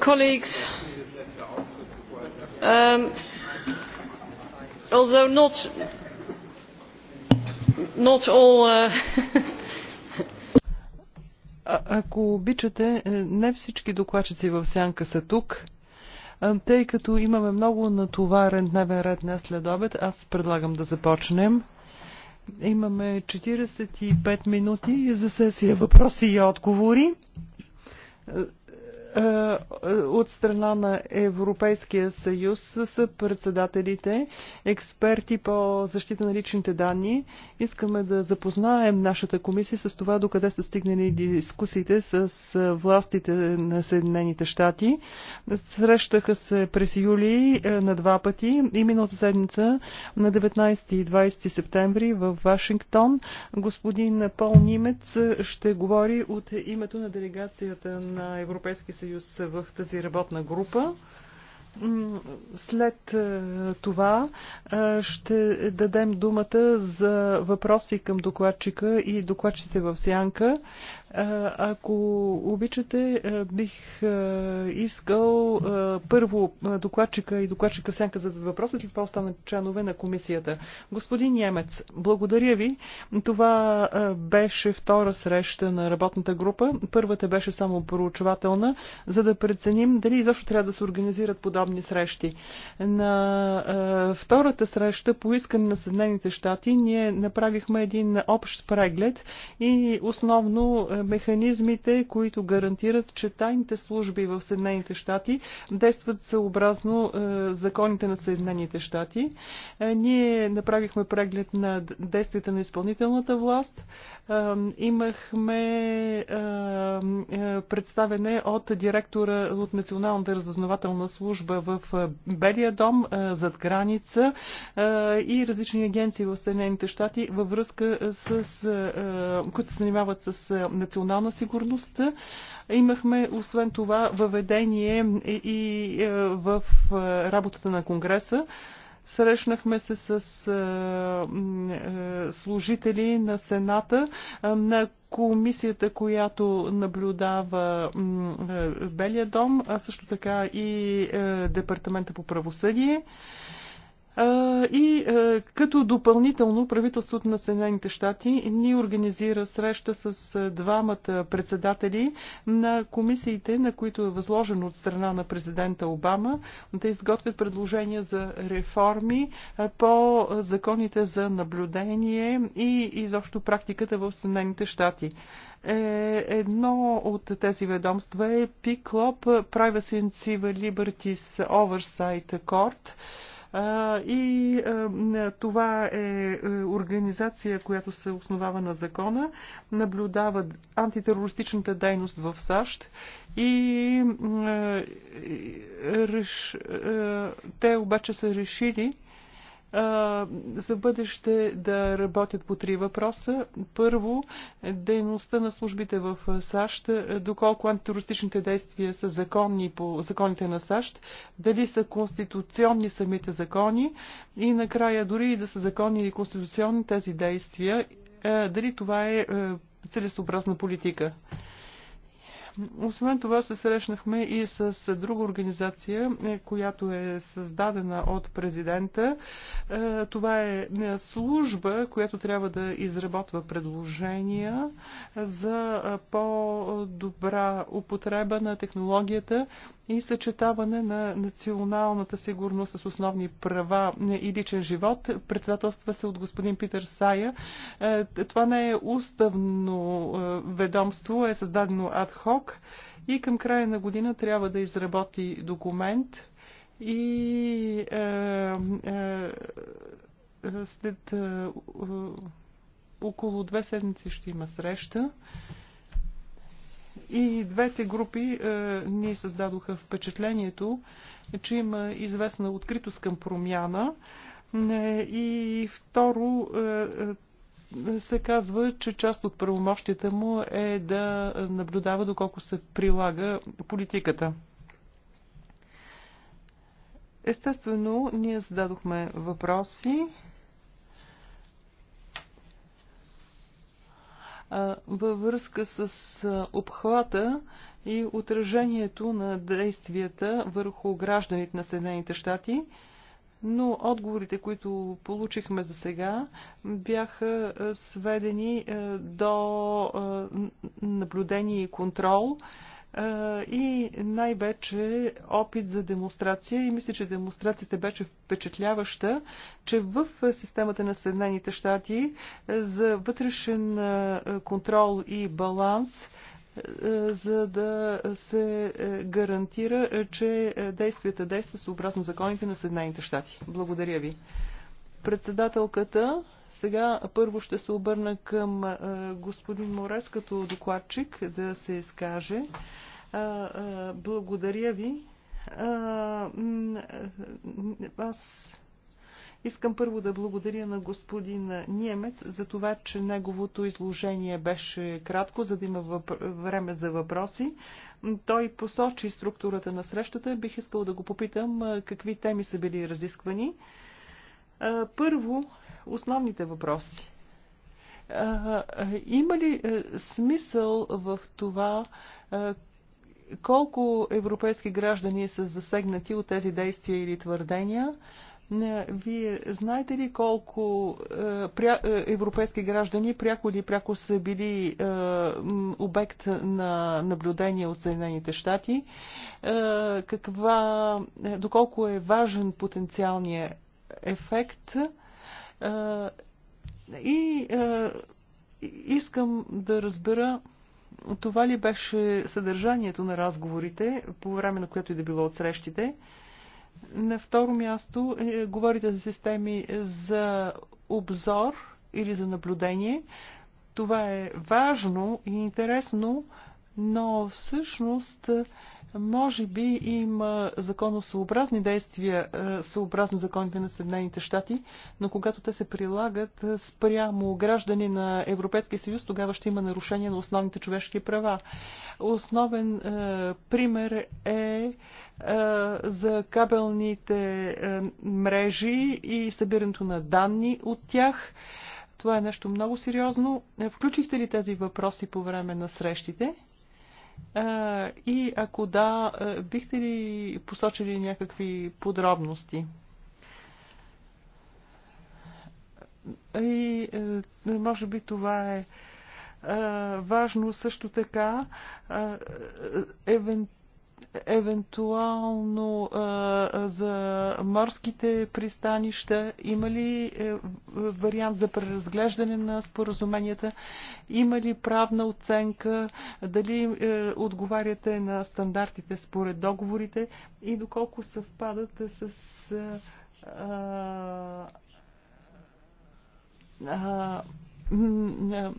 colleagues um, although not all uh, ако обичате, е, не всички докладчици в сянка са тук. Е, тъй като имаме много натоварен дневен ред днес след обед, аз предлагам да започнем. Имаме 45 минути за сесия въпроси и отговори. Е, е, от страна на Европейския съюз са председателите, експерти по защита на личните данни. Искаме да запознаем нашата комисия с това, докъде са стигнали дискусиите с властите на Съединените щати. Срещаха се през юли е, на два пъти и миналата седмица на 19 и 20 септември в Вашингтон. Господин Пол Нимец ще говори от името на делегацията на Европейския съюз в тази работна група. След е, това е, ще дадем думата за въпроси към докладчика и докладчите в сянка. Ако обичате, бих искал първо докладчика и докладчика Сенка за въпроса, след това останат членове на комисията. Господин Немец, благодаря ви. Това беше втора среща на работната група. Първата беше само проучвателна, за да преценим дали изобщо трябва да се организират подобни срещи. На втората среща, по искане на Съединените щати, ние направихме един общ преглед и основно механизмите, които гарантират, че тайните служби в Съединените щати действат съобразно е, законите на Съединените щати. Е, ние направихме преглед на действията на изпълнителната власт. Е, имахме представене от директора от Националната разузнавателна служба в Белия дом зад граница и различни агенции в Съединените щати във връзка с, които се занимават с национална сигурност. Имахме, освен това, въведение и е, в е, работата на Конгреса. Срещнахме се с е, служители на Сената, на комисията, която наблюдава Белия дом, а също така и Департамента по правосъдие. И като допълнително правителството на Съединените щати ни организира среща с двамата председатели на комисиите, на които е възложено от страна на президента Обама да изготвят предложения за реформи по законите за наблюдение и изобщо практиката в Съединените щати. Е, едно от тези ведомства е PICLOP, Privacy and Civil Liberties Oversight Court, и това е, е организация, която се основава на закона, наблюдава антитерористичната дейност в САЩ и е, е, те обаче са решили, за бъдеще да работят по три въпроса. Първо, дейността на службите в САЩ, доколко антитерористичните действия са законни по законите на САЩ, дали са конституционни самите закони и накрая дори и да са законни или конституционни тези действия, дали това е целесообразна политика. Освен това се срещнахме и с друга организация, е, която е създадена от президента. Е, това е служба, която трябва да изработва предложения за по-добра употреба на технологията и съчетаване на националната сигурност с основни права и личен живот. Председателства се от господин Питър Сая. Е, това не е уставно е, ведомство, е създадено адхок и към края на година трябва да изработи документ и е, е, след е, около две седмици ще има среща. И двете групи е, ни създадоха впечатлението, че има известна откритост към промяна. Е, и второ, е, е, се казва, че част от правомощията му е да наблюдава доколко се прилага политиката. Естествено, ние зададохме въпроси. във връзка с обхвата и отражението на действията върху гражданите на Съединените щати, но отговорите, които получихме за сега, бяха сведени до наблюдение и контрол и най-вече опит за демонстрация. И мисля, че демонстрацията беше впечатляваща, че в системата на Съединените щати за вътрешен контрол и баланс за да се гарантира, че действията действа съобразно законите на Съединените щати. Благодаря ви. Председателката, сега първо ще се обърна към господин Морес като докладчик да се изкаже. Благодаря ви. Аз Искам първо да благодаря на господин Ниемец за това, че неговото изложение беше кратко, за да има въп... време за въпроси. Той посочи структурата на срещата. Бих искал да го попитам какви теми са били разисквани. Първо, основните въпроси. Има ли смисъл в това, колко европейски граждани са засегнати от тези действия или твърдения? Вие знаете ли колко европейски граждани пряко или пряко са били обект на наблюдение от Съединените щати? Каква, доколко е важен потенциалният ефект и искам да разбера това ли беше съдържанието на разговорите, по време на което и да било от срещите. На второ място, е, говорите за системи за обзор или за наблюдение. Това е важно и интересно, но всъщност може би има законосъобразни действия е, съобразно законите на Съединените щати, но когато те се прилагат е, спрямо граждани на Европейския съюз, тогава ще има нарушение на основните човешки права. Основен е, пример е, е за кабелните мрежи и събирането на данни от тях. Това е нещо много сериозно. Включихте ли тези въпроси по време на срещите? И ако да, бихте ли посочили някакви подробности? И може би това е важно също така евентуално евентуално за морските пристанища? Има ли е, вариант за преразглеждане на споразуменията? Има ли правна оценка? Дали е, отговаряте на стандартите според договорите и доколко съвпадат с а, е,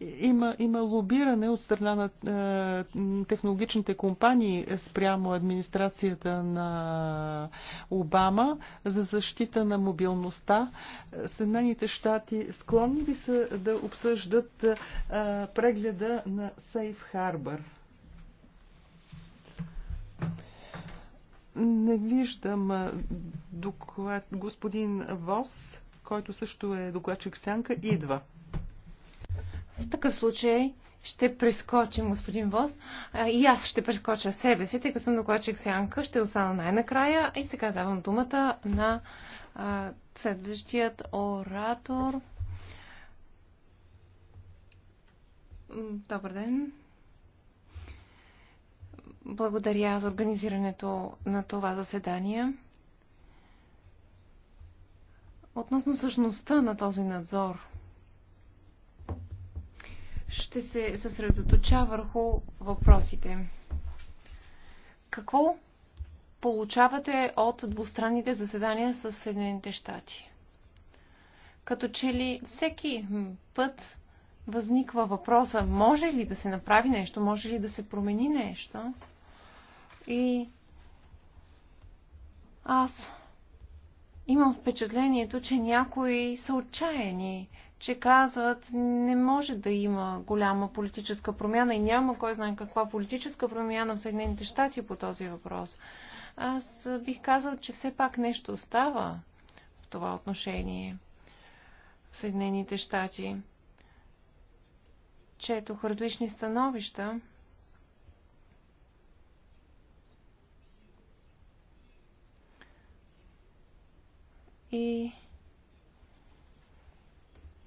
има, има лобиране от страна на е, технологичните компании спрямо администрацията на Обама за защита на мобилността. Съединените щати склонни ли са да обсъждат е, прегледа на Сейф Харбър? Не виждам е, доклад господин Вос, който също е докладчик Сянка, идва. В такъв случай ще прескочим господин Вос. А, и аз ще прескоча себе си, тъй като съм докладчик Сянка. Ще остана най-накрая. И сега давам думата на а, следващият оратор. Добър ден. Благодаря за организирането на това заседание. Относно същността на този надзор – ще се съсредоточа върху въпросите. Какво получавате от двустранните заседания с Съединените щати? Като че ли всеки път възниква въпроса, може ли да се направи нещо, може ли да се промени нещо? И аз имам впечатлението, че някои са отчаяни, че казват, не може да има голяма политическа промяна и няма кой знае каква политическа промяна в Съединените щати по този въпрос. Аз бих казал, че все пак нещо остава в това отношение в Съединените щати. Четох различни становища. И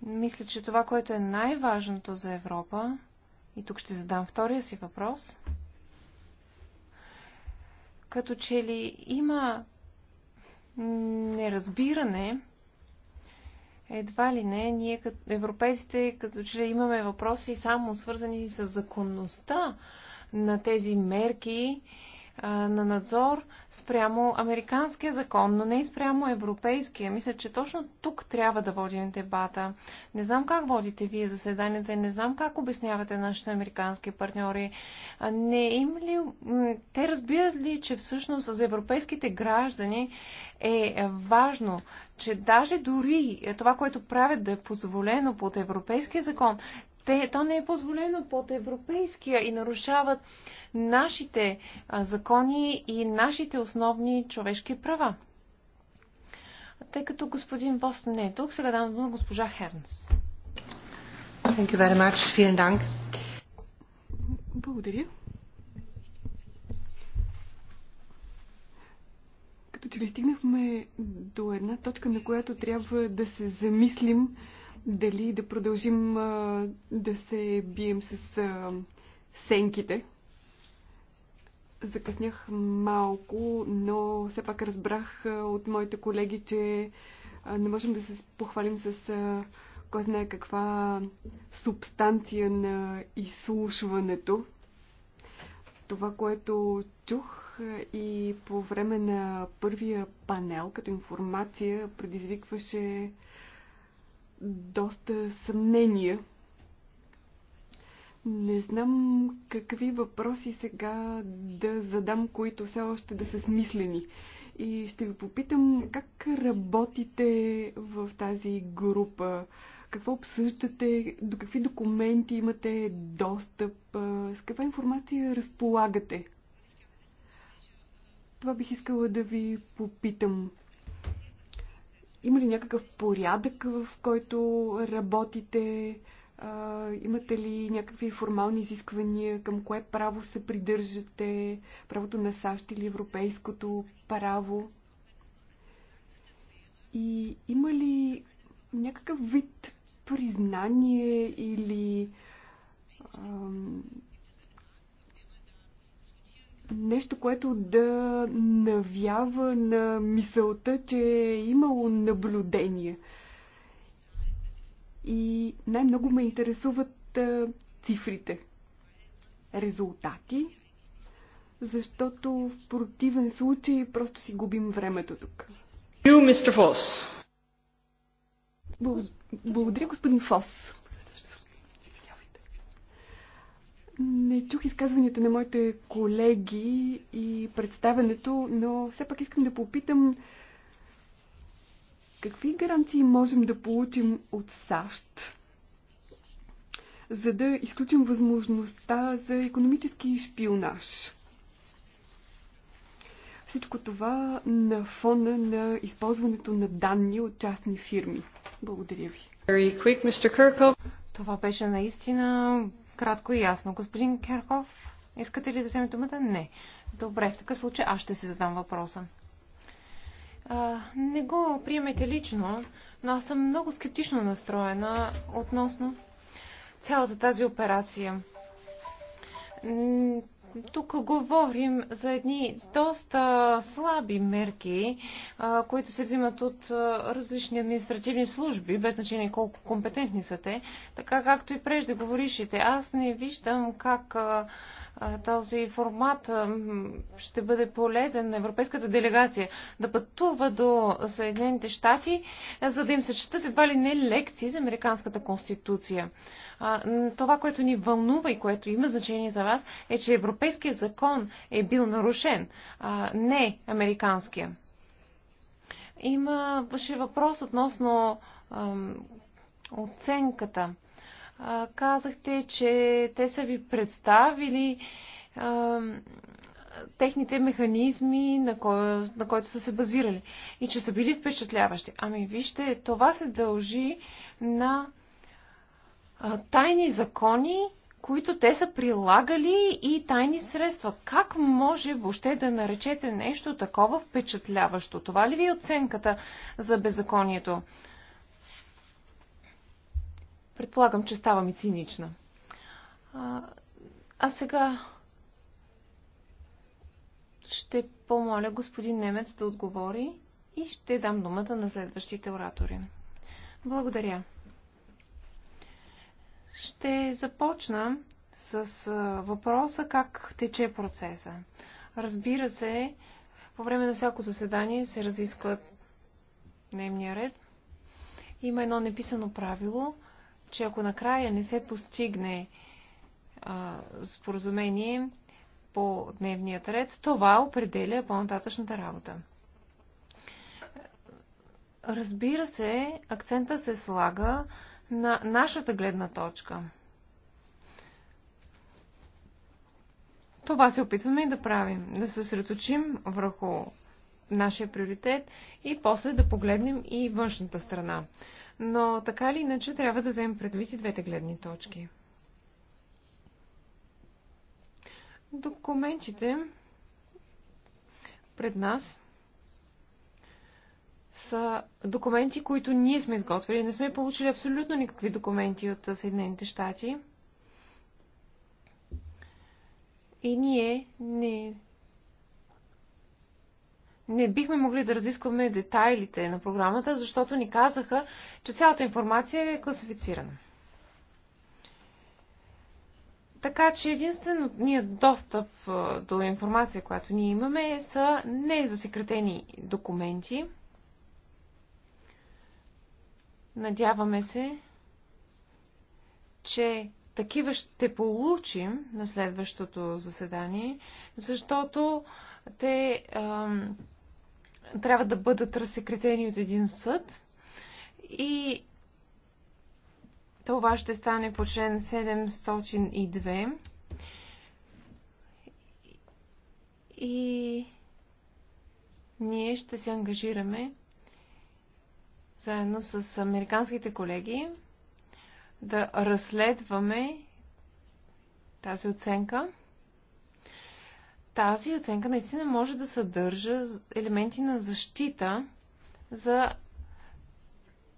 мисля, че това, което е най-важното за Европа, и тук ще задам втория си въпрос, като че ли има неразбиране, едва ли не, ние като европейците, като че ли имаме въпроси само свързани с законността на тези мерки на надзор спрямо американския закон, но не и спрямо европейския. Мисля, че точно тук трябва да водим дебата. Не знам как водите вие заседанията и не знам как обяснявате нашите американски партньори. Не им ли, те разбират ли, че всъщност за европейските граждани е важно, че даже дори това, което правят да е позволено под европейския закон, те, то не е позволено под европейския и нарушават нашите закони и нашите основни човешки права. Тъй като господин Вос не е тук, сега дам на госпожа Хернс. Thank you very much. Dank. Благодаря. Като че ли стигнахме до една точка, на която трябва да се замислим дали да продължим да се бием с сенките. Закъснях малко, но все пак разбрах от моите колеги, че не можем да се похвалим с кой знае каква субстанция на изслушването. Това, което чух и по време на първия панел като информация предизвикваше доста съмнения. Не знам какви въпроси сега да задам, които все още да са смислени. И ще ви попитам как работите в тази група, какво обсъждате, до какви документи имате достъп, с каква информация разполагате. Това бих искала да ви попитам. Има ли някакъв порядък, в който работите? А, имате ли някакви формални изисквания към кое право се придържате? Правото на САЩ или европейското право? И има ли някакъв вид признание или нещо, което да навява на мисълта, че е имало наблюдение. И най-много ме интересуват цифрите, резултати, защото в противен случай просто си губим времето тук. You, Mr. Foss. Благодаря, господин Фос. Не чух изказванията на моите колеги и представенето, но все пак искам да попитам какви гаранции можем да получим от САЩ, за да изключим възможността за економически шпионаж. Всичко това на фона на използването на данни от частни фирми. Благодаря ви. Това беше наистина кратко и ясно. Господин Керхов, искате ли да вземе думата? Не. Добре, в такъв случай аз ще си задам въпроса. А, не го приемете лично, но аз съм много скептично настроена относно цялата тази операция. Тук говорим за едни доста слаби мерки, които се взимат от различни административни служби, без значение колко компетентни са те, така както и преждеговорившите. Аз не виждам как този формат ще бъде полезен на европейската делегация да пътува до Съединените щати, за да им се четат едва ли не лекции за Американската конституция. Това, което ни вълнува и което има значение за вас, е, че европейският закон е бил нарушен, не американския. Има въпрос относно оценката казахте, че те са ви представили а, техните механизми, на, кой, на който са се базирали и че са били впечатляващи. Ами вижте, това се дължи на а, тайни закони, които те са прилагали и тайни средства. Как може въобще да наречете нещо такова впечатляващо? Това ли ви е оценката за беззаконието? Предполагам, че ставам и цинична. А, а сега ще помоля господин Немец да отговори и ще дам думата на следващите оратори. Благодаря. Ще започна с въпроса как тече процеса. Разбира се, по време на всяко заседание се разискват дневния ред. Има едно неписано правило, че ако накрая не се постигне а, споразумение по дневния ред, това определя по-нататъчната работа. Разбира се, акцента се слага на нашата гледна точка. Това се опитваме и да правим. Да се съсредоточим върху нашия приоритет и после да погледнем и външната страна но така или иначе трябва да вземем предвид и двете гледни точки. Документите пред нас са документи, които ние сме изготвили. Не сме получили абсолютно никакви документи от Съединените щати. И ние не не бихме могли да разискваме детайлите на програмата, защото ни казаха, че цялата информация е класифицирана. Така че единственият достъп до информация, която ние имаме, са незасекретени документи. Надяваме се, че такива ще получим на следващото заседание, защото те ам, трябва да бъдат разсекретени от един съд и това ще стане по член 702 и ние ще се ангажираме заедно с американските колеги да разследваме тази оценка тази оценка наистина може да съдържа елементи на защита за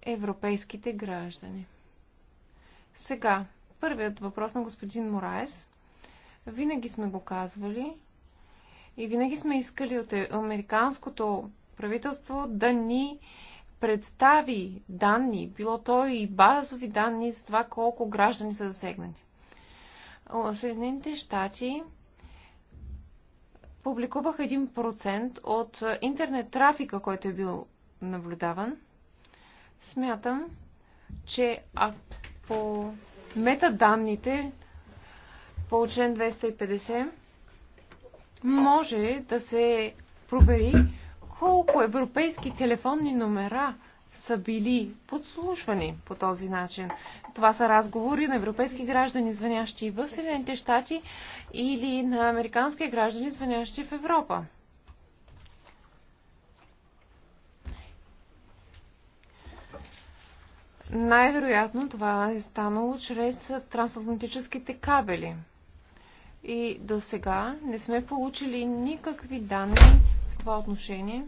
европейските граждани. Сега, първият въпрос на господин Мораес. Винаги сме го казвали и винаги сме искали от е, американското правителство да ни представи данни, било то и базови данни за това колко граждани са засегнати. Съединените щати публикувах 1% от интернет трафика, който е бил наблюдаван. Смятам, че ако метаданните по член 250 може да се провери колко европейски телефонни номера са били подслушвани по този начин. Това са разговори на европейски граждани, звънящи в Съединените щати или на американски граждани, звънящи в Европа. Най-вероятно това е станало чрез трансатлантическите кабели. И до сега не сме получили никакви данни в това отношение.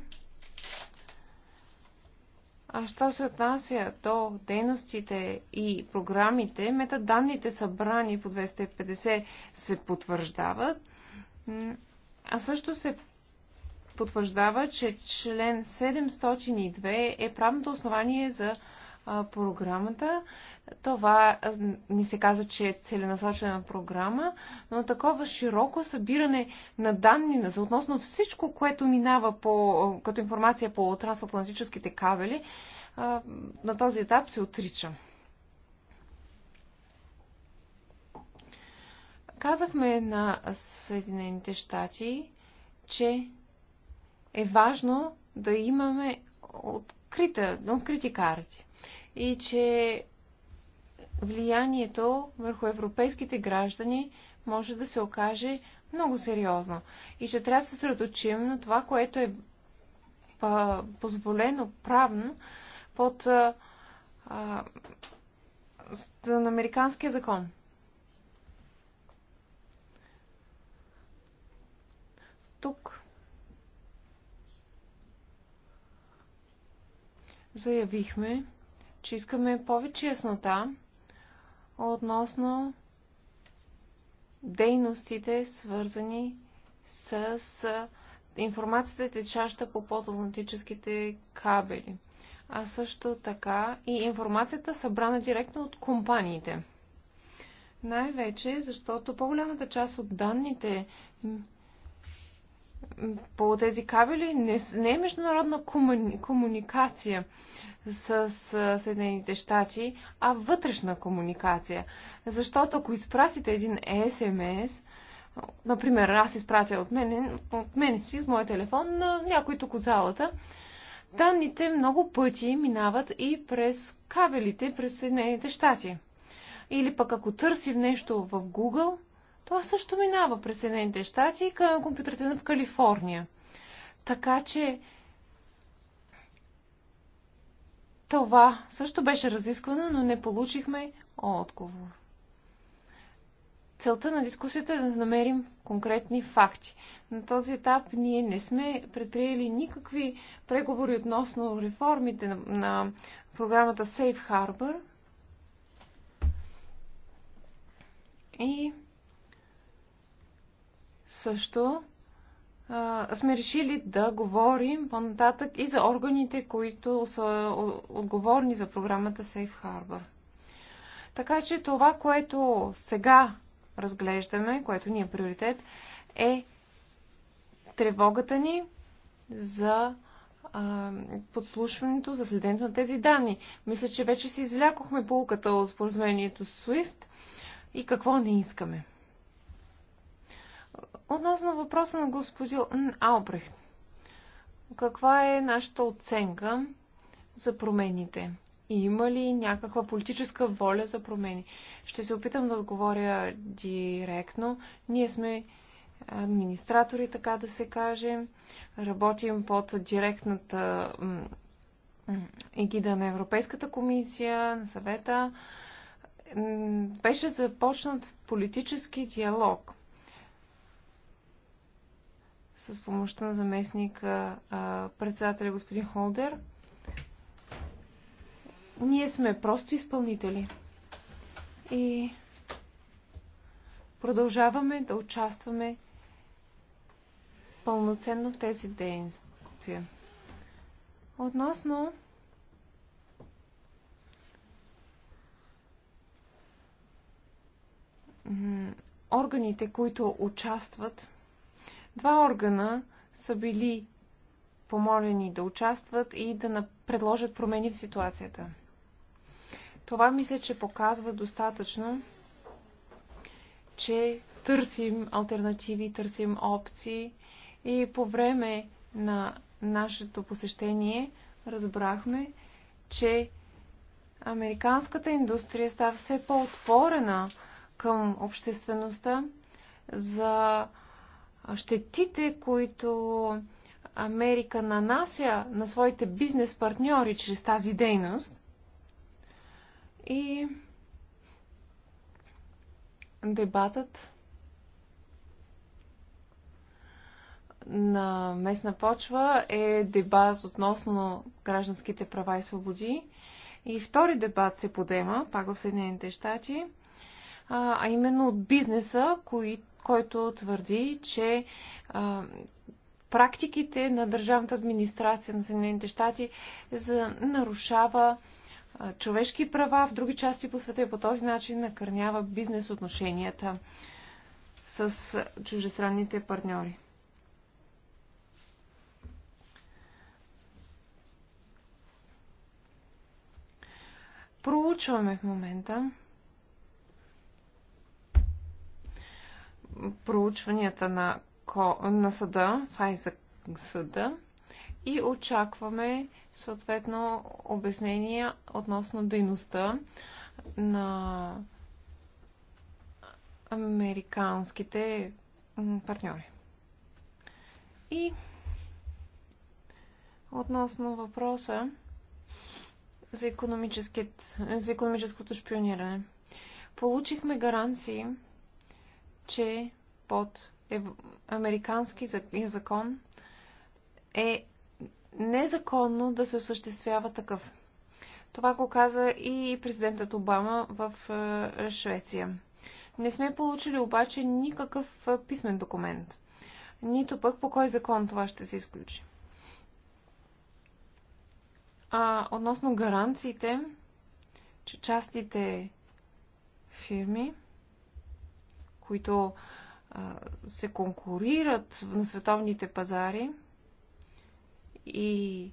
А що се отнася до дейностите и програмите, метаданните събрани по 250 се потвърждават. А също се потвърждава, че член 702 е правното основание за програмата. Това ни се каза, че е целенасочена програма, но такова широко събиране на данни за относно всичко, което минава по, като информация по трансатлантическите кабели, на този етап се отрича. Казахме на Съединените щати, че е важно да имаме открита, открити карти и че влиянието върху европейските граждани може да се окаже много сериозно. И ще трябва да се средочим на това, което е позволено правно под а, а, на американския закон. Тук заявихме, че искаме повече яснота относно дейностите, свързани с информацията, течаща по подалантическите кабели, а също така и информацията, събрана директно от компаниите. Най-вече, защото по-голямата част от данните, по тези кабели не, не е международна комуни, комуникация с, с Съединените щати, а вътрешна комуникация. Защото ако изпратите един СМС, например, аз изпратя от мен, от мен си, от моя телефон, на някой тук от залата, данните много пъти минават и през кабелите, през Съединените щати. Или пък ако търсим нещо в Google, това също минава през Съединените щати и към компютрите в Калифорния. Така че това също беше разисквано, но не получихме отговор. Целта на дискусията е да намерим конкретни факти. На този етап ние не сме предприели никакви преговори относно реформите на, на програмата Safe Harbor. И също а, сме решили да говорим по-нататък и за органите, които са отговорни за програмата Safe Harbor. Така че това, което сега разглеждаме, което ни е приоритет, е тревогата ни за а, подслушването, за следенето на тези данни. Мисля, че вече си извлякохме полуката от споразумението SWIFT и какво не искаме. Относно въпроса на господин Албрехт, каква е нашата оценка за промените? И има ли някаква политическа воля за промени? Ще се опитам да отговоря директно. Ние сме администратори, така да се каже. Работим под директната егида на Европейската комисия, на съвета. Беше започнат политически диалог с помощта на заместник председателя господин Холдер. Ние сме просто изпълнители. И продължаваме да участваме пълноценно в тези действия. Относно органите, които участват Два органа са били помолени да участват и да предложат промени в ситуацията. Това мисля, че показва достатъчно, че търсим альтернативи, търсим опции и по време на нашето посещение разбрахме, че американската индустрия става все по-отворена към обществеността за щетите, които Америка нанася на своите бизнес партньори чрез тази дейност и дебатът на местна почва е дебат относно гражданските права и свободи. И втори дебат се подема, пак в Съединените щати, а именно от бизнеса, които който твърди, че а, практиките на държавната администрация на Съединените щати за, нарушава а, човешки права в други части по света и по този начин накърнява бизнес отношенията с чужестранните партньори. Проучваме в момента проучванията на, на съда, Файза съда, и очакваме съответно обяснения относно дейността на американските партньори. И относно въпроса за, за економическото шпиониране. Получихме гаранции че под американски закон е незаконно да се осъществява такъв. Това го каза и президентът Обама в е, Швеция. Не сме получили обаче никакъв е, писмен документ. Нито пък по кой закон това ще се изключи. А относно гаранциите, че частните фирми които се конкурират на световните пазари и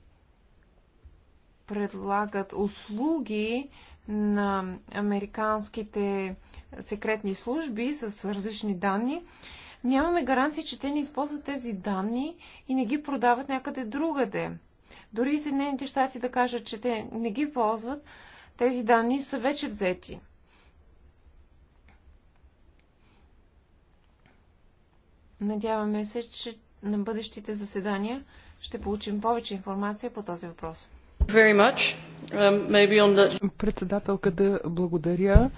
предлагат услуги на американските секретни служби с различни данни, нямаме гаранции, че те не използват тези данни и не ги продават някъде другаде. Дори Съединените щати да кажат, че те не ги ползват, тези данни са вече взети. Надяваме се, че на бъдещите заседания ще получим повече информация по този въпрос. Um, the... Председателка да благодаря.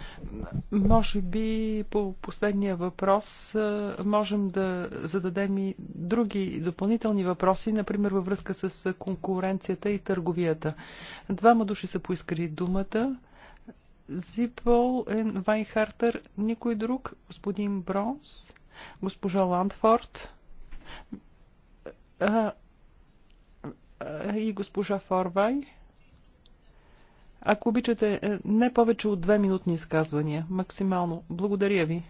Може би по последния въпрос можем да зададем и други допълнителни въпроси, например във връзка с конкуренцията и търговията. Двама души са поискали думата. Зипол, Вайнхартер, никой друг, господин Бронс госпожа Ландфорд и госпожа Форвай. Ако обичате, е, не повече от две минутни изказвания, максимално. Благодаря ви.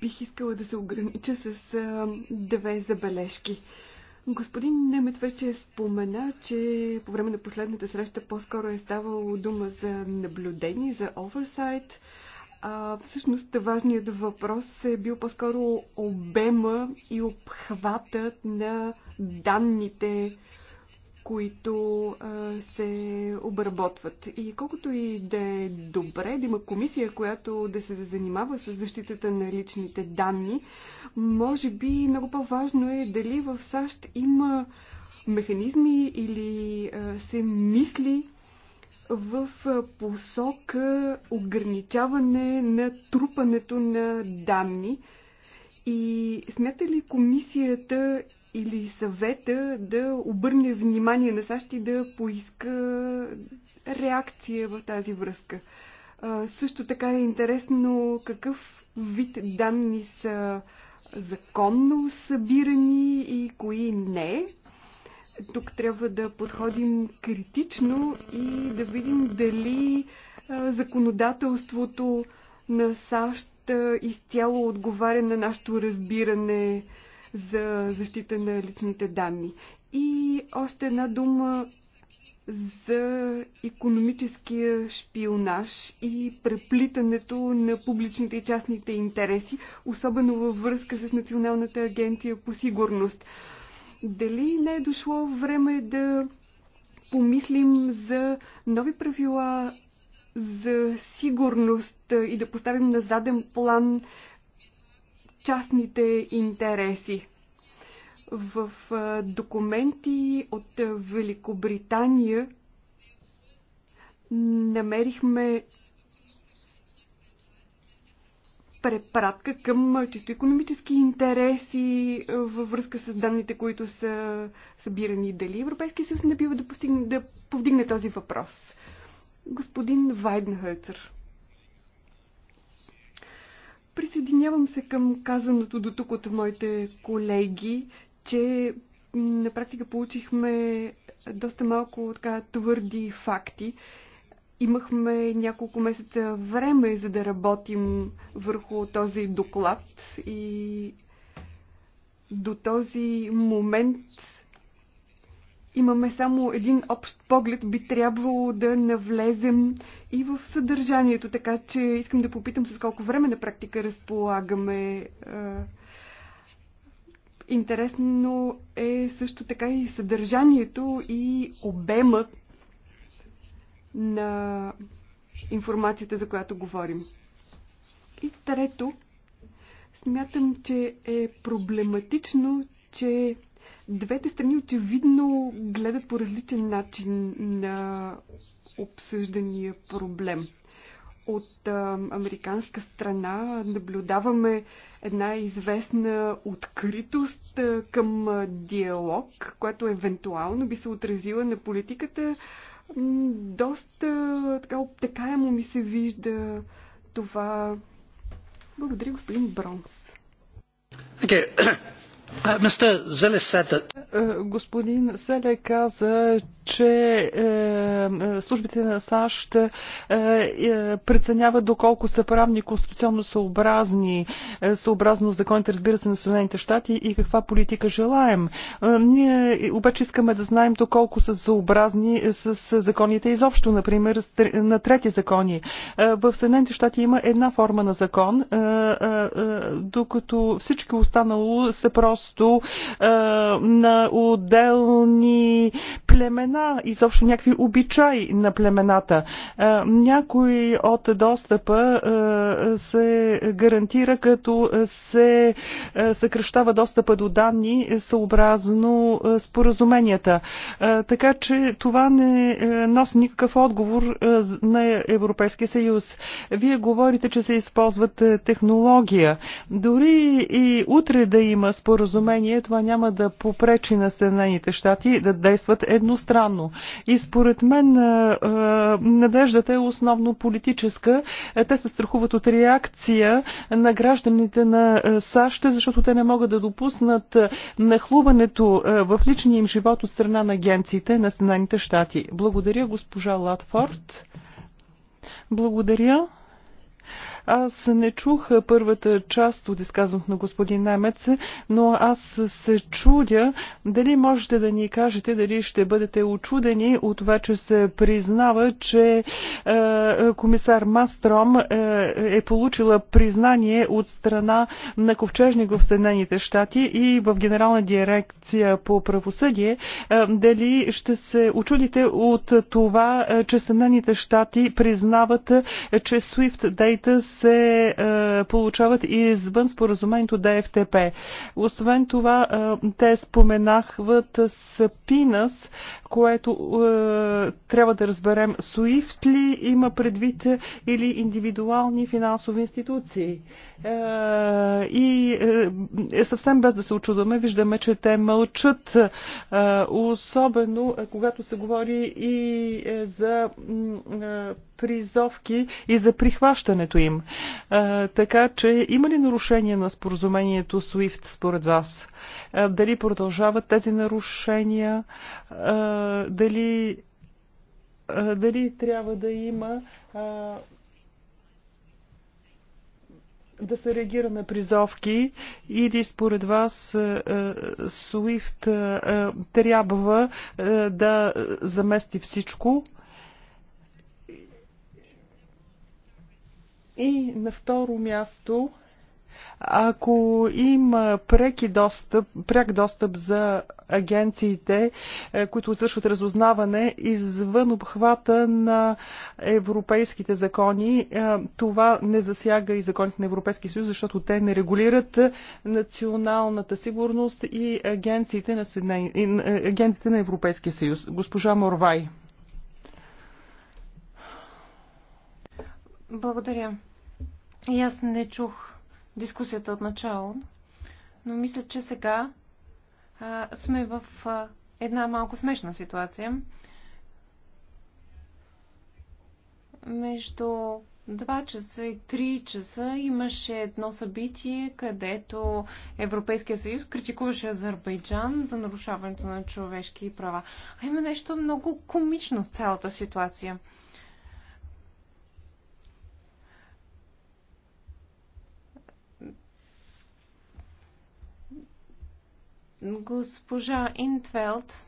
Бих искала да се огранича с две забележки. Господин Немец вече спомена, че по време на последната среща по-скоро е ставало дума за наблюдение, за оверсайт. А, всъщност важният въпрос е бил по-скоро обема и обхватът на данните, които а, се обработват. И колкото и да е добре да има комисия, която да се занимава с защитата на личните данни, може би много по-важно е дали в САЩ има механизми или а, се мисли в посока ограничаване на трупането на данни, и смята ли комисията или съвета да обърне внимание на САЩ и да поиска реакция в тази връзка? А, също така е интересно какъв вид данни са законно събирани и кои не. Тук трябва да подходим критично и да видим дали законодателството на САЩ изцяло отговаря на нашето разбиране за защита на личните данни. И още една дума за економическия шпионаж и преплитането на публичните и частните интереси, особено във връзка с Националната агенция по сигурност. Дали не е дошло време да помислим за нови правила за сигурност и да поставим на заден план частните интереси. В документи от Великобритания намерихме препратка към чисто економически интереси във връзка с данните, които са събирани. Дали Европейския съюз не бива да, постигне, да повдигне този въпрос? господин Вайденхайцер. Присъединявам се към казаното до тук от моите колеги, че на практика получихме доста малко така твърди факти. Имахме няколко месеца време, за да работим върху този доклад и до този момент имаме само един общ поглед, би трябвало да навлезем и в съдържанието, така че искам да попитам с колко време на практика разполагаме. Е, интересно е също така и съдържанието и обема на информацията, за която говорим. И трето, смятам, че е проблематично, че Двете страни очевидно гледат по различен начин на обсъждания проблем. От а, американска страна наблюдаваме една известна откритост а, към а, диалог, което евентуално би се отразила на политиката. Доста така обтекаемо ми се вижда това. Благодаря, господин Бронс. Okay. Uh, е, господин Зеле каза, че е, е, службите на САЩ преценяват доколко са правни конституционно съобразни, съобразно законите, разбира се, на Съединените щати и каква политика желаем. Ние обаче искаме да знаем доколко са съобразни с законите изобщо, например, на трети закони. В Съединените щати има една форма на закон, докато всички останало са просто място на отделни племена, и изобщо някакви обичаи на племената. Е, някой от достъпа е, се гарантира като се е, съкръщава достъпа до данни съобразно споразуменията. Така че това не носи никакъв отговор на Европейския съюз. Вие говорите, че се използват технология. Дори и утре да има споразумение, това няма да попречи на Съединените щати да действат едно едностранно. И според мен е, е, надеждата е основно политическа. Е, те се страхуват от реакция на гражданите на САЩ, защото те не могат да допуснат нахлуването в личния им живот от страна на агенциите на Съединените щати. Благодаря, госпожа Латфорд. Благодаря. Аз не чух първата част от изказването на господин Немец, но аз се чудя дали можете да ни кажете, дали ще бъдете очудени от това, че се признава, че е, комисар Мастром е, е получила признание от страна на ковчежник в Съединените щати и в Генерална дирекция по правосъдие. Е, дали ще се очудите от това, е, че Съединените щати признават, е, че Swift Data се е, получават и извън споразумението ДФТП. Освен това, е, те споменахват Пинас което е, трябва да разберем. SWIFT ли има предвид или индивидуални финансови институции? Е, и е, е, съвсем без да се очудваме, виждаме, че те мълчат, е, особено е, когато се говори и е, за е, призовки и за прихващането им. А, е, така че има ли нарушение на споразумението SWIFT според вас? А, е, дали продължават тези нарушения? дали, дали трябва да има да се реагира на призовки или според вас SWIFT трябва да замести всичко? И на второ място ако има преки достъп, пряк достъп за агенциите, е, които извършват разузнаване извън обхвата на европейските закони, е, това не засяга и законите на Европейския съюз, защото те не регулират националната сигурност и агенциите на, Съединен... Е, агенциите на Европейския съюз. Госпожа Морвай. Благодаря. И аз не чух дискусията от начало, но мисля, че сега а, сме в а, една малко смешна ситуация. Между 2 часа и 3 часа имаше едно събитие, където Европейския съюз критикуваше Азербайджан за нарушаването на човешки права. А има нещо много комично в цялата ситуация. Госпожа Интвелт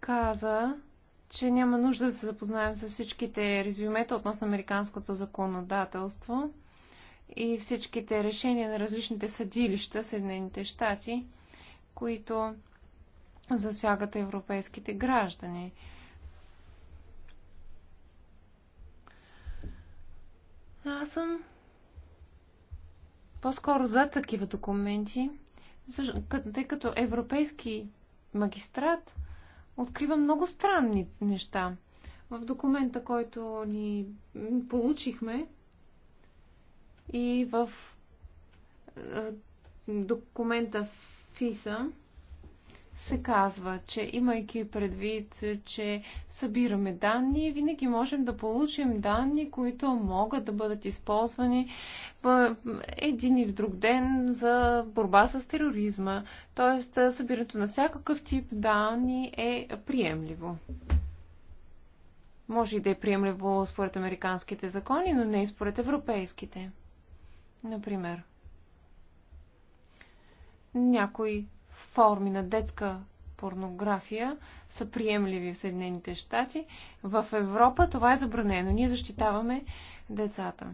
каза, че няма нужда да се запознаем с всичките резюмета относно американското законодателство и всичките решения на различните съдилища Съединените щати, които засягат европейските граждани. Аз съм по-скоро за такива документи, тъй като европейски магистрат открива много странни неща. В документа, който ни получихме и в е, документа ФИСА, се казва, че имайки предвид, че събираме данни, винаги можем да получим данни, които могат да бъдат използвани един или друг ден за борба с тероризма. Тоест, събирането на всякакъв тип данни е приемливо. Може и да е приемливо според американските закони, но не и според европейските. Например, някой форми на детска порнография са приемливи в Съединените щати. В Европа това е забранено. Ние защитаваме децата.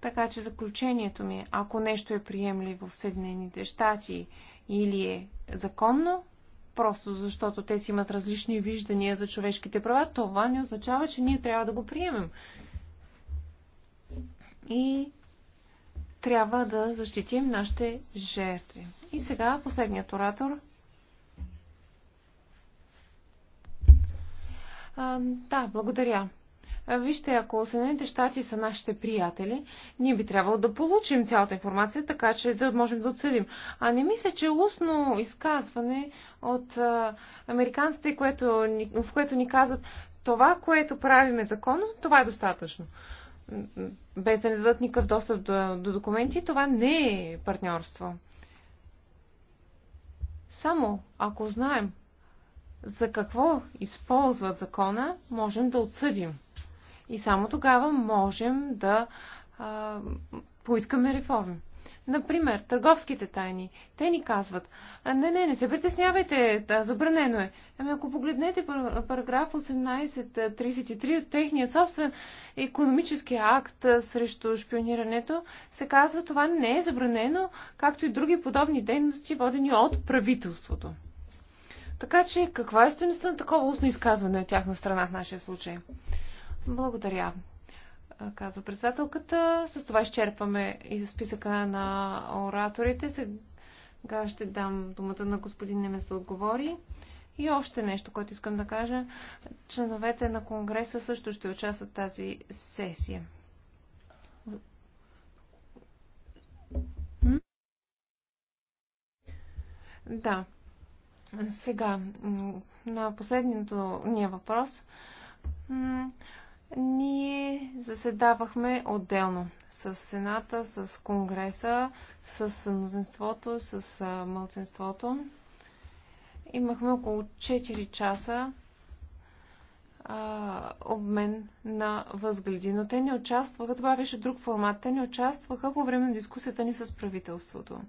Така че заключението ми е, ако нещо е приемливо в Съединените щати или е законно, просто защото те си имат различни виждания за човешките права, това не означава, че ние трябва да го приемем. И трябва да защитим нашите жертви. И сега последният оратор. А, да, благодаря. Вижте, ако Съединените щати са нашите приятели, ние би трябвало да получим цялата информация, така че да можем да отсъдим. А не мисля, че устно изказване от а, американците, което, в което ни казват това, което правиме законно, това е достатъчно без да не дадат никакъв достъп до, до документи, това не е партньорство. Само ако знаем за какво използват закона, можем да отсъдим. И само тогава можем да а, поискаме реформи. Например, търговските тайни. Те ни казват, не, не, не се притеснявайте, да, забранено е. Ами ако погледнете параграф 1833 от техният собствен економически акт срещу шпионирането, се казва, това не е забранено, както и други подобни дейности, водени от правителството. Така че, каква е стоеността на такова устно изказване от тяхна страна в нашия случай? Благодаря казва председателката. С това изчерпваме и за списъка на ораторите. Сега ще дам думата на господин Немец да отговори. И още нещо, което искам да кажа. Членовете на Конгреса също ще участват в тази сесия. Да. Сега, на последното ни въпрос ние заседавахме отделно с Сената, с Конгреса, с мнозинството, с мълцинството. Имахме около 4 часа а, обмен на възгледи, но те не участваха, това беше друг формат, те не участваха по време на дискусията ни с правителството.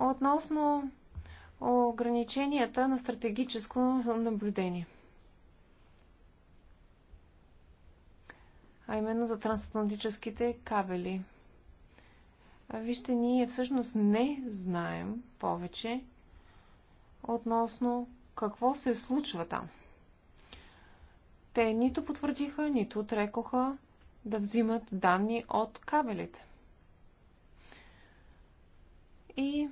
Относно ограниченията на стратегическо наблюдение – а именно за трансатлантическите кабели. Вижте, ние всъщност не знаем повече относно какво се случва там. Те нито потвърдиха, нито отрекоха да взимат данни от кабелите. И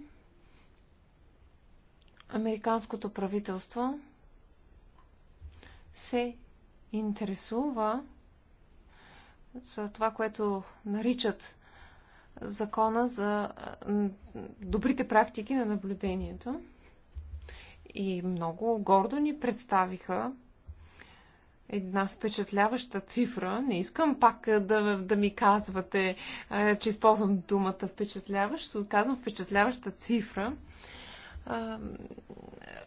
американското правителство се интересува за това, което наричат закона за добрите практики на наблюдението. И много гордо ни представиха една впечатляваща цифра. Не искам пак да, да ми казвате, е, че използвам думата впечатляващ. Казвам впечатляваща цифра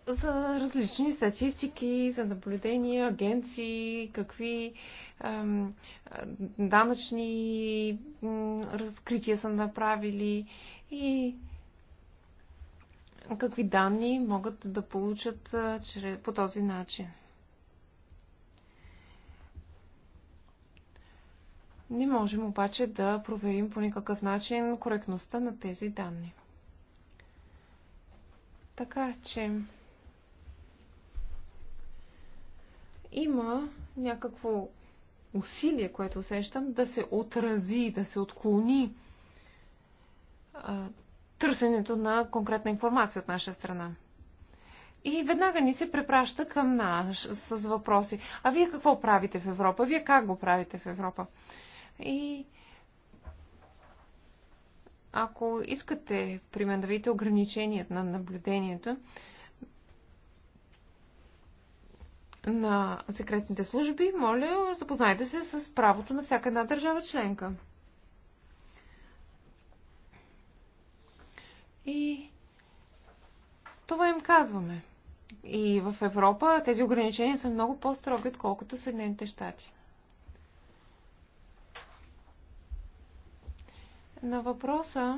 за различни статистики, за наблюдения, агенции, какви данъчни разкрития са направили и какви данни могат да получат чрез, по този начин. Не можем обаче да проверим по никакъв начин коректността на тези данни. Така че има някакво усилие, което усещам, да се отрази, да се отклони а, търсенето на конкретна информация от наша страна. И веднага ни се препраща към нас с въпроси. А вие какво правите в Европа? Вие как го правите в Европа? И ако искате, примерно, да видите ограниченията на наблюдението на секретните служби, моля, запознайте се с правото на всяка една държава членка. И това им казваме. И в Европа тези ограничения са много по-строги, отколкото Съединените щати. На въпроса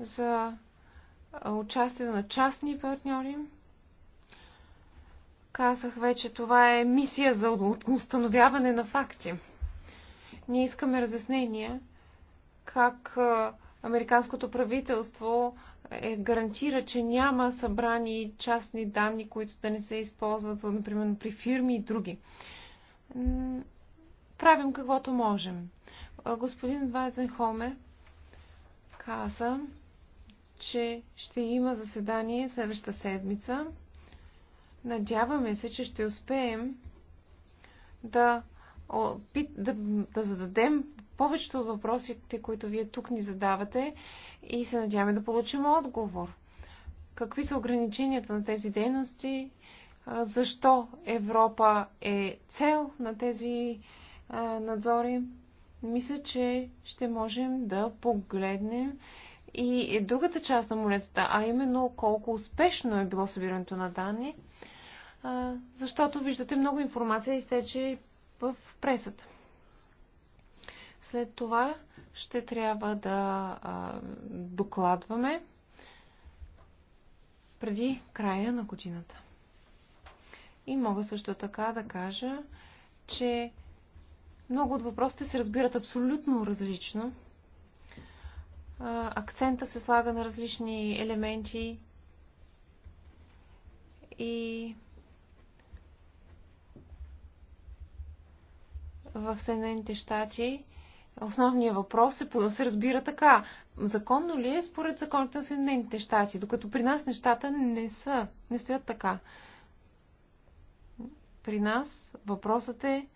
за участие на частни партньори, казах вече, това е мисия за установяване на факти. Ние искаме разяснение как американското правителство е, гарантира, че няма събрани частни данни, които да не се използват, например, при фирми и други. Правим каквото можем господин Вайзенхоме каза, че ще има заседание следващата седмица. Надяваме се, че ще успеем да, да, да зададем повечето от въпросите, които вие тук ни задавате и се надяваме да получим отговор. Какви са ограниченията на тези дейности? Защо Европа е цел на тези надзори? мисля, че ще можем да погледнем и другата част на монетата, а именно колко успешно е било събирането на данни, защото виждате много информация изтече в пресата. След това ще трябва да докладваме преди края на годината. И мога също така да кажа, че много от въпросите се разбират абсолютно различно. Акцента се слага на различни елементи и в Съединените щати основният въпрос е, се разбира така. Законно ли е според законите на Съединените щати? Докато при нас нещата не са, не стоят така. При нас въпросът е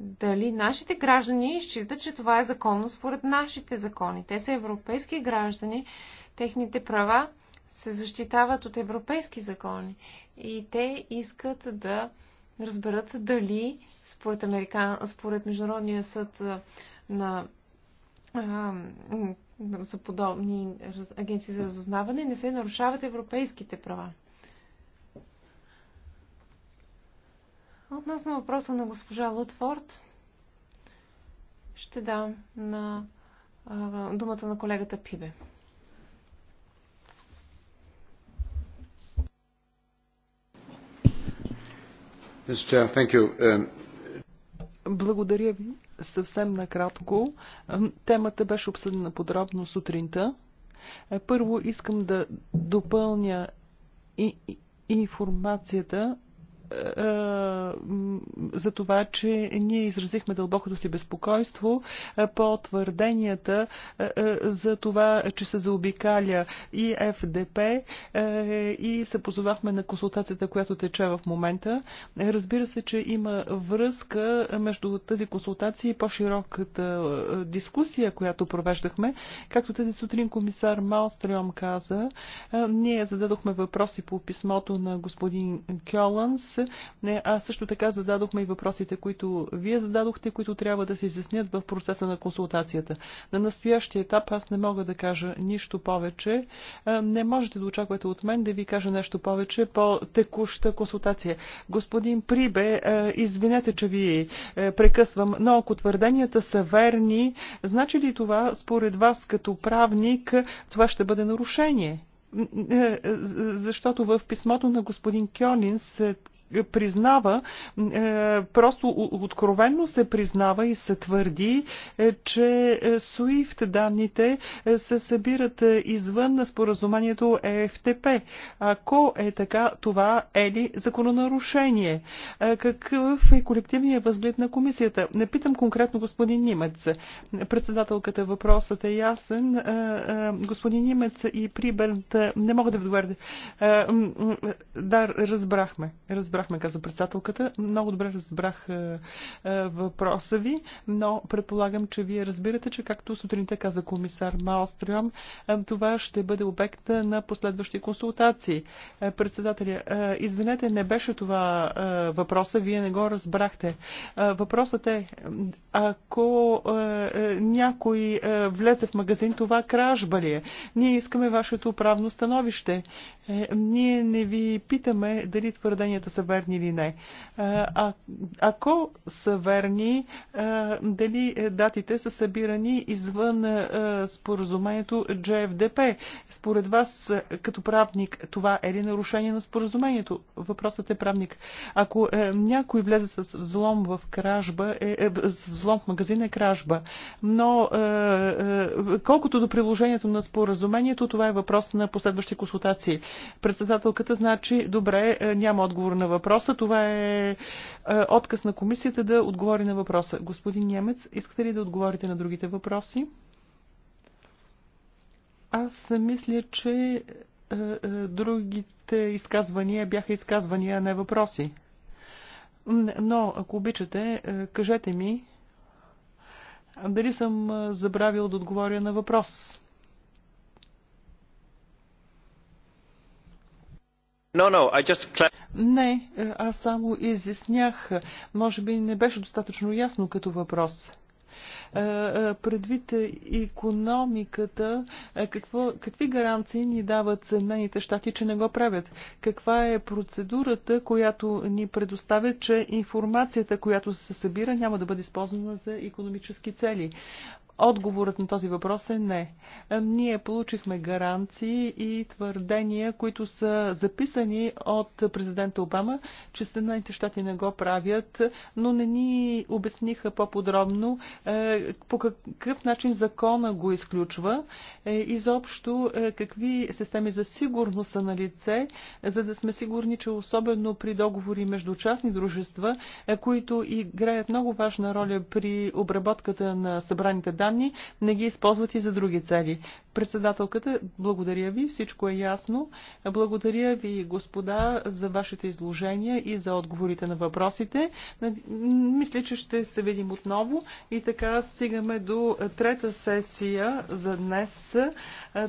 дали нашите граждани считат, че това е законно според нашите закони. Те са европейски граждани, техните права се защитават от европейски закони и те искат да разберат дали според, Америка, според Международния съд на за подобни агенции за разузнаване не се нарушават европейските права. Относно въпроса на госпожа Лутфорд, ще дам на а, думата на колегата Пибе. Um, Благодаря ви. Съвсем накратко. Темата беше обсъдена подробно сутринта. Е, първо искам да допълня и, и информацията е, е, за това, че ние изразихме дълбокото си безпокойство е, по твърденията за това, че се заобикаля и ФДП и се позовахме на консултацията, която тече в момента. Разбира се, че има връзка между тази консултация и по-широката дискусия, която провеждахме. Както тази сутрин комисар Малстрем каза, ние зададохме въпроси по писмото на господин Кьоланс въпрос. Не, а също така зададохме и въпросите, които вие зададохте, които трябва да се изяснят в процеса на консултацията. На настоящия етап аз не мога да кажа нищо повече. Не можете да очаквате от мен да ви кажа нещо повече по текуща консултация. Господин Прибе, извинете, че ви е, прекъсвам, но ако твърденията са верни, значи ли това според вас като правник това ще бъде нарушение? Е, е, защото в писмото на господин Кьонин се признава, е, просто откровенно се признава и се твърди, е, че SWIFT е, данните се събират извън на споразумението ЕФТП. Ако е така, това е ли закононарушение? Какъв е колективният възглед на комисията? Не питам конкретно господин Нимец. Председателката въпросът е ясен. Господин Нимец и Прибент не могат да ви отговарят. Да, разбрахме. Разбрахме разбрахме, каза председателката. Много добре разбрах е, е, въпроса ви, но предполагам, че вие разбирате, че както сутринта каза комисар Малстрюм, е, това ще бъде обект на последващи консултации. Председателя, извинете, не беше това въпроса, вие не го разбрахте. Въпросът е, ако някой влезе в магазин, това кражба ли е? Ние искаме вашето правно становище. Ние не ви питаме дали твърденията са верни или не. А, ако са верни, дали е, датите са събирани извън споразумението JFDP? Според вас, като правник, това е ли нарушение на споразумението? Въпросът е правник. Ако е, някой влезе с взлом в кражба, е, е, с взлом в магазин е кражба. Но е, е, колкото до приложението на споразумението, това е въпрос на последващи консултации. Председателката значи, добре, е, няма отговор на въпроса въпроса. Това е, е отказ на комисията да отговори на въпроса. Господин Немец, искате ли да отговорите на другите въпроси? Аз мисля, че е, е, другите изказвания бяха изказвания, а не въпроси. Но, ако обичате, кажете ми дали съм забравил да отговоря на въпрос. Не, е, аз само изяснях. Може би не беше достатъчно ясно като въпрос е, е, предвид економиката, какво, какви гаранции ни дават Съединените щати, че не го правят? Каква е процедурата, която ни предоставя, че информацията, която се събира, няма да бъде използвана за економически цели? Отговорът на този въпрос е не. Ние получихме гаранции и твърдения, които са записани от президента Обама, че Съединените щати не го правят, но не ни обясниха по-подробно е, по какъв начин закона го изключва, е, изобщо е, какви системи за сигурност са на лице, за да сме сигурни, че особено при договори между частни дружества, които играят много важна роля при обработката на събраните данни, данни, не ги използват и за други цели. Председателката, благодаря ви, всичко е ясно. Благодаря ви, господа, за вашите изложения и за отговорите на въпросите. Мисля, че ще се видим отново и така стигаме до трета сесия за днес.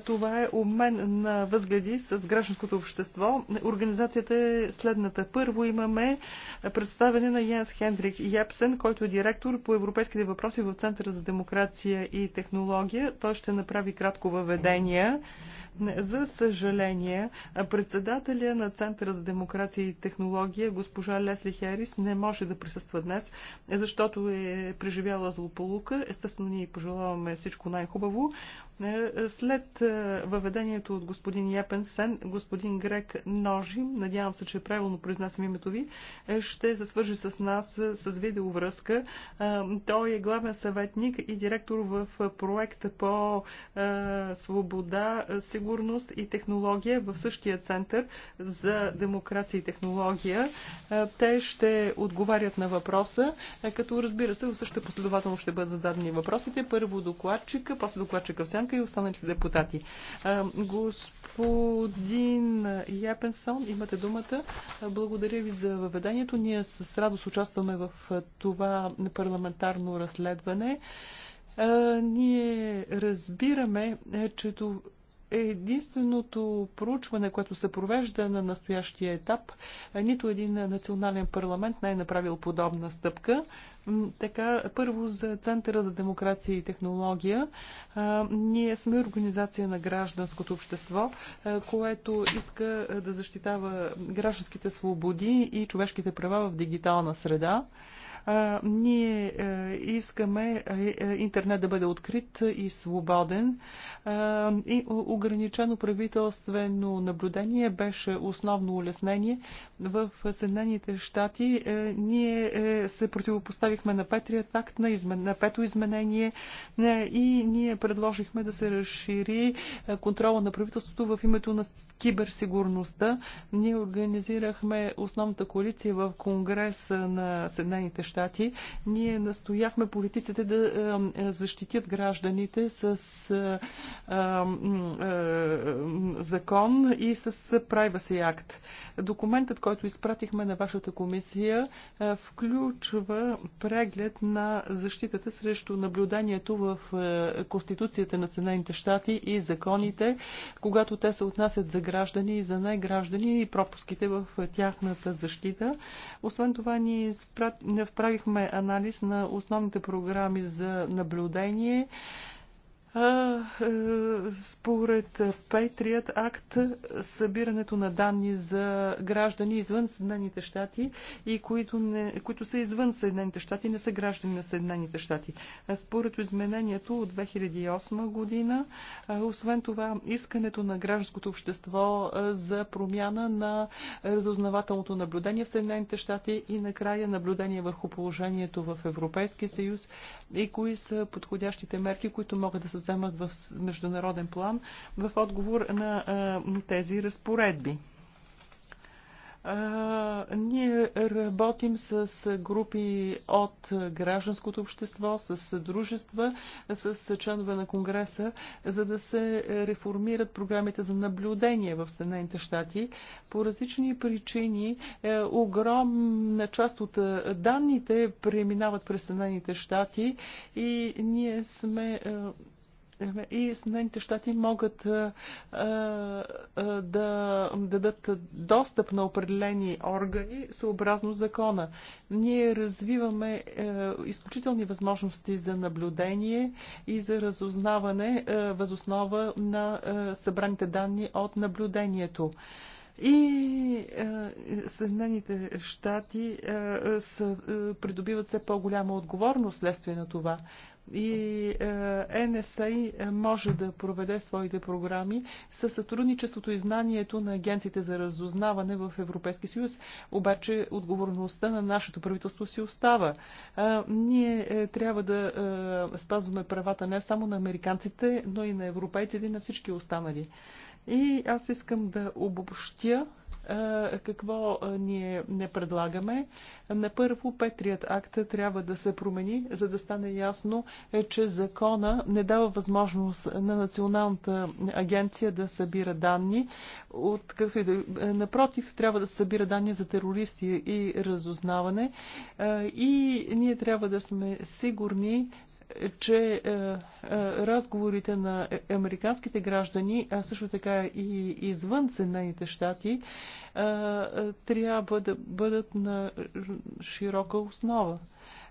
Това е обмен на възгледи с гражданското общество. Организацията е следната. Първо имаме представене на Янс Хендрик Япсен, който е директор по европейските въпроси в Центъра за демокрация и технология. Той ще направи кратко нововведения за съжаление, председателя на Центъра за демокрация и технология, госпожа Лесли Херис, не може да присъства днес, защото е преживяла злополука. Естествено, ние пожелаваме всичко най-хубаво. Е, след е, въведението от господин Япенсен, господин Грек Ножи, надявам се, че правилно произнасям името ви, е, ще се свържи с нас с видеовръзка. Той е главен съветник и директор в проекта по свобода, сигурност сигурност и технология в същия център за демокрация и технология. Е, те ще отговарят на въпроса, е, като разбира се, в същата последователно ще бъдат зададени въпросите. Първо докладчика, после докладчика в сянка и останалите депутати. Е, господин Япенсон, имате думата. Благодаря ви за въведението. Ние с радост участваме в това парламентарно разследване ние разбираме, че единственото проучване, което се провежда на настоящия етап. Е, нито един национален парламент не е направил подобна стъпка. Така, първо за Центъра за демокрация и технология. Е, ние сме организация на гражданското общество, е, което иска да защитава гражданските свободи и човешките права в дигитална среда. Ние е, искаме е, е, интернет да бъде открит и свободен. И ограничено правителствено наблюдение беше основно улеснение. В Съединените щати ние се противопоставихме на Петрия такт, на, измен... на пето изменение и ние предложихме да се разшири контрола на правителството в името на киберсигурността. Ние организирахме основната коалиция в Конгрес на Съединените щати щати, ние настояхме политиците да е, е, защитят гражданите с е, закон и с Privacy Act. Документът, който изпратихме на вашата комисия, включва преглед на защитата срещу наблюданието в Конституцията на Съединените щати и законите, когато те се отнасят за граждани и за най граждани и пропуските в тяхната защита. Освен това, ние изпрат направихме анализ на основните програми за наблюдение а е, според Patriot акт събирането на данни за граждани извън Съединените щати и които, не, които са извън Съединените щати, не са граждани на Съединените щати. Според изменението от 2008 година, освен това, искането на гражданското общество за промяна на разузнавателното наблюдение в Съединените щати и накрая наблюдение върху положението в Европейския съюз и кои са подходящите мерки, които могат да се се вземат в международен план в отговор на тези разпоредби. Ние работим с групи от гражданското общество, с дружества, с членове на Конгреса, за да се реформират програмите за наблюдение в Съединените щати. По различни причини е, огромна част от е, данните преминават през Съединените щати и ние сме е, и Съединените щати могат а, а, да дадат достъп на определени органи съобразно закона. Ние развиваме а, е, изключителни възможности за наблюдение и за разузнаване а, е, възоснова на а, е, събраните данни от наблюдението. И е, Съединените щати придобиват все по-голяма отговорност следствие на това и е, НСА може да проведе своите програми със сътрудничеството и знанието на агенциите за разузнаване в Европейския съюз, обаче отговорността на нашето правителство си остава. Е, ние е, трябва да спазваме правата не само на американците, но и на европейците и на всички останали. И аз искам да обобщя какво ние не предлагаме? На първо, петрият акт трябва да се промени, за да стане ясно, е, че закона не дава възможност на Националната агенция да събира данни. От какви е, Напротив, трябва да събира данни за терористи и разузнаване. И ние трябва да сме сигурни, че е, е, разговорите на американските граждани, а също така и извън Съединените щати, е, е трябва да бъдат на широка основа.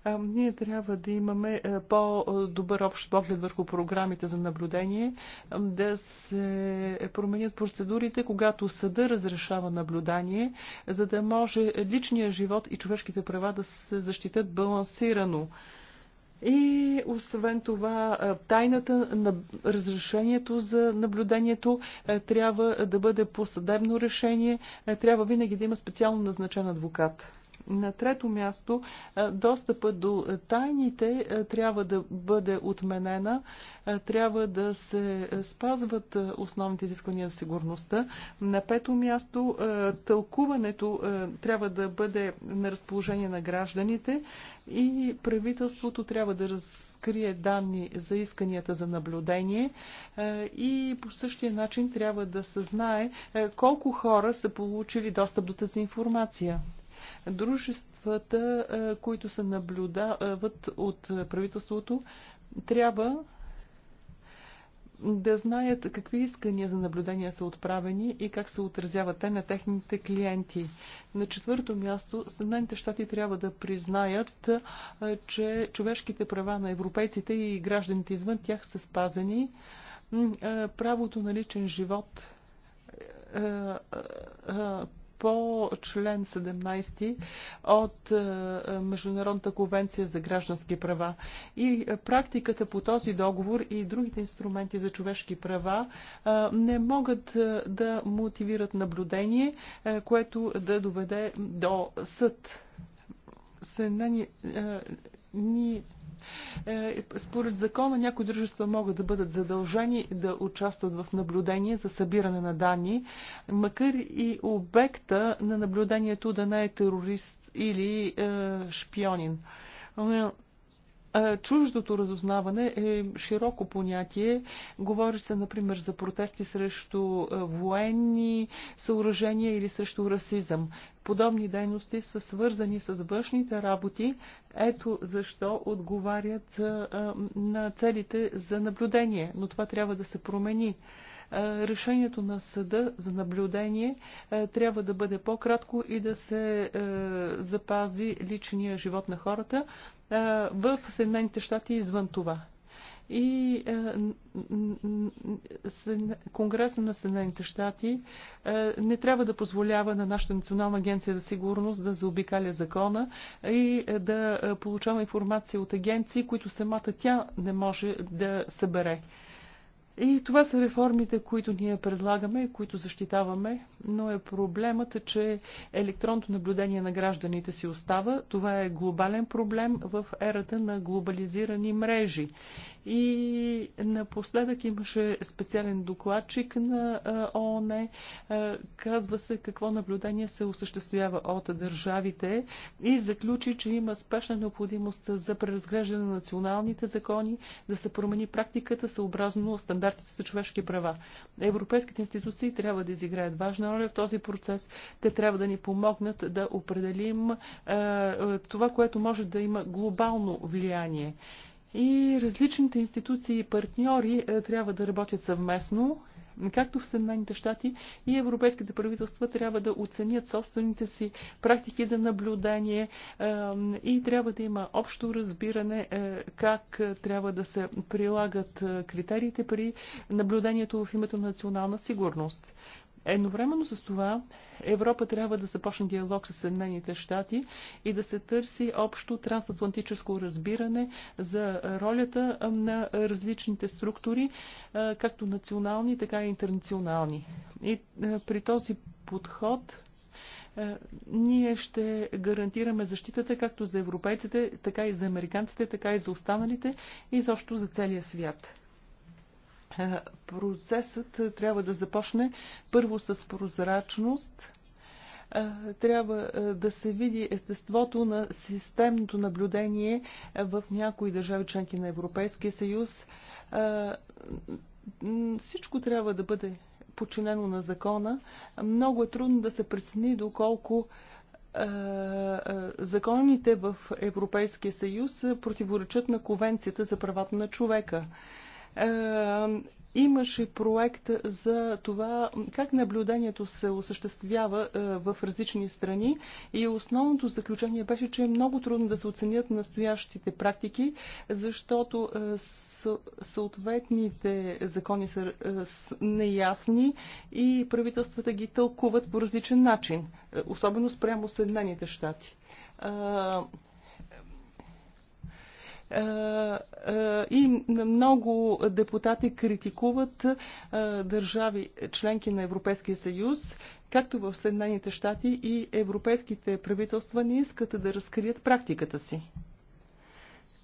А, е, ние трябва да имаме е, по-добър общ поглед върху програмите за наблюдение, да се променят процедурите, когато съда разрешава наблюдание, за да може личният живот и човешките права да се защитят балансирано. И освен това, тайната на разрешението за наблюдението трябва да бъде по съдебно решение, трябва винаги да има специално назначен адвокат. На трето място, е, достъпа до тайните е, трябва да бъде отменена, е, трябва да се спазват основните изисквания за сигурността. На пето място, тълкуването трябва да бъде на разположение на гражданите и правителството трябва да разкрие данни за исканията за наблюдение и по същия начин трябва да се знае колко хора са получили достъп до тази информация. Дружествата, които се наблюдават от правителството, трябва да знаят какви искания за наблюдение са отправени и как се отразяват те на техните клиенти. На четвърто място, Съединените щати трябва да признаят, че човешките права на европейците и гражданите извън тях са спазени. Правото на личен живот по член 17 от е, Международната конвенция за граждански права. И е, практиката по този договор и другите инструменти за човешки права е, не могат да мотивират наблюдение, което да доведе до съд. Съединени, ни е, според закона някои дружества могат да бъдат задължени да участват в наблюдение за събиране на данни, макар и обекта на наблюдението да не е терорист или е, шпионин. Е, Чуждото разузнаване е широко понятие. Говори се, например, за протести срещу военни съоръжения или срещу расизъм. Подобни дейности са свързани с външните работи. Ето защо отговарят на целите за наблюдение. Но това трябва да се промени решението на съда за наблюдение трябва да бъде по-кратко и да се запази личния живот на хората в Съединените щати извън това и Конгреса на Съединените щати не трябва да позволява на нашата Национална агенция за сигурност да заобикаля закона и да получава информация от агенции, които самата тя не може да събере. И това са реформите, които ние предлагаме, които защитаваме, но е проблемът, че електронното наблюдение на гражданите си остава. Това е глобален проблем в ерата на глобализирани мрежи. И напоследък имаше специален докладчик на ООН. Казва се какво наблюдение се осъществява от държавите и заключи, че има спешна необходимост за преразглеждане на националните закони, да се промени практиката съобразно стандартите за човешки права. Европейските институции трябва да изиграят важна роля в този процес. Те трябва да ни помогнат да определим това, което може да има глобално влияние и различните институции и партньори е, трябва да работят съвместно, както в Съединените щати и европейските правителства трябва да оценят собствените си практики за наблюдение е, и трябва да има общо разбиране е, как трябва да се прилагат критериите при наблюдението в името на национална сигурност. Едновременно с това Европа трябва да започне диалог с Съединените щати и да се търси общо трансатлантическо разбиране за ролята на различните структури, както национални, така и интернационални. И при този подход ние ще гарантираме защитата както за европейците, така и за американците, така и за останалите и защо за целия свят. Процесът е, трябва да започне първо с прозрачност, е, трябва е, да се види естеството на системното наблюдение в някои държави членки на Европейския съюз. Всичко трябва да бъде подчинено на закона. Много е трудно да се прецени доколко законите в Европейския съюз противоречат на Конвенцията за правата на човека имаше проект за това как наблюдението се осъществява в различни страни и основното заключение беше, че е много трудно да се оценят настоящите практики, защото съответните закони са неясни и правителствата ги тълкуват по различен начин, особено спрямо Съединените щати е, е, и много депутати критикуват е, държави членки на Европейския съюз, както в Съединените щати и европейските правителства не искат да разкрият практиката си.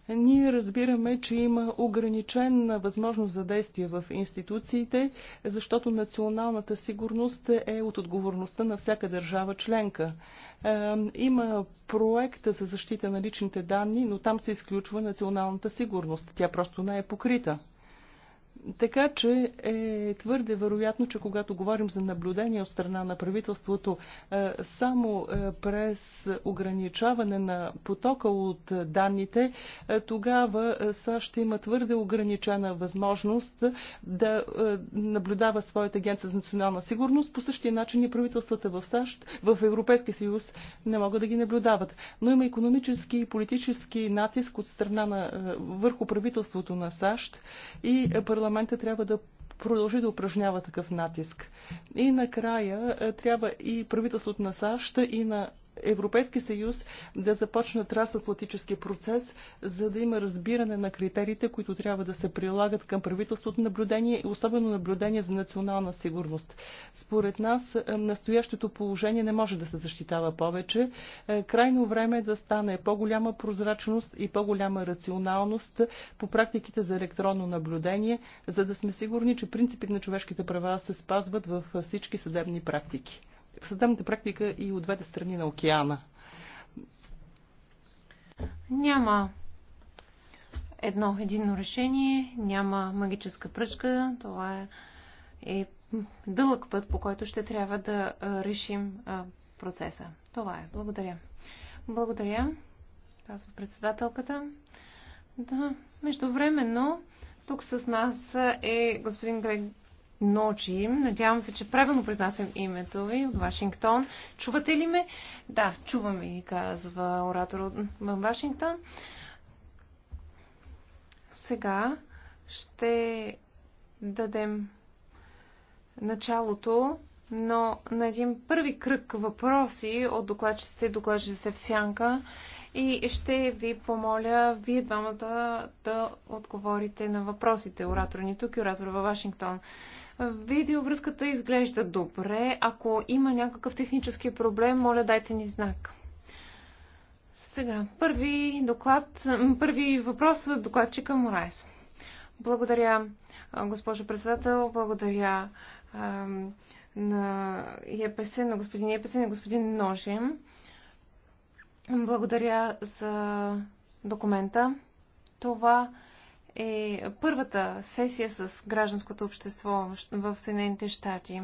Ние разбираме, че има ограничена възможност за действие в институциите, защото националната сигурност е от отговорността на всяка държава членка. Има проекта за защита на личните данни, но там се изключва националната сигурност. Тя просто не е покрита. Така че е твърде вероятно, че когато говорим за наблюдение от страна на правителството, е, само е, през ограничаване на потока от е, данните, тогава САЩ има твърде ограничена възможност да наблюдава своята агенция за национална сигурност. По същия начин и правителствата в САЩ, в Европейския съюз не могат да ги наблюдават. Но има економически и политически натиск от страна на, върху правителството на САЩ и парламент парламента трябва да продължи да упражнява такъв натиск. И накрая е, трябва и правителството на САЩ и на Европейски съюз да започне трансатлантически процес, за да има разбиране на критериите, които трябва да се прилагат към правителството наблюдение и особено наблюдение за национална сигурност. Според нас е, настоящето положение не може да се защитава повече. Е, крайно време е да стане по-голяма прозрачност и по-голяма рационалност по практиките за електронно наблюдение, за да сме сигурни, че принципите на човешките права се спазват във всички съдебни практики съдебната практика и от двете страни на океана. Няма едно едино решение, няма магическа пръчка. Това е, е дълъг път, по който ще трябва да решим процеса. Това е. Благодаря. Благодаря, казва председателката. Да, междувременно тук с нас е господин Грег ночи. Надявам се, че правилно произнасям името ви от Вашингтон. Чувате ли ме? Да, чуваме, казва оратор от Вашингтон. Сега ще дадем началото но на един първи кръг въпроси от докладчиците и докладчиците в сянка и ще ви помоля вие двамата да отговорите на въпросите, оратора ни е тук и оратора във Вашингтон. Видеовръзката изглежда добре. Ако има някакъв технически проблем, моля дайте ни знак. Сега, първи доклад, първи въпрос от докладчика Морайс. Благодаря, госпожо председател, благодаря а, на ЕПС, на господин ЕПС и на господин Ножем. Благодаря за документа. Това е първата сесия с гражданското общество в Съединените щати.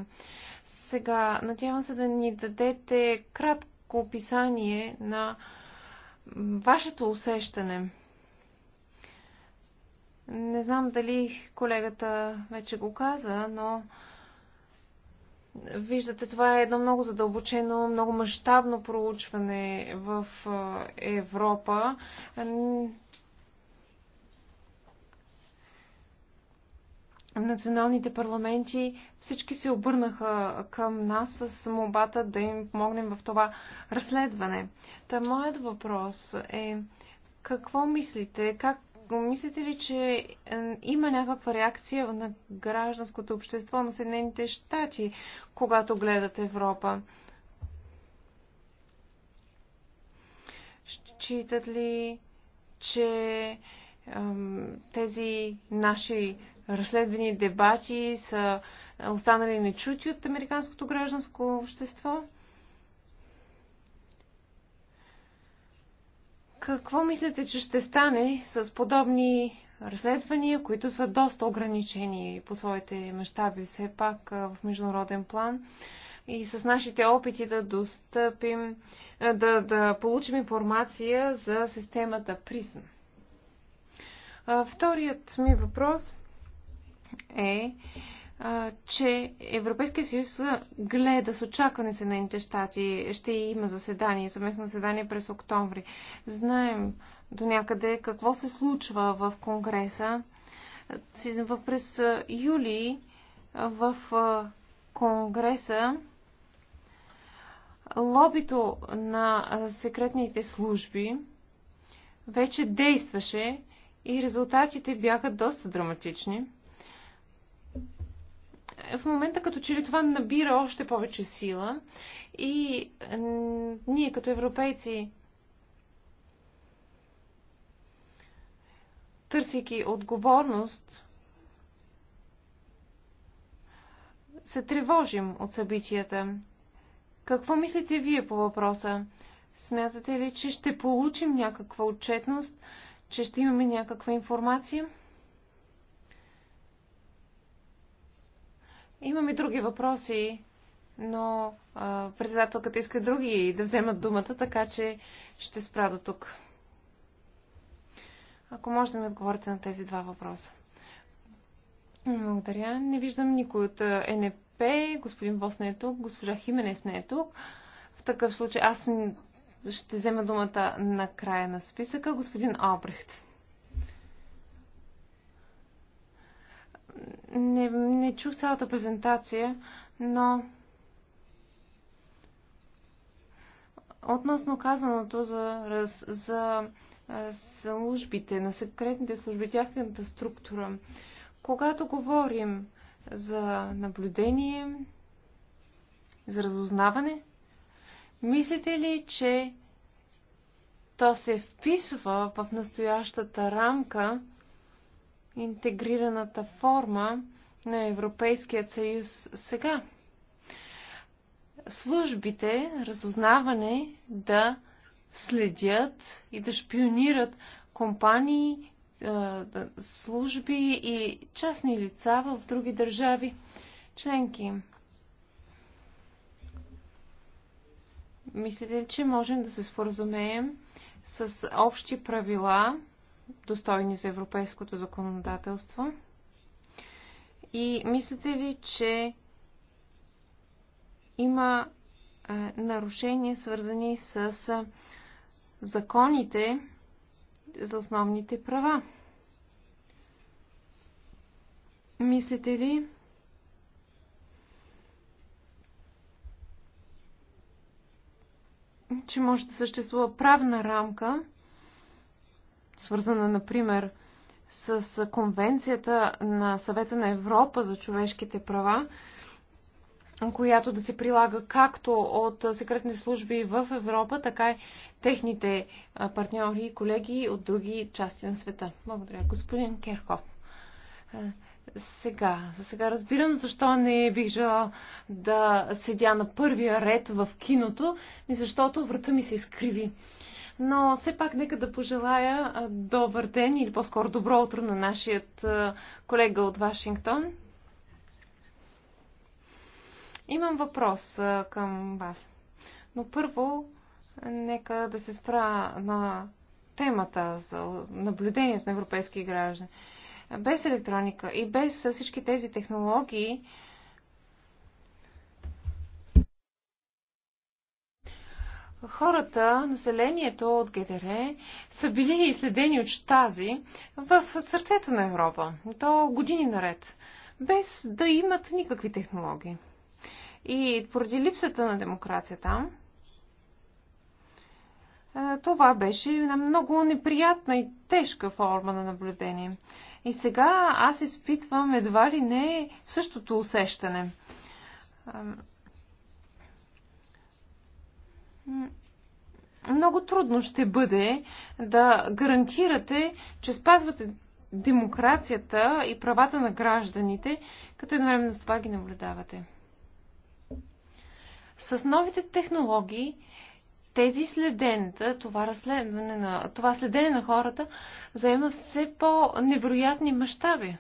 Сега, надявам се да ни дадете кратко описание на вашето усещане. Не знам дали колегата вече го каза, но виждате, това е едно много задълбочено, много мащабно проучване в е, Европа. националните парламенти, всички се обърнаха към нас с молбата да им помогнем в това разследване. Та моят въпрос е какво мислите? Как мислите ли, че е, има някаква реакция на гражданското общество на Съединените щати, когато гледат Европа? Считат ли, че тези наши разследвани дебати са останали нечути от американското гражданско общество. Какво мислите, че ще стане с подобни разследвания, които са доста ограничени по своите мащаби, все пак в международен план? и с нашите опити да достъпим, да, да получим информация за системата ПРИСМ. Вторият ми въпрос е, че Европейския съюз гледа с очакване се Съединените щати. Ще има заседание, съвместно заседание през октомври. Знаем до някъде какво се случва в Конгреса. През юли в Конгреса лобито на секретните служби вече действаше и резултатите бяха доста драматични в момента като че ли това набира още повече сила и е, ние като европейци, търсейки отговорност, се тревожим от събитията. Какво мислите вие по въпроса? Смятате ли, че ще получим някаква отчетност, че ще имаме някаква информация? Имам и други въпроси, но а, председателката иска други да вземат думата, така че ще спра до тук. Ако може да ми отговорите на тези два въпроса. Благодаря. Не виждам никой от НП. Господин Бос не е тук, госпожа Хименес не е тук. В такъв случай аз ще взема думата на края на списъка. Господин Албрехт. не, не чух цялата презентация, но относно казаното за, раз, за службите, на секретните служби, тяхната структура. Когато говорим за наблюдение, за разузнаване, мислите ли, че то се вписва в настоящата рамка интегрираната форма на Европейският съюз сега. Службите, разузнаване да следят и да шпионират компании, е, служби и частни лица в други държави членки. Мислите ли, че можем да се споразумеем с общи правила достойни за европейското законодателство? И мислите ли, че има е, нарушения, свързани с е, законите за основните права? Мислите ли, че може да съществува правна рамка, свързана, например, с Конвенцията на Съвета на Европа за човешките права, която да се прилага както от секретни служби в Европа, така и техните партньори и колеги от други части на света. Благодаря, господин Керхов. Сега, за сега разбирам защо не бих желал да седя на първия ред в киното, защото врата ми се изкриви но все пак нека да пожелая добър ден или по-скоро добро утро на нашият колега от Вашингтон. Имам въпрос към вас. Но първо, нека да се спра на темата за наблюдението на европейски граждани. Без електроника и без всички тези технологии, хората, населението от ГДР са били изследени от Штази в сърцето на Европа, то години наред, без да имат никакви технологии. И поради липсата на демокрация там, е, това беше една много неприятна и тежка форма на наблюдение. И сега аз изпитвам едва ли не същото усещане много трудно ще бъде да гарантирате, че спазвате демокрацията и правата на гражданите, като едновременно с това ги наблюдавате. С новите технологии тези следенета, това, разследване на, това следене на хората заема все по-невероятни мащаби.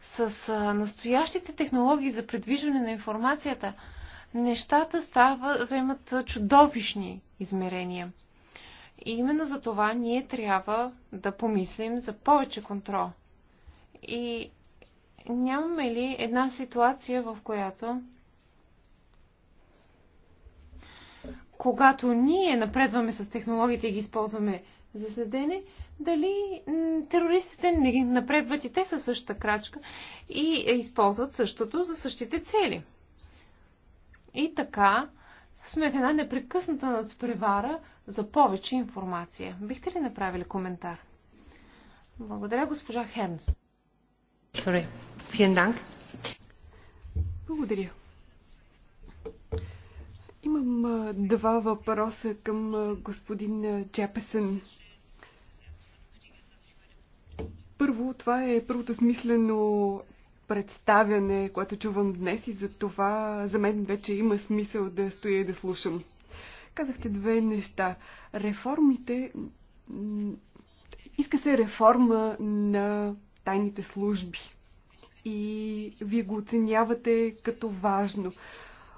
С настоящите технологии за предвижване на информацията – нещата става, вземат чудовищни измерения. И именно за това ние трябва да помислим за повече контрол. И нямаме ли една ситуация, в която когато ние напредваме с технологиите и ги използваме за следене, дали терористите не ги напредват и те със същата крачка и е, използват същото за същите цели? И така сме в една непрекъсната надпревара за повече информация. Бихте ли направили коментар? Благодаря, госпожа Хернс. Sorry. Vielen Dank. Благодаря. Имам два въпроса към господин Чепесен. Първо, това е първото смислено представяне, което чувам днес и за това за мен вече има смисъл да стоя и да слушам. Казахте две неща. Реформите... Иска се реформа на тайните служби. И вие го оценявате като важно.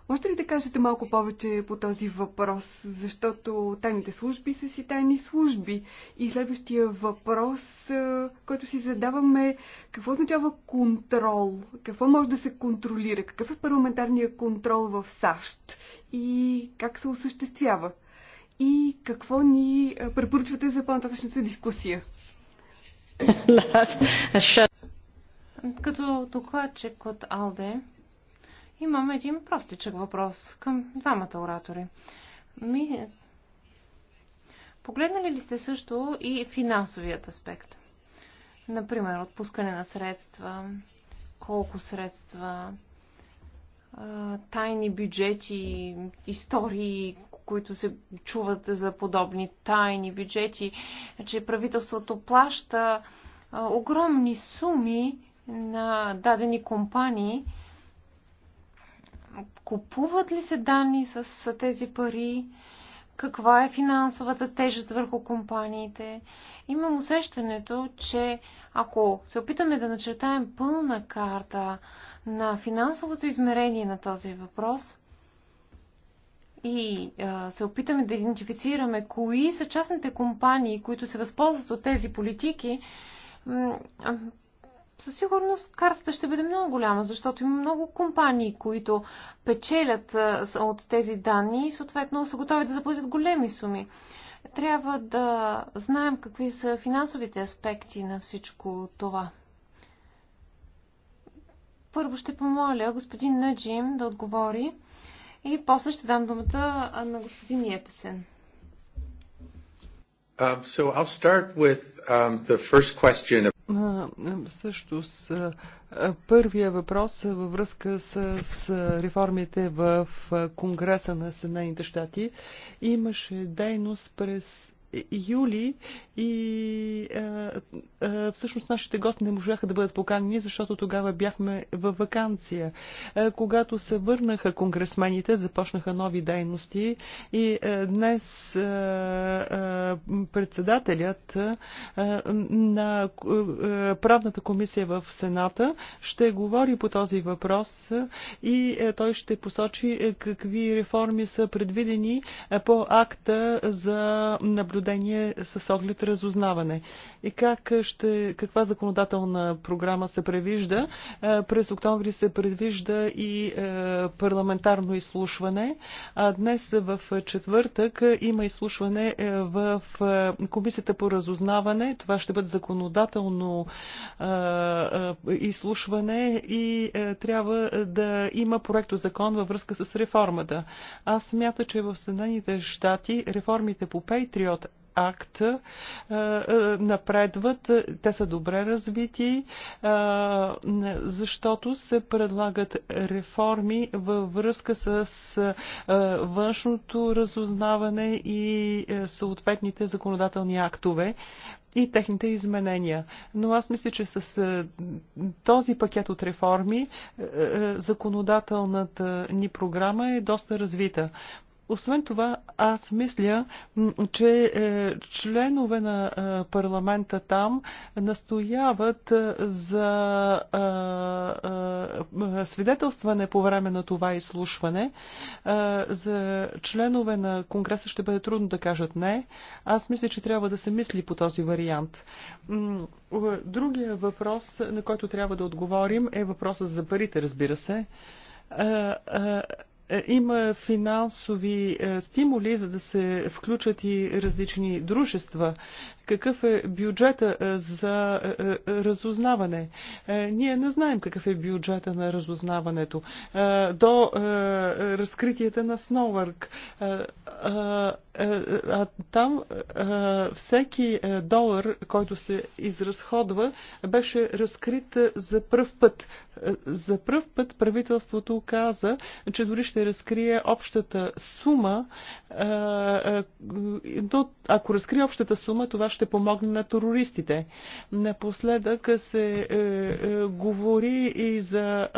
Можете ли да кажете малко повече по този въпрос? Защото тайните служби са си тайни служби. И следващия въпрос, който си задаваме, какво означава контрол? Какво може да се контролира? Какъв е парламентарният контрол в САЩ? И как се осъществява? И какво ни препоръчвате за по-нататъчната дискусия? Като докладчик от Алде, Имам един простичък въпрос към двамата оратори. Ми... Погледнали ли сте също и финансовият аспект? Например, отпускане на средства, колко средства, тайни бюджети, истории, които се чуват за подобни тайни бюджети, че правителството плаща огромни суми на дадени компании, купуват ли се данни с тези пари? Каква е финансовата тежест върху компаниите? Имам усещането, че ако се опитаме да начертаем пълна карта на финансовото измерение на този въпрос и а, се опитаме да идентифицираме кои са частните компании, които се възползват от тези политики, със сигурност картата ще бъде много голяма, защото има много компании, които печелят от тези данни и съответно са готови да заплатят големи суми. Трябва да знаем какви са финансовите аспекти на всичко това. Първо ще помоля господин Наджим да отговори и после ще дам думата на господин Епесен. Um, so I'll start with um, the first question също с първия въпрос във връзка с, с реформите в Конгреса на Съединените щати. Имаше дейност през юли и а, а, всъщност нашите гости не можаха да бъдат поканени, защото тогава бяхме във вакансия. А, когато се върнаха конгресмените, започнаха нови дейности и а, днес а, а, председателят а, на а, правната комисия в Сената ще говори по този въпрос и а, той ще посочи какви реформи са предвидени по акта за наблюдение наблюдение с оглед разузнаване. И как ще, каква законодателна програма се превижда? Е, през октомври се предвижда и е, парламентарно изслушване. А днес в четвъртък има изслушване е, в Комисията по разузнаване. Това ще бъде законодателно изслушване и трябва да има проекто закон във връзка с реформата. Аз смята, че в Съединените щати реформите по Patriot акт напредват, те са добре развити, защото се предлагат реформи във връзка с външното разузнаване и съответните законодателни актове и техните изменения. Но аз мисля, че с този пакет от реформи законодателната ни програма е доста развита. Освен това, аз мисля, че е, членове на е, парламента там настояват е, за свидетелстване по време на това изслушване. За членове на Конгреса ще бъде трудно да кажат не. Аз мисля, че трябва да се мисли по този вариант. Другия въпрос, на който трябва да отговорим, е въпросът за парите, разбира се е, има финансови е, стимули, за да се включат и различни дружества. Какъв е бюджета е, за разузнаване? Ние не знаем какъв е бюджета на разузнаването. До разкритията на Сновърк. А там всеки долар, който се изразходва, беше разкрит за пръв път. За пръв път правителството каза, че дори ще ще разкрие общата сума, но ако разкрие общата сума, това ще помогне на терористите. Напоследък се е, е, говори и за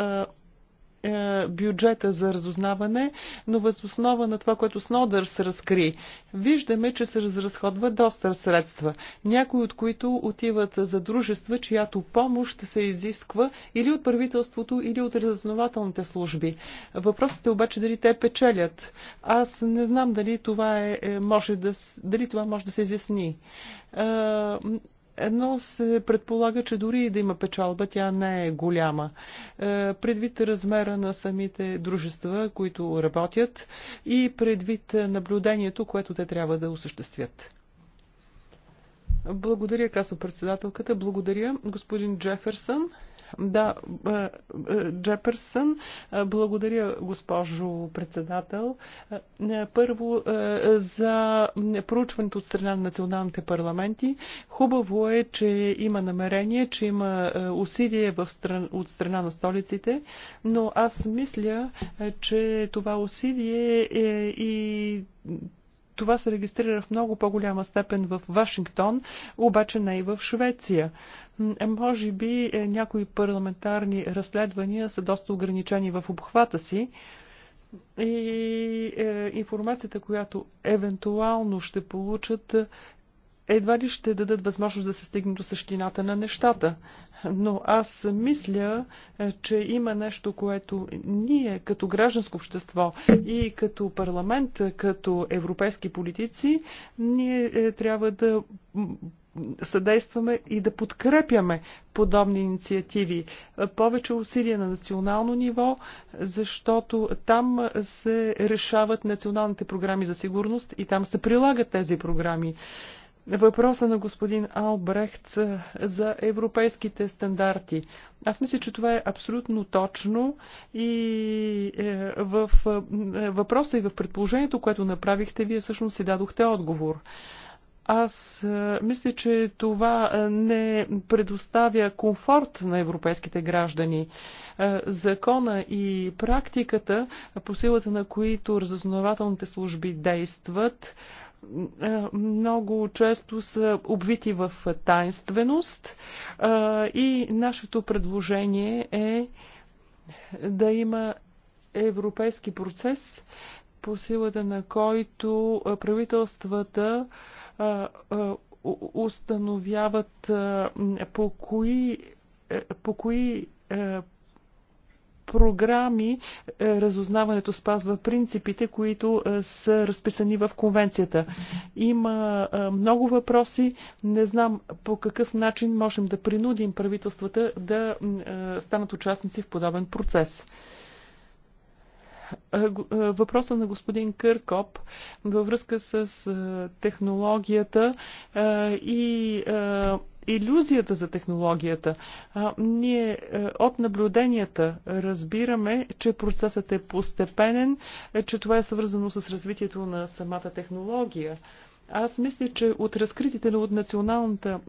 е, бюджета за разузнаване, но възоснова на това, което се разкри, виждаме, че се разразходва доста средства, някои от които отиват за дружества, чиято помощ се изисква или от правителството, или от разузнавателните служби. Въпросът е обаче дали те печелят. Аз не знам дали това, е, е може да, дали това може да се изясни. Е, но се предполага, че дори и да има печалба, тя не е голяма. Е, предвид размера на самите дружества, които работят и предвид наблюдението, което те трябва да осъществят. Благодаря, казва председателката. Благодаря, господин Джеферсън. Да, е, е, Джепърсън, е, благодаря госпожо председател. Първо за проучването от страна на националните парламенти. Хубаво е, че има намерение, че има усилие в стран, от страна на столиците, но аз мисля, че това усилие е и това се регистрира в много по-голяма степен в Вашингтон, обаче не и в Швеция. Е, може би е, някои парламентарни разследвания са доста ограничени в обхвата си. И е, информацията, която евентуално ще получат, едва ли ще дадат възможност да се стигне до същината на нещата. Но аз мисля, е, че има нещо, което ние като гражданско общество и като парламент, като европейски политици, ние е, трябва да съдействаме и да подкрепяме подобни инициативи. Повече усилия на национално ниво, защото там се решават националните програми за сигурност и там се прилагат тези програми въпроса на господин Албрехт за европейските стандарти. Аз мисля, че това е абсолютно точно и е, в е, въпроса и в предположението, което направихте, вие всъщност си дадохте отговор. Аз е, мисля, че това не предоставя комфорт на европейските граждани. Закона и практиката, по силата на които разъзнавателните служби действат, е, много често са обвити в тайнственост е, и нашето предложение е да има европейски процес, по силата на който правителствата е, установяват по кои, по кои програми е, разузнаването спазва принципите, които е, са разписани в конвенцията. Има е, много въпроси. Не знам по какъв начин можем да принудим правителствата да станат участници в подобен процес въпроса на господин Къркоп във връзка с технологията и иллюзията за технологията. А, ние а, е, от наблюденията разбираме, че процесът е постепенен, е, че това е свързано с развитието на самата технология. Аз мисля, че от разкритите от Националната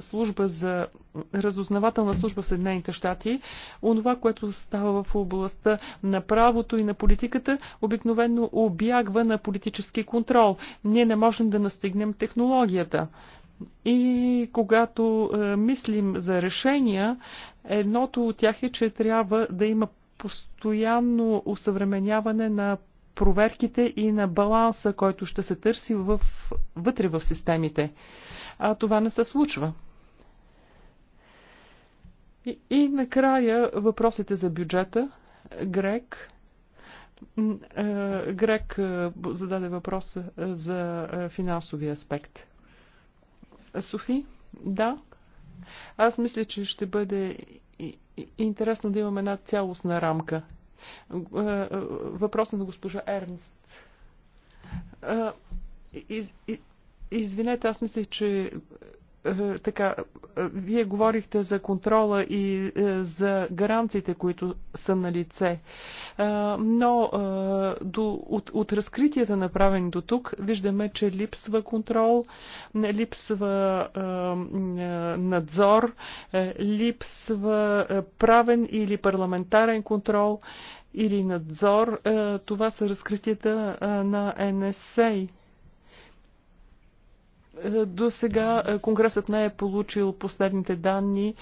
служба за разузнавателна служба в Съединените щати, онова, което става в областта на правото и на политиката, обикновено обягва на политически контрол. Ние не можем да настигнем технологията. И когато е, мислим за решения, едното от тях е, че трябва да има постоянно усъвременяване на проверките и на баланса, който ще се търси в, вътре в системите. А това не се случва. И, и накрая въпросите за бюджета. Грек. Е, Грек е, зададе въпрос за финансовия аспект. Софи, да. Аз мисля, че ще бъде интересно да имаме една цялостна рамка. Е, е, Въпросът е на госпожа Ернст. Извинете, аз мисля, че е, така, е, вие говорихте за контрола и е, за гаранциите, които са на лице. Но до, от, от разкритията, направени до тук, виждаме, че липсва контрол, липсва надзор, липсва правен или парламентарен контрол или надзор. Това са разкритията на НСА. До сега е, Конгресът не е получил последните данни.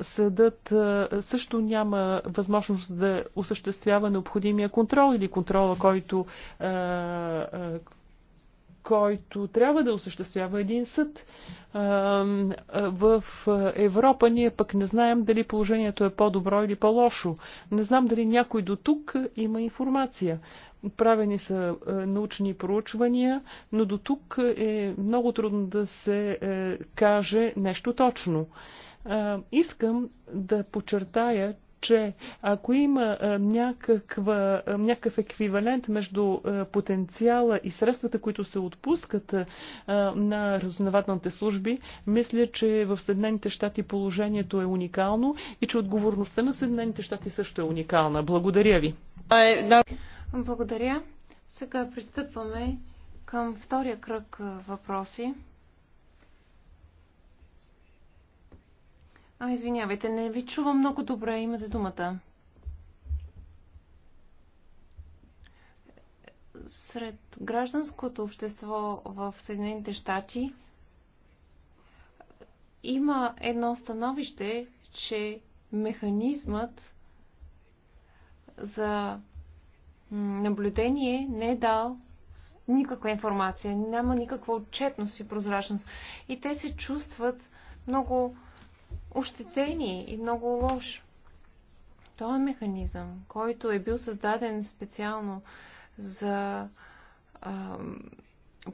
Съдът е, също няма възможност да осъществява необходимия контрол или контрола, който е, който трябва да осъществява един съд. В Европа ние пък не знаем дали положението е по-добро или по-лошо. Не знам дали някой до тук има информация. Правени са научни проучвания, но до тук е много трудно да се е, каже нещо точно. Искам да подчертая, че ако има някаква, някакъв еквивалент между потенциала и средствата, които се отпускат на разузнавателните служби, мисля, че в Съединените щати положението е уникално и че отговорността на Съединените щати също е уникална. Благодаря ви. Благодаря. Сега пристъпваме към втория кръг въпроси. А, извинявайте, не ви чувам много добре. Имате думата. Сред гражданското общество в Съединените щати има едно становище, че механизмът за наблюдение не е дал никаква информация, няма никаква отчетност и прозрачност. И те се чувстват много ощетени и много лош. Той е механизъм, който е бил създаден специално за а,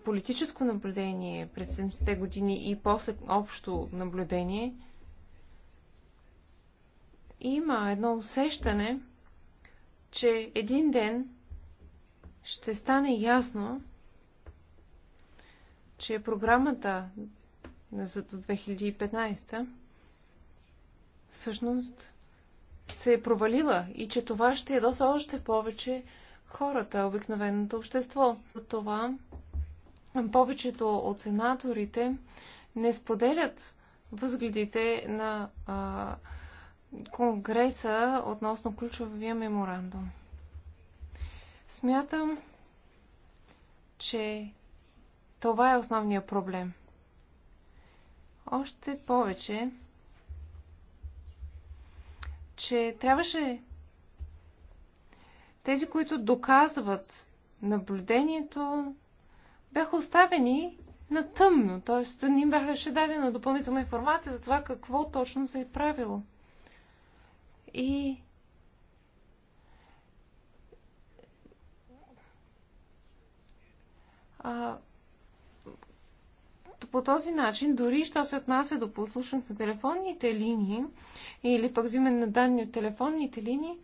политическо наблюдение през 70-те години и после общо наблюдение, има едно усещане, че един ден ще стане ясно, че програмата за 2015 всъщност се е провалила и че това ще е доста още повече хората, обикновеното общество. За това повечето от сенаторите не споделят възгледите на а, Конгреса относно ключовия меморандум. Смятам, че това е основният проблем. Още повече, че трябваше тези, които доказват наблюдението, бяха оставени на тъмно, т.е. не им бяха дадена допълнителна информация за това какво точно се е правило. И а, по този начин, дори що се отнася до послушност на телефонните линии или пък взимане на данни от телефонните линии,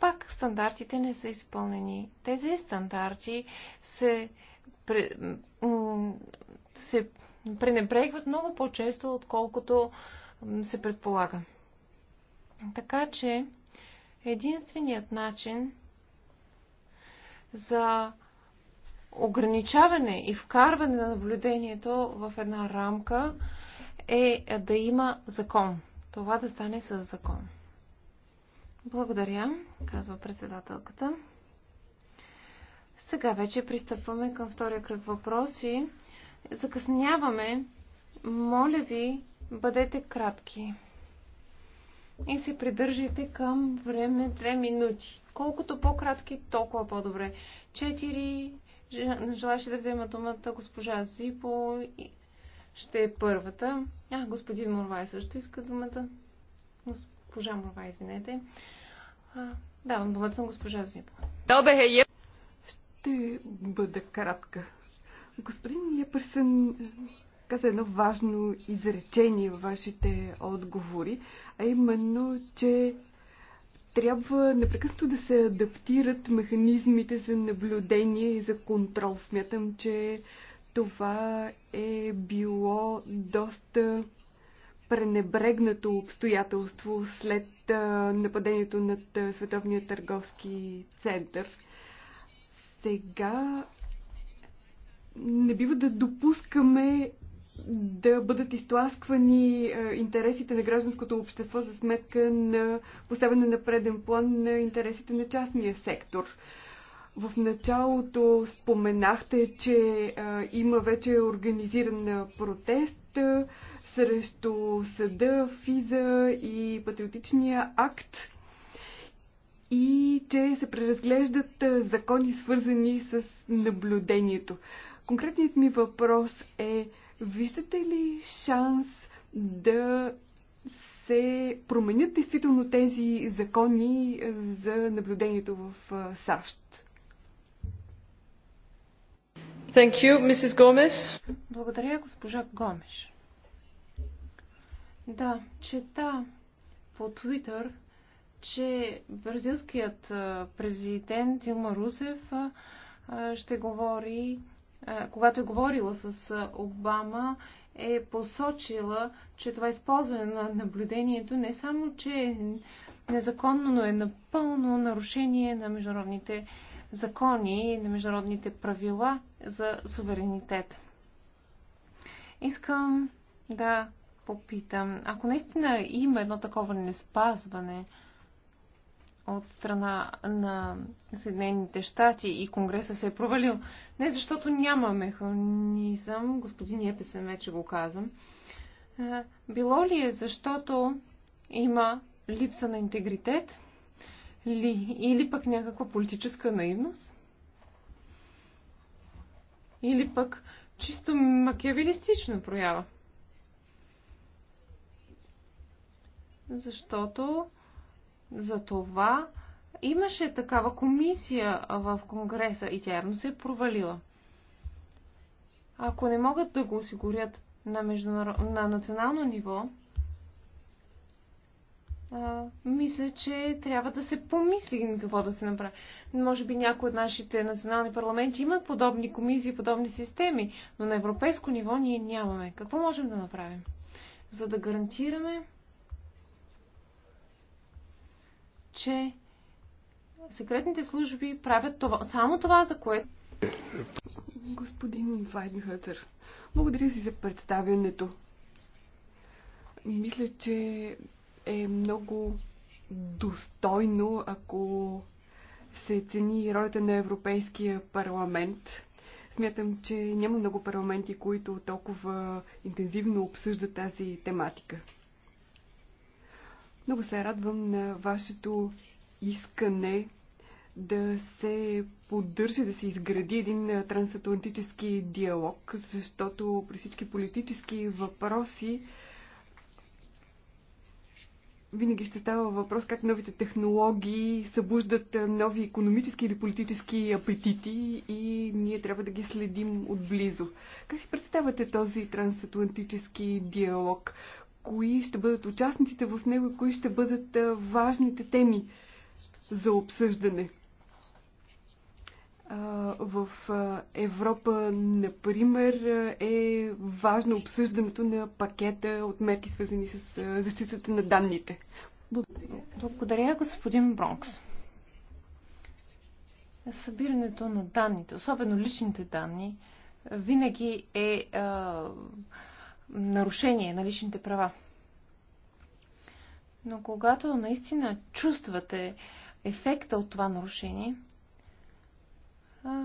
пак стандартите не са изпълнени. Тези стандарти се, пре, се пренебрегват много по-често, отколкото се предполага. Така че единственият начин за ограничаване и вкарване на наблюдението в една рамка е да има закон. Това да стане с закон. Благодаря, казва председателката. Сега вече пристъпваме към втория кръг въпроси. Закъсняваме. Моля ви, бъдете кратки. И се придържайте към време 2 минути. Колкото по-кратки, толкова по-добре. 4, Желаеше да взема думата госпожа Зипо. Ще е първата. А, господин Морвай също иска думата. Госпожа Мурвай, извинете. А, давам думата на госпожа Зипо. Добре, е, е. Ще бъда кратка. Господин Епърсън каза едно важно изречение във вашите отговори, а именно, че трябва непрекъснато да се адаптират механизмите за наблюдение и за контрол. Смятам, че това е било доста пренебрегнато обстоятелство след нападението над Световния търговски център. Сега не бива да допускаме да бъдат изтласквани е, интересите на гражданското общество за сметка на поставяне на преден план на интересите на частния сектор. В началото споменахте, че а, е, има вече организиран протест а, е, срещу съда, ФИЗа и патриотичния акт и че се преразглеждат а, закони свързани с наблюдението. Конкретният ми въпрос е а, Виждате ли шанс да се променят действително тези закони за наблюдението в САЩ? Thank you, Mrs. Gomez. Благодаря, госпожа Гомеш. Да, чета по Твитър, че бразилският президент Илма Русев ще говори е, когато е говорила с е, Обама, е посочила, че това използване на наблюдението не само, че е незаконно, но е напълно нарушение на международните закони и на международните правила за суверенитет. Искам да попитам, ако наистина има едно такова неспазване, спазване, от страна на Съединените щати и Конгреса се е провалил. Не защото няма механизъм, господин Епесен вече го казвам. Било ли е защото има липса на интегритет ли, или пък някаква политическа наивност? Или пък чисто макиавилистична проява? Защото за това имаше такава комисия в Конгреса и тя явно се е провалила. Ако не могат да го осигурят на, международ... на национално ниво, а, мисля, че трябва да се помисли какво да се направи. Може би някои от нашите национални парламенти имат подобни комисии, подобни системи, но на европейско ниво ние нямаме. Какво можем да направим? За да гарантираме че секретните служби правят това, само това, за което... Господин Вайденхътър, благодаря ви за представянето. Мисля, че е много достойно, ако се цени ролята на Европейския парламент. Смятам, че няма много парламенти, които толкова интензивно обсъждат тази тематика. Много се радвам на вашето искане да се поддържа, да се изгради един трансатлантически диалог, защото при всички политически въпроси винаги ще става въпрос как новите технологии събуждат нови економически или политически апетити и ние трябва да ги следим отблизо. Как си представяте този трансатлантически диалог? кои ще бъдат участниците в него и кои ще бъдат важните теми за обсъждане. В Европа, например, е важно обсъждането на пакета от мерки, свързани с защитата на данните. Благодаря. Благодаря, господин Бронкс. Събирането на данните, особено личните данни, винаги е нарушение на личните права. Но когато наистина чувствате ефекта от това нарушение, а,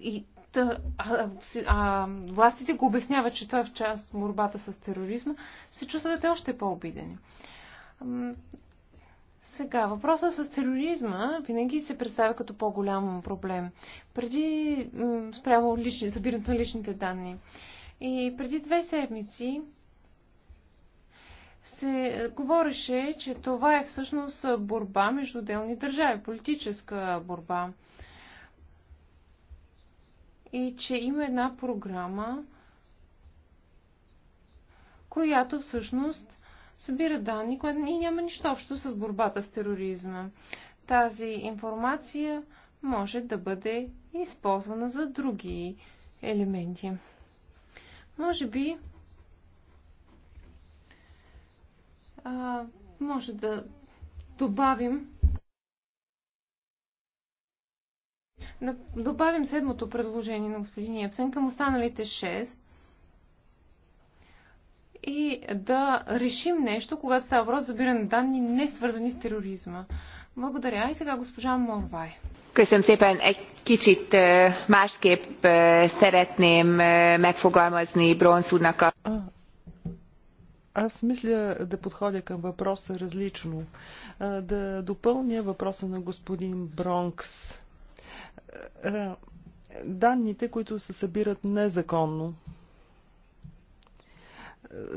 и, а, а, а, властите го обясняват, че той е в част борбата с тероризма, се чувствате още по-обидени. Сега, въпросът с тероризма винаги се представя като по-голям проблем. Преди спрямо лични, събирането на личните данни. И преди две седмици се е, говореше, че това е всъщност борба между отделни държави, политическа борба. И че има една програма, която всъщност събира данни, която и няма нищо общо с борбата с тероризма. Тази информация може да бъде използвана за други елементи. Може би а, може да добавим да добавим седмото предложение на господин Евсен към останалите 6 и да решим нещо, когато става въпрос за биране данни, не свързани с тероризма. Благодаря. И сега госпожа Морвай. Köszönöm szépen. Egy kicsit másképp szeretném megfogalmazni Bronz úrnak a... Аз мисля да подходя към въпроса различно. Да допълня въпроса на господин Бронкс. Данните, които се събират незаконно,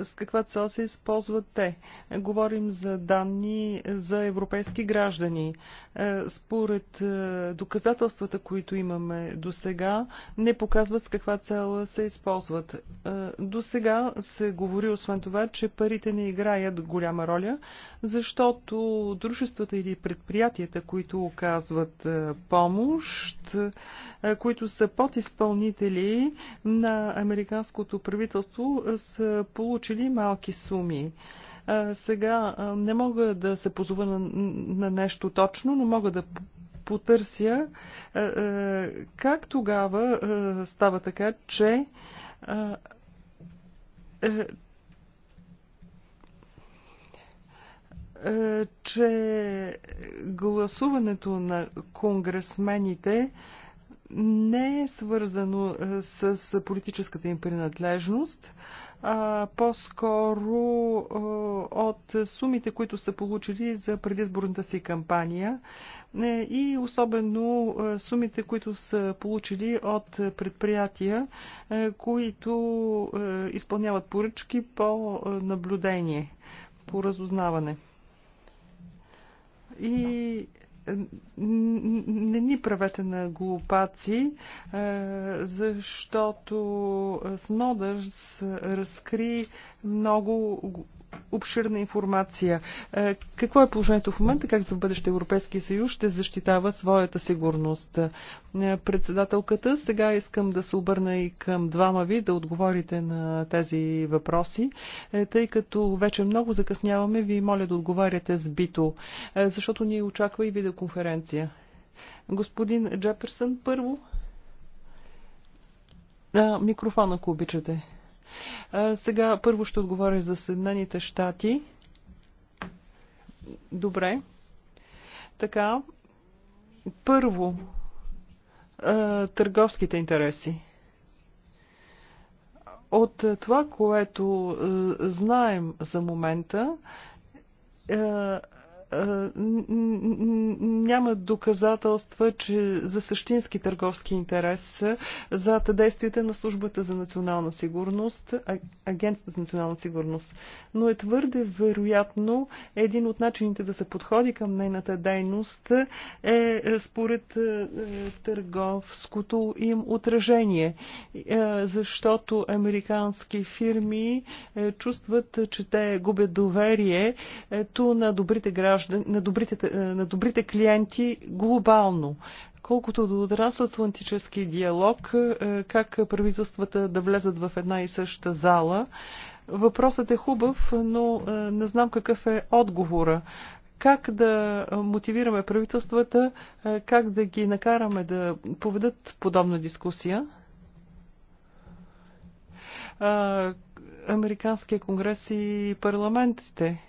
с каква цел се използват те. Говорим за данни за европейски граждани. Е, според е, доказателствата, които имаме до сега, не показват с каква цел се използват. Е, до сега се говори освен това, че парите не играят голяма роля, защото дружествата или предприятията, които оказват помощ, които са подизпълнители на американското правителство, са получили малки суми. Сега не мога да се позова на, на нещо точно, но мога да потърся как тогава става така, че че гласуването на конгресмените не е свързано с политическата им принадлежност, а по-скоро от сумите, които са получили за предизборната си кампания е, и особено сумите, които са получили от предприятия, е, които е, изпълняват поръчки по наблюдение, по разузнаване. И не ни правете на глупаци, е, защото Снодърс разкри много обширна информация. Е, какво е положението в момента, как за бъдеще Европейския съюз ще защитава своята сигурност? Е, председателката, сега искам да се обърна и към двама ви да отговорите на тези въпроси, е, тъй като вече много закъсняваме, ви моля да отговаряте с бито, защото ни очаква и видеоконференция. Господин Джеперсън, първо. Микрофон, ако обичате. Сега първо ще отговоря за Съединените щати. Добре. Така, първо, търговските интереси. От това, което знаем за момента, е, няма доказателства че за същински търговски интерес за действията на службата за национална сигурност, агентството за национална сигурност. Но е твърде вероятно един от начините да се подходи към нейната дейност е, е според е, търговското им отражение, защото американски фирми чувстват, че те губят доверието на добрите граждани граждани, на добрите, е, на добрите клиенти глобално. Колкото до трансатлантически диалог, е, как правителствата да влезат в една и съща зала, въпросът е хубав, но е, не знам какъв е отговора как да мотивираме правителствата, как да ги накараме да поведат подобна дискусия. Американския конгрес и парламентите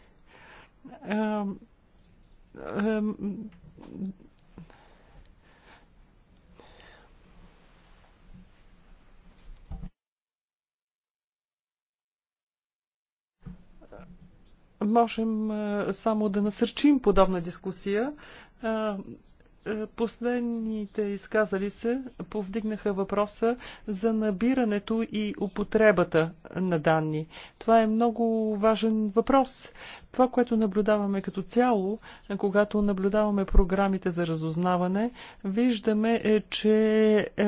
можем е, само да насърчим подобна дискусия. Е, последните изказали се повдигнаха въпроса за набирането и употребата на данни. Това е много важен въпрос. Това, което наблюдаваме като цяло, когато наблюдаваме програмите за разузнаване, виждаме, е, че е,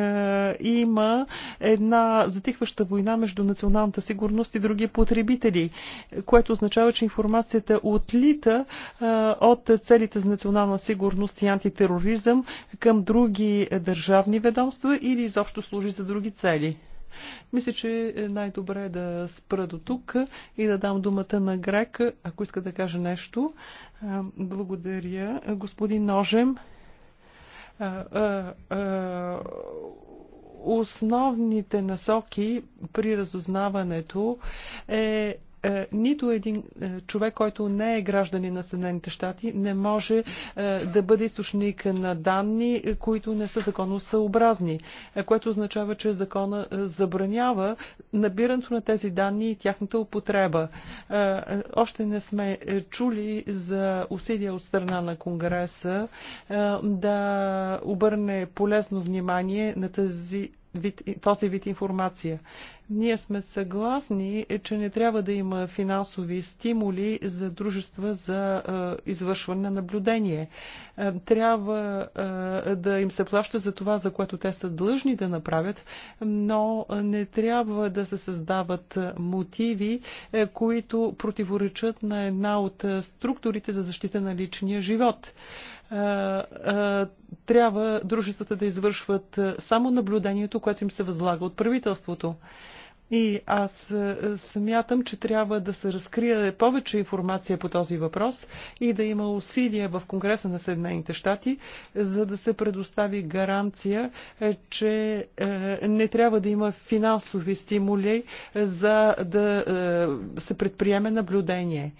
има една затихваща война между националната сигурност и други потребители, което означава, че информацията отлита е, от целите за национална сигурност и антитероризъм тероризъм към други е, държавни ведомства или изобщо служи за други цели. Мисля, че е, най-добре е да спра до тук и да дам думата на Грек, ако иска да каже нещо. Благодаря, господин Ножем основните насоки при разузнаването е е, нито един е, човек, който не е граждани на Съединените щати, не може е, да бъде източник на данни, които не са законосъобразни, което означава, че закона забранява набирането на тези данни и тяхната употреба. Още не сме чули за усилия от страна на Конгреса да обърне полезно внимание на тази вид, този вид информация. Ние сме съгласни, че не трябва да има финансови стимули за дружества за е, извършване на наблюдение. Е, трябва е, да им се плаща за това, за което те са длъжни да направят, но не трябва да се създават мотиви, е, които противоречат на една от структурите за защита на личния живот. Е, трябва дружествата да извършват само наблюдението, което им се възлага от правителството. И аз смятам, че трябва да се разкрие повече информация по този въпрос и да има усилия в Конгреса на Съединените щати, за да се предостави гаранция, че не трябва да има финансови стимули за да се предприеме наблюдение.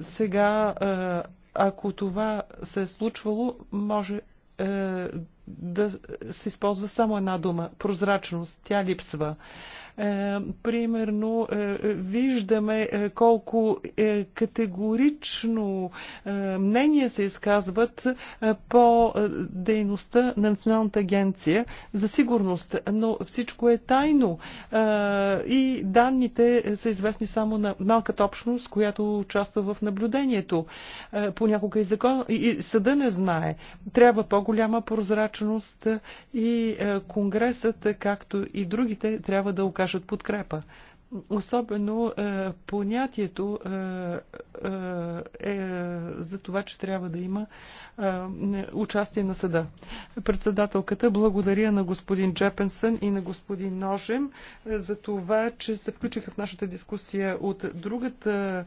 Сега ако това се е случвало, може е, да се използва само една дума прозрачност. Тя липсва. Е, е, примерно, е, виждаме е, колко категорично мнения се изказват по дейността на Националната агенция за сигурност, но всичко е тайно и данните са известни само на малката общност, която участва в наблюдението. Понякога и, закон, и съда не знае. Трябва по-голяма прозрачност и Конгресът, както и другите, трябва да окажат окажат подкрепа. Особено е, понятието е, е, е, за това, че трябва да има е, участие на съда. Председателката благодаря на господин Джепенсън и на господин Ножем е, за това, че се включиха в нашата дискусия от другата,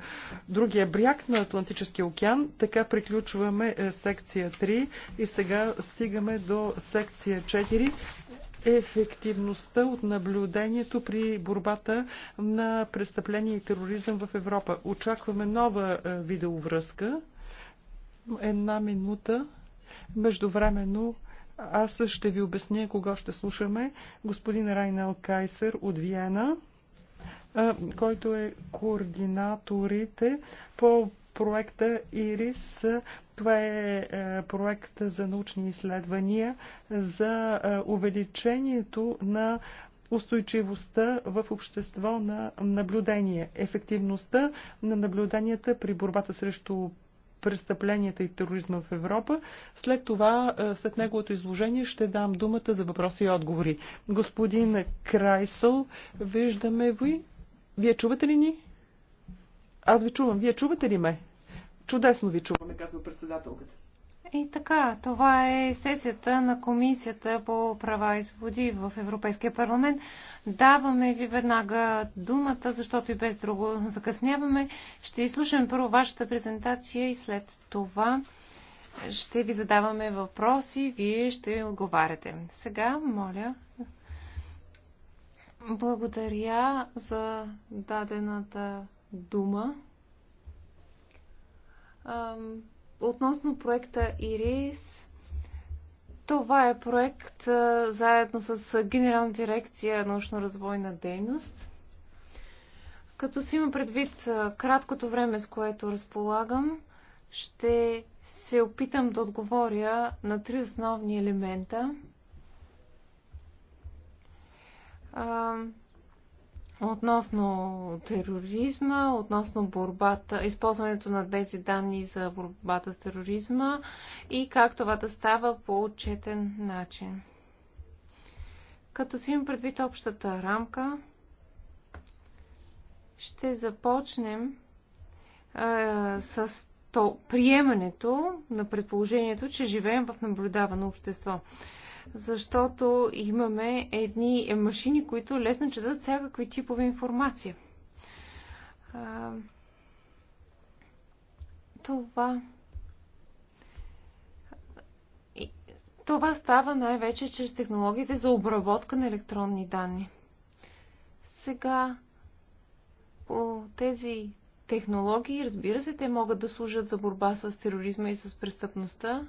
другия бряг на Атлантическия океан. Така приключваме е, секция 3 и сега стигаме до секция 4 ефективността от наблюдението при борбата на престъпление и тероризъм в Европа. Очакваме нова е, видеовръзка. Една минута. Междувременно аз ще ви обясня кога ще слушаме. Господин Райнел Кайсер от Виена, е, който е координаторите по проекта ИРИС. Това е, е проект за научни изследвания за е, увеличението на устойчивостта в общество на наблюдение, ефективността на наблюденията при борбата срещу престъпленията и тероризма в Европа. След това, е, след неговото изложение, ще дам думата за въпроси и отговори. Господин Крайсъл, виждаме ви. Вие чувате ли ни? Аз ви чувам. Вие чувате ли ме? Чудесно ви чуваме, казва председателката. И така, това е сесията на Комисията по права и свободи в Европейския парламент. Даваме ви веднага думата, защото и без друго закъсняваме. Ще изслушаме първо вашата презентация и след това ще ви задаваме въпроси, вие ще отговаряте. Сега, моля, благодаря за дадената дума относно проекта ИРИС. Това е проект заедно с Генерална дирекция научно-развойна дейност. Като си има предвид краткото време, с което разполагам, ще се опитам да отговоря на три основни елемента относно тероризма, относно борбата, използването на тези данни за борбата с тероризма и как това да става по отчетен начин. Като си имам предвид общата рамка, ще започнем е, с то, приемането на предположението, че живеем в наблюдавано общество защото имаме едни машини, които лесно четат всякакви типове информация. Това. Това става най-вече чрез технологиите за обработка на електронни данни. Сега по тези технологии, разбира се, те могат да служат за борба с тероризма и с престъпността,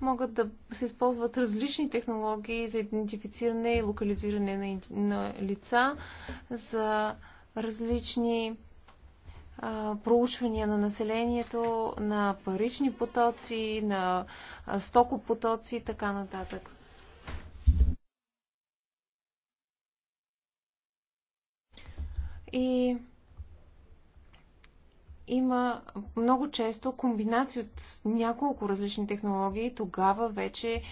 могат да се използват различни технологии за идентифициране и локализиране на, на лица, за различни а, проучвания на населението, на парични потоци, на стокопотоци и така нататък. И има много често комбинации от няколко различни технологии, тогава вече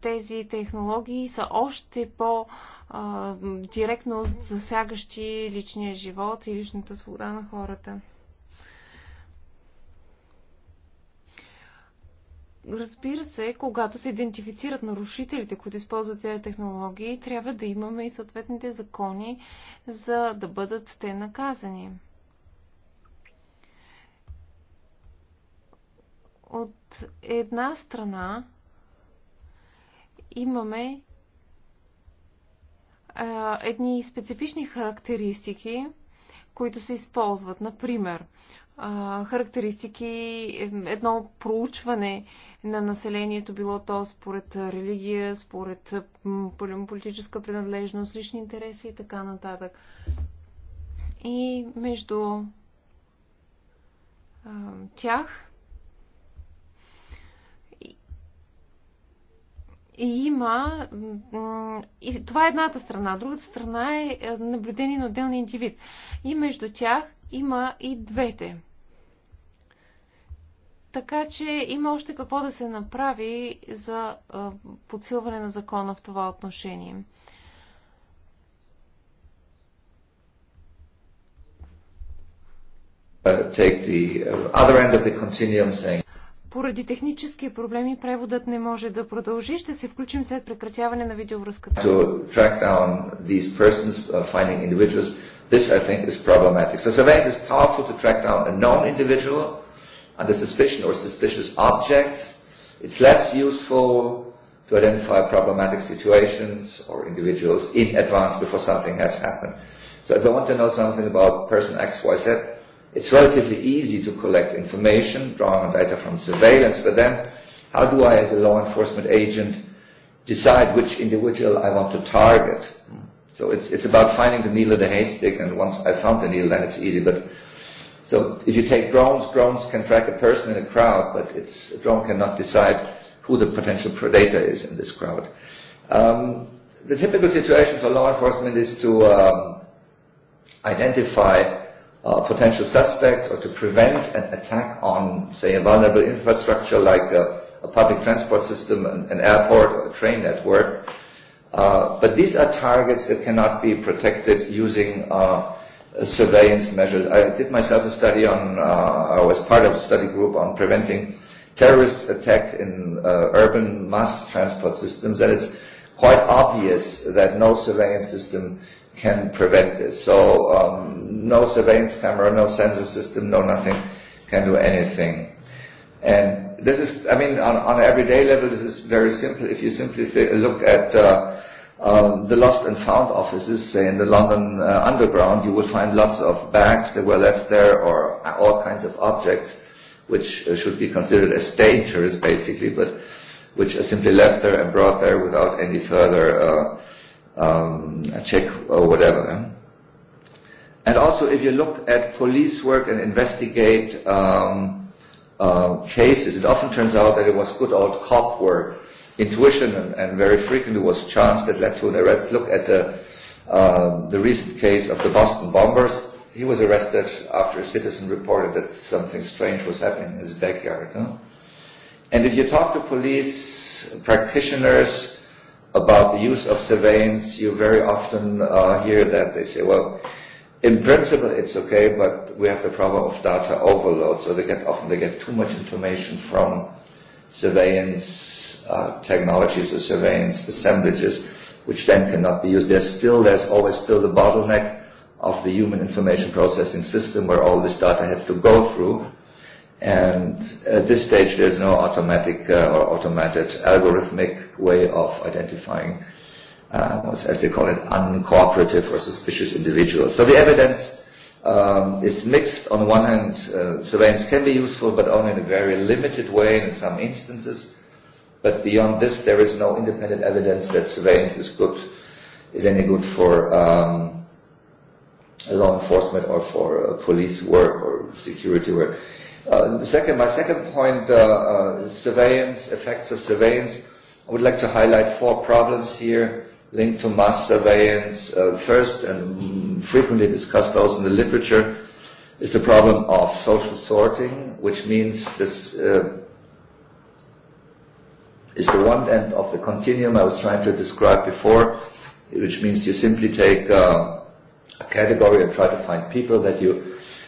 тези технологии са още по-директно засягащи личния живот и личната свобода на хората. Разбира се, когато се идентифицират нарушителите, които използват тези технологии, трябва да имаме и съответните закони, за да бъдат те наказани. От една страна имаме а, едни специфични характеристики, които се използват. Например, а, характеристики, едно проучване на населението, било то според религия, според политическа принадлежност, лични интереси и така нататък. И между а, тях И има... И това е едната страна. Другата страна е, е наблюдение на отделния индивид. И между тях има и двете. Така че има още какво да се направи за е, подсилване на закона в това отношение. Uh, take the uh, other end of the continuum saying поради технически проблеми преводът не може да продължи. Ще се включим след прекратяване на видеовръзката. To track down these persons, uh, finding individuals, this I think is problematic. So surveillance is powerful to track down a known individual under suspicion or suspicious objects. It's less useful to identify problematic situations or individuals in advance before something has happened. So if I want to know something about person X, Y, Z, It's relatively easy to collect information, drawing on data from surveillance, but then how do I, as a law enforcement agent, decide which individual I want to target? So it's, it's about finding the needle in the haystack, and once I found the needle, then it's easy. But so if you take drones, drones can track a person in a crowd, but it's, a drone cannot decide who the potential predator is in this crowd. Um, the typical situation for law enforcement is to um, identify uh, potential suspects or to prevent an attack on, say, a vulnerable infrastructure like a, a public transport system, an, an airport, or a train network. Uh, but these are targets that cannot be protected using uh, surveillance measures. I did myself a study on, uh, I was part of a study group on preventing terrorist attack in uh, urban mass transport systems, and it's quite obvious that no surveillance system can prevent this. So um, no surveillance camera, no sensor system, no nothing can do anything. And this is, I mean, on, on an everyday level, this is very simple. If you simply th- look at uh, um, the lost and found offices, say in the London uh, underground, you will find lots of bags that were left there or all kinds of objects which uh, should be considered as dangerous, basically, but which are simply left there and brought there without any further uh, um, check or whatever. And also, if you look at police work and investigate um, uh, cases, it often turns out that it was good old cop work, intuition, and, and very frequently was chance that led to an arrest. Look at the, uh, the recent case of the Boston bombers. He was arrested after a citizen reported that something strange was happening in his backyard. Huh? And if you talk to police practitioners, about the use of surveillance, you very often uh, hear that they say, well, in principle it's okay, but we have the problem of data overload, so they get often they get too much information from surveillance uh, technologies or surveillance assemblages, which then cannot be used. There's still there's always still the bottleneck of the human information processing system where all this data has to go through And at this stage, there's no automatic uh, or automated algorithmic way of identifying, uh, as they call it, uncooperative or suspicious individuals. So the evidence um, is mixed. On the one hand, uh, surveillance can be useful, but only in a very limited way and in some instances. But beyond this, there is no independent evidence that surveillance is good, is any good for um, law enforcement or for uh, police work or security work Uh, second, my second point, uh, uh, surveillance, effects of surveillance. I would like to highlight four problems here linked to mass surveillance. Uh, first, and frequently discussed also in the literature, is the problem of social sorting, which means this uh, is the one end of the continuum I was trying to describe before, which means you simply take uh, a category and try to find people that you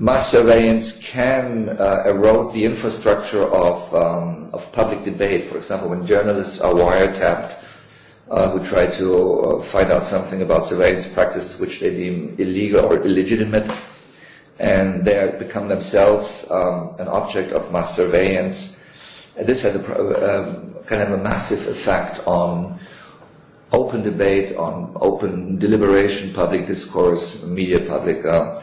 mass surveillance can uh, erode the infrastructure of, um, of public debate. For example, when journalists are wiretapped uh, who try to uh, find out something about surveillance practices which they deem illegal or illegitimate, and they are become themselves um, an object of mass surveillance. And this has a um, kind of a massive effect on open debate, on open deliberation, public discourse, media public. Uh,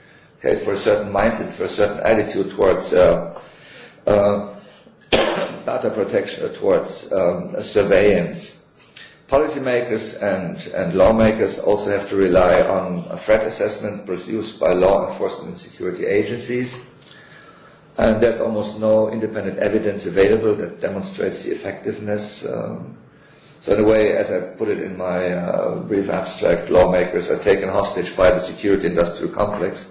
has for a certain mindset, for a certain attitude towards uh, uh, data protection, towards um, surveillance. Policymakers and, and lawmakers also have to rely on a threat assessment produced by law enforcement and security agencies. And there's almost no independent evidence available that demonstrates the effectiveness. Um, so in a way, as I put it in my uh, brief abstract, lawmakers are taken hostage by the security industrial complex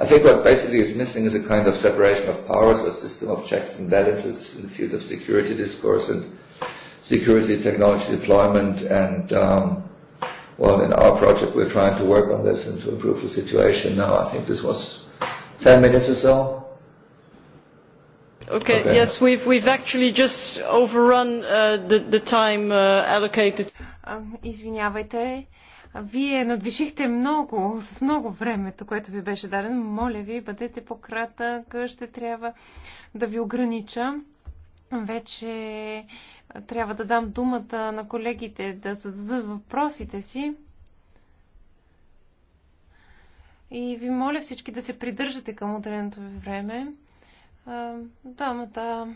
I think what basically is missing is a kind of separation of powers, a system of checks and balances in the field of security discourse and security technology deployment. And um, well, in our project, we're trying to work on this and to improve the situation. Now, I think this was 10 minutes or so. Okay, okay. yes, we've, we've actually just overrun uh, the, the time uh, allocated. Um, извинявайте, вие надвишихте много, с много времето, което ви беше дадено. Моля ви, бъдете по-кратък, ще трябва да ви огранича. Вече трябва да дам думата на колегите да зададат въпросите си. И ви моля всички да се придържате към отделеното ви време. Дамата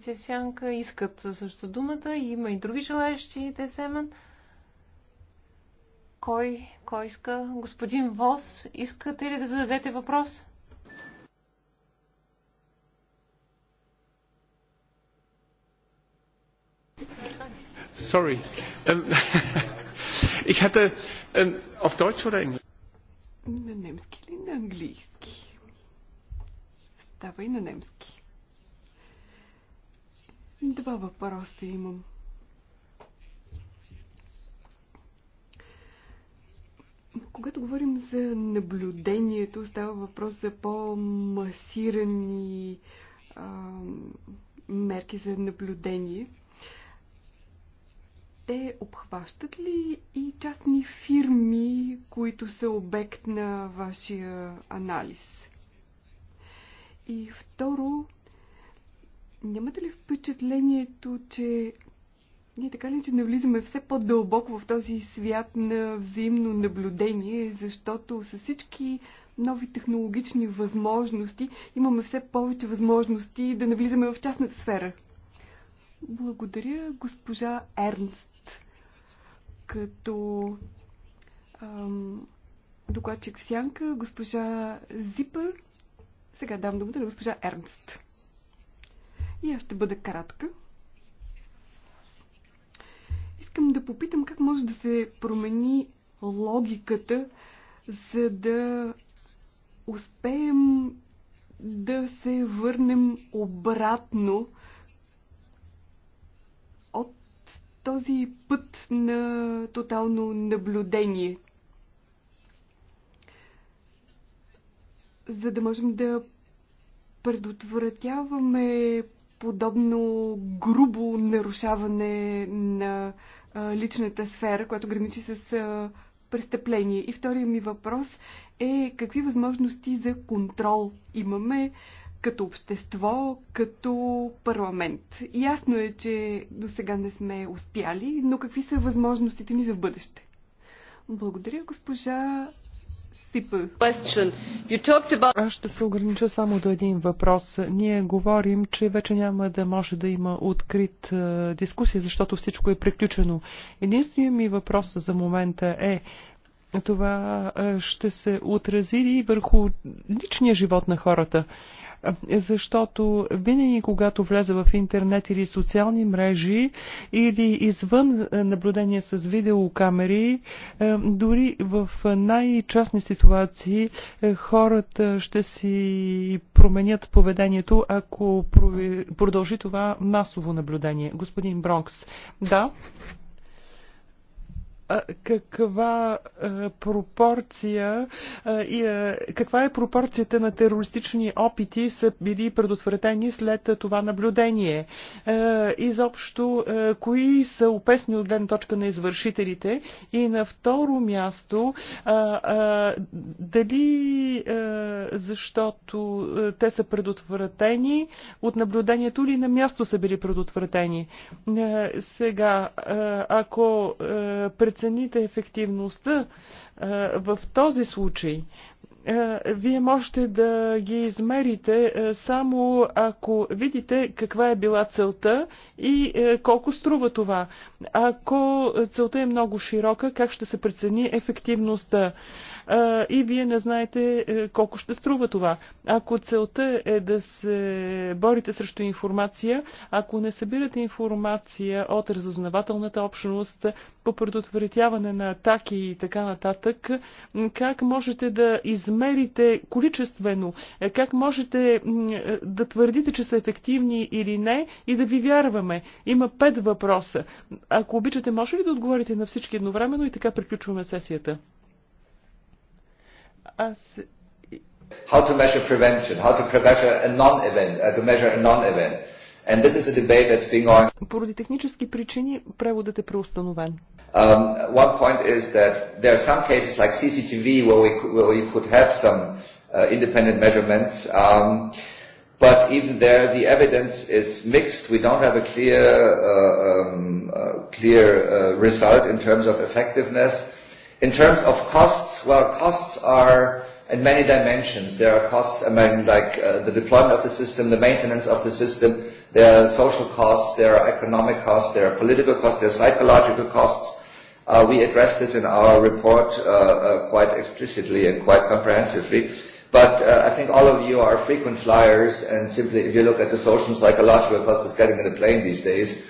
се Сянка искат също думата. Има и други желаящи да вземат. Кой, кой иска? Господин Вос, искате ли да зададете въпрос? Sorry. ich hatte auf Deutsch oder Englisch? На немски ли на английски? Давай на немски. Два въпроса имам. Когато говорим за наблюдението, става въпрос за по-масирани мерки за наблюдение. Те обхващат ли и частни фирми, които са обект на вашия анализ? И второ, нямате ли впечатлението, че ние така ли, че навлизаме все по-дълбоко в този свят на взаимно наблюдение, защото с всички нови технологични възможности имаме все повече възможности да навлизаме в частната сфера. Благодаря, госпожа Ернст. Като ам, докладчик в сянка, госпожа Зипър. Сега дам думата на госпожа Ернст. И аз ще бъда кратка. Искам да попитам как може да се промени логиката, за да успеем да се върнем обратно от този път на тотално наблюдение. За да можем да предотвратяваме подобно грубо нарушаване на личната сфера, която граничи с престъпление. И втория ми въпрос е какви възможности за контрол имаме като общество, като парламент. Ясно е, че до сега не сме успяли, но какви са възможностите ни за бъдеще? Благодаря, госпожа аз ще се огранича само до един въпрос. Ние говорим, че вече няма да може да има открит е, дискусия, защото всичко е приключено. Единственият ми въпрос за момента е това е, ще се отрази ли върху личния живот на хората? защото винаги, когато влезе в интернет или социални мрежи, или извън наблюдение с видеокамери, е, дори в най-частни ситуации е, хората ще си променят поведението, ако продължи това масово наблюдение. Господин Бронкс, да каква пропорция и каква е пропорцията на терористични опити са били предотвратени след това наблюдение. Изобщо, кои са опесни от гледна точка на извършителите и на второ място, дали защото те са предотвратени от наблюдението или на място са били предотвратени. Сега, ако пред прецените ефективността в този случай, вие можете да ги измерите само ако видите каква е била целта и колко струва това. Ако целта е много широка, как ще се прецени ефективността? и вие не знаете е, колко ще струва това. Ако целта е да се борите срещу информация, ако не събирате информация от разузнавателната общност по предотвратяване на атаки и така нататък, как можете да измерите количествено, е, как можете е, да твърдите, че са ефективни или не и да ви вярваме. Има пет въпроса. Ако обичате, може ли да отговорите на всички едновременно и така приключваме сесията? Аз how to measure prevention, how to measure a non-event, uh, to measure a non-event. And this is a debate that's being on. Поради технически причини преводът е преустановен. Um, one point is that there are some cases like CCTV where we, where we could have some uh, independent measurements, um, but even there the evidence is mixed. We don't have a clear, uh, um, uh, clear uh, result in terms of effectiveness In terms of costs, well, costs are in many dimensions. There are costs among like uh, the deployment of the system, the maintenance of the system. There are social costs, there are economic costs, there are political costs, there are psychological costs. Uh, we address this in our report uh, uh, quite explicitly and quite comprehensively. But uh, I think all of you are frequent flyers, and simply if you look at the social and psychological cost of getting in a plane these days,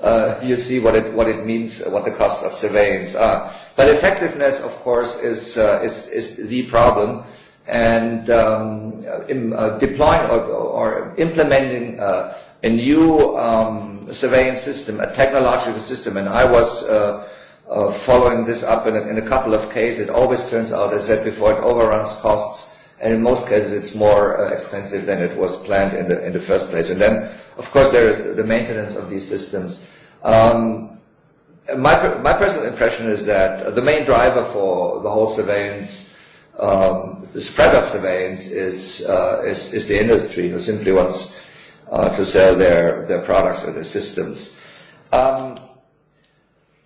uh, you see what it what it means, what the costs of surveillance are. But effectiveness, of course, is uh, is is the problem, and um, in, uh, deploying or, or implementing uh, a new um, surveillance system, a technological system, and I was. Uh, uh, following this up in a, in a couple of cases, it always turns out, as I said before, it overruns costs, and in most cases, it's more uh, expensive than it was planned in the in the first place. And then Of course, there is the maintenance of these systems. Um, my, my personal impression is that the main driver for the whole surveillance, um, the spread of surveillance, is, uh, is, is the industry who simply wants uh, to sell their, their products or their systems. Um,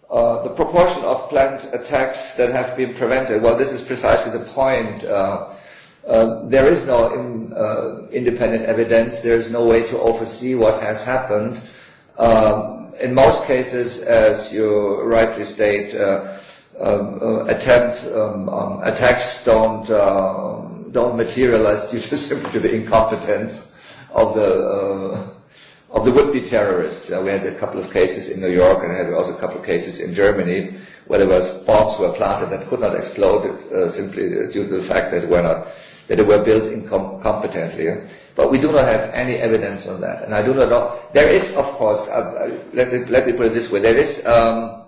uh, the proportion of planned attacks that have been prevented, well, this is precisely the point. Uh, there is no in, uh, independent evidence. There is no way to oversee what has happened. Um, in most cases, as you rightly state, uh, uh, attempts, um, um, attacks don't uh, don't materialize due to simply to the incompetence of the uh, of the would-be terrorists. Uh, we had a couple of cases in New York, and had also a couple of cases in Germany where there was bombs were planted that could not explode uh, simply due to the fact that were not that they were built incompetently. But we do not have any evidence on that. And I do not know. There is, of course, uh, let, me, let me put it this way. There is, um,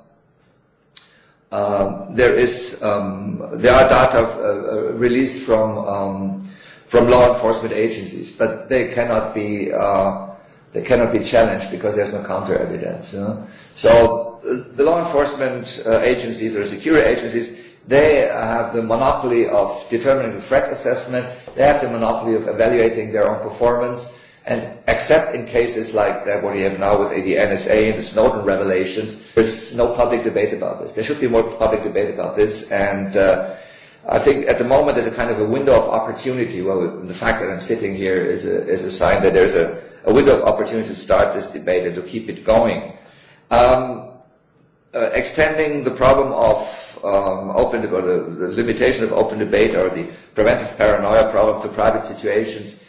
um, there is, um, there are data uh, released from, um, from law enforcement agencies, but they cannot be, uh, they cannot be challenged because there's no counter evidence. You know? So uh, the law enforcement uh, agencies or security agencies They have the monopoly of determining the threat assessment. They have the monopoly of evaluating their own performance. And except in cases like that, what we have now with the NSA and the Snowden revelations, there's no public debate about this. There should be more public debate about this. And uh, I think at the moment there's a kind of a window of opportunity. Well, the fact that I'm sitting here is a, is a sign that there's a, a window of opportunity to start this debate and to keep it going. Um, uh, extending the problem of um, open or the, the limitation of open debate or the preventive paranoia problem for private situations.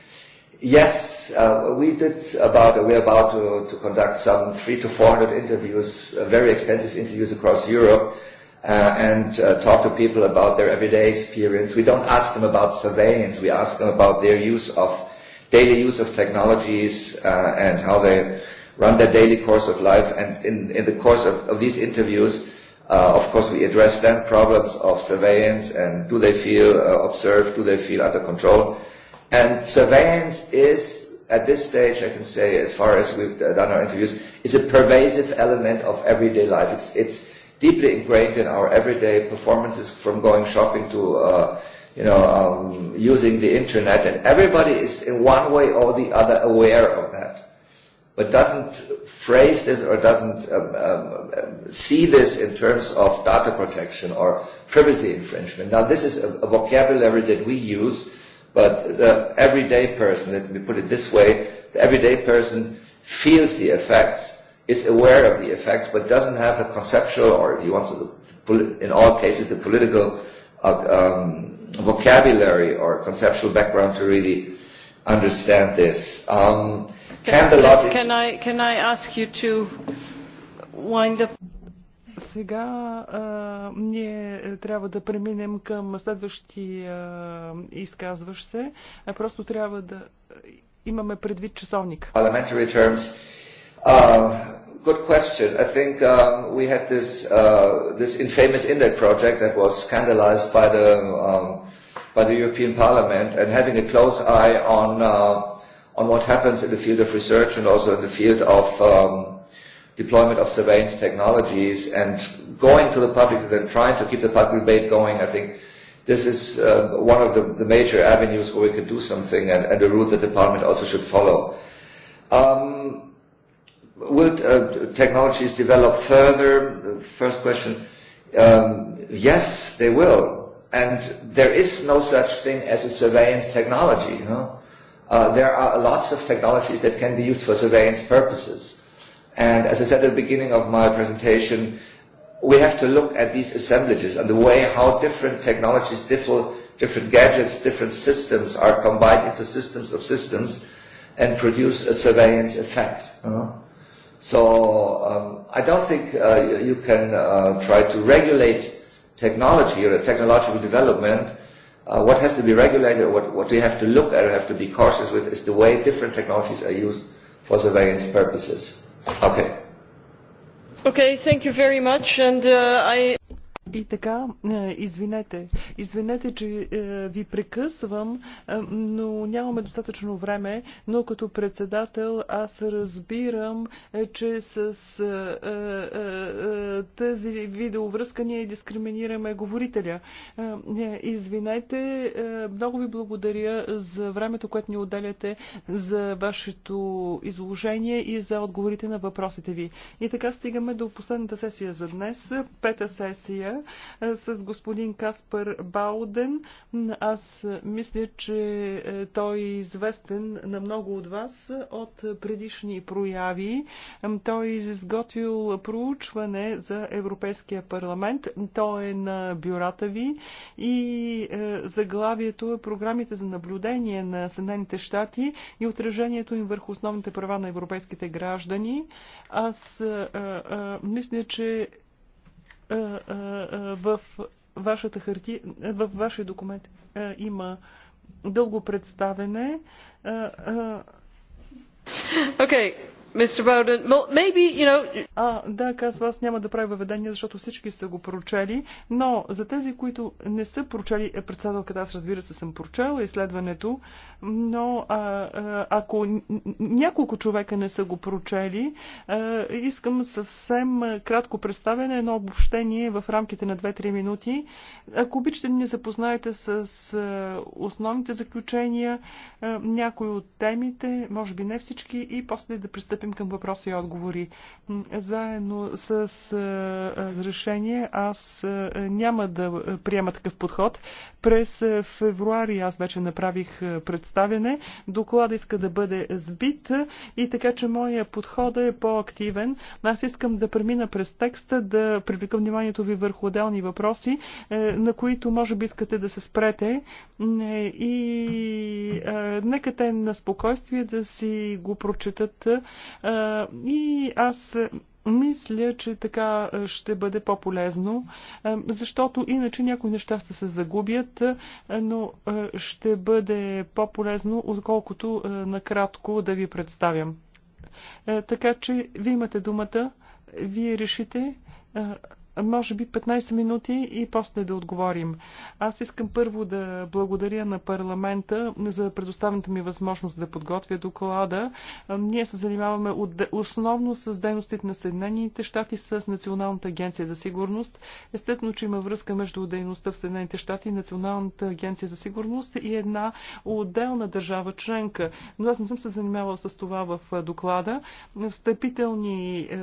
Yes, uh, we did about we're about to, to conduct some three to four hundred interviews, uh, very extensive interviews across Europe. Uh, and uh, talk to people about their everyday experience. We don't ask them about surveillance. We ask them about their use of daily use of technologies uh, and how they run their daily course of life. And in, in the course of, of these interviews, Uh, of course, we address then problems of surveillance and do they feel uh, observed, do they feel under control. And surveillance is, at this stage, I can say, as far as we've done our interviews, is a pervasive element of everyday life. It's, it's deeply ingrained in our everyday performances from going shopping to, uh, you know, um, using the internet. And everybody is in one way or the other aware of that, but doesn't phrase this or doesn't um, um, see this in terms of data protection or privacy infringement. Now, this is a, a vocabulary that we use, but the everyday person, let me put it this way, the everyday person feels the effects, is aware of the effects, but doesn't have the conceptual or, if you want to, in all cases, the political uh, um, vocabulary or conceptual background to really understand this. Um, Can, and the logic. Can I, can I ask you to wind up? Сега а, ние трябва да преминем към следващия изказващ се. А, просто трябва да имаме предвид часовник. Parliamentary terms. Uh, good question. I think um, we had this uh, this infamous index project that was scandalized by the um, by the European Parliament and having a close eye on uh, on what happens in the field of research and also in the field of um, deployment of surveillance technologies and going to the public and trying to keep the public debate going, I think this is uh, one of the, the major avenues where we can do something and, and a route the department also should follow. Um, will uh, technologies develop further? First question. Um, yes, they will. And there is no such thing as a surveillance technology. You know? there are lots of technologies that can be used for surveillance purposes. And as I said at the beginning of my presentation, we have to look at these assemblages and the way how different technologies, different, different gadgets, different systems are combined into systems of systems and produce a surveillance effect. Uh, so um, I don't think uh, you can uh, try to regulate technology or technological development uh, what has to be regulated, what, what we have to look at or have to be cautious with is the way different technologies are used for surveillance purposes. Okay. Okay, thank you very much. And uh, I и така, е, извинете, извинете, че е, ви прекъсвам, е, но нямаме достатъчно време, но като председател аз разбирам, че с тази видеовръзка ние дискриминираме говорителя. Извинете, много ви благодаря за времето, което ни отделяте, за вашето изложение и за отговорите на въпросите ви. И така стигаме до последната сесия за днес, пета сесия с господин Каспар Бауден. Аз мисля, че е, той е известен на много от вас от предишни прояви. Той е изготвил проучване за Европейския парламент. Той е на бюрата ви и е, заглавието е програмите за наблюдение на Съединените щати и отражението им върху основните права на европейските граждани. Аз а, е, а, мисля, че в вашата харти... в вашия документ има дълго представене. Okay да, казва, аз няма да правя въведение, защото всички са го прочели, но за тези, които не са прочели, е председателката, аз разбира се съм прочела изследването, но ако няколко човека не са го прочели, искам съвсем кратко представяне, едно обобщение в рамките на 2-3 минути. Ако обичате да ни запознаете с основните заключения, някои от темите, може би не всички, и после да пристъпим пристъпим към въпроси и отговори. Заедно с решение аз няма да приема такъв подход. През февруари аз вече направих представяне. Доклада иска да бъде сбит и така, че моя подход е по-активен. Аз искам да премина през текста, да привлекам вниманието ви върху отделни въпроси, е, на които може би искате да се спрете и нека те на спокойствие да си го прочитат и аз мисля, че така ще бъде по-полезно, защото иначе някои неща ще се загубят, но ще бъде по-полезно, отколкото накратко да ви представям. Така че, вие имате думата, вие решите може би 15 минути и после да отговорим. Аз искам първо да благодаря на парламента за предоставената ми възможност да подготвя доклада. Ние се занимаваме основно с дейностите на Съединените щати с Националната агенция за сигурност. Естествено, че има връзка между дейността в Съединените щати и Националната агенция за сигурност и една отделна държава членка. Но аз не съм се занимавала с това в доклада. Встъпителни, е,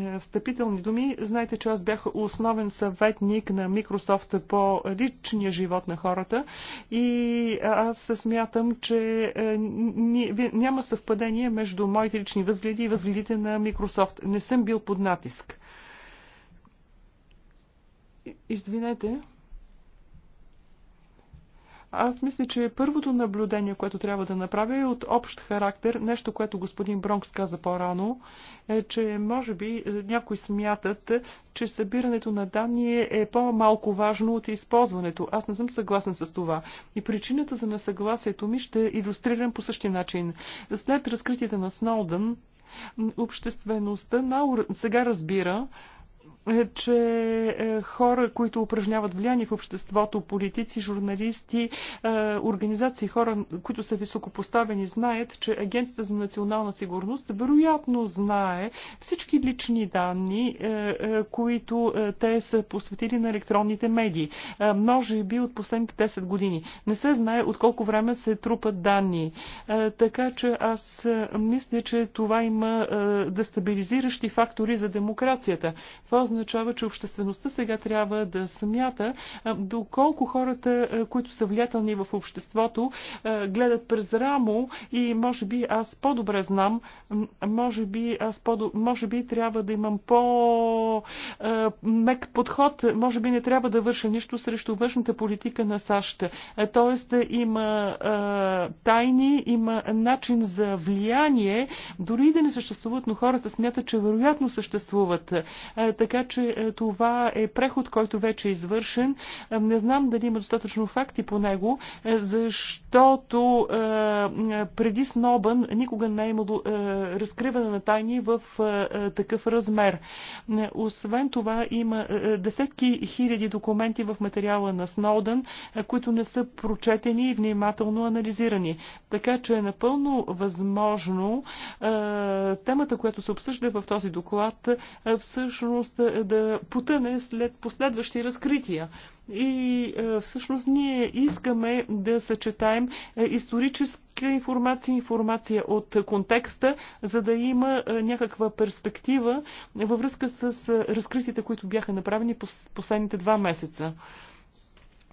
е, встъпителни думи, знаете, че аз бях основен съветник на Microsoft по личния живот на хората и аз се смятам, че е, няма съвпадение между моите лични възгледи и възгледите на Microsoft. Не съм бил под натиск. Извинете. Аз мисля, че първото наблюдение, което трябва да направя е от общ характер, нещо, което господин Бронкс каза по-рано, е, че може би е, някои смятат, че събирането на данни е по-малко важно от използването. Аз не съм съгласен с това. И причината за несъгласието ми ще иллюстрирам по същия начин. След разкритите на Сноудън, обществеността на... сега разбира, е, че е, хора, които упражняват влияние в обществото, политици, журналисти, е, организации, хора, които са високопоставени, знаят, че Агенцията за национална сигурност вероятно знае всички лични данни, които те са посветили на електронните медии. Може би от последните 10 години. Не се знае от колко време се трупат данни. Така че аз мисля, че това има дестабилизиращи фактори за демокрацията. Това означава, че обществеността сега трябва да смята доколко хората, които са влиятелни в обществото, гледат през рамо и може би аз по-добре знам, може би, аз по може би трябва да имам по-мек подход, може би не трябва да върша нищо срещу външната политика на САЩ. Тоест има тайни, има начин за влияние, дори и да не съществуват, но хората смятат, че вероятно съществуват. Така че е, това е преход, който вече е извършен. Е, не знам дали има достатъчно факти по него, е, защото преди Снобън никога не е имало разкриване на тайни в такъв размер. Освен това има десетки хиляди документи в материала на Сноудън, които не са прочетени и внимателно анализирани. Така че е напълно възможно темата, която се обсъжда в този доклад, всъщност да потъне след последващи разкрития. И е, всъщност ние искаме да съчетаем е, историческа информация, информация от контекста, за да има е, някаква перспектива във връзка с разкритите, които бяха направени последните два месеца.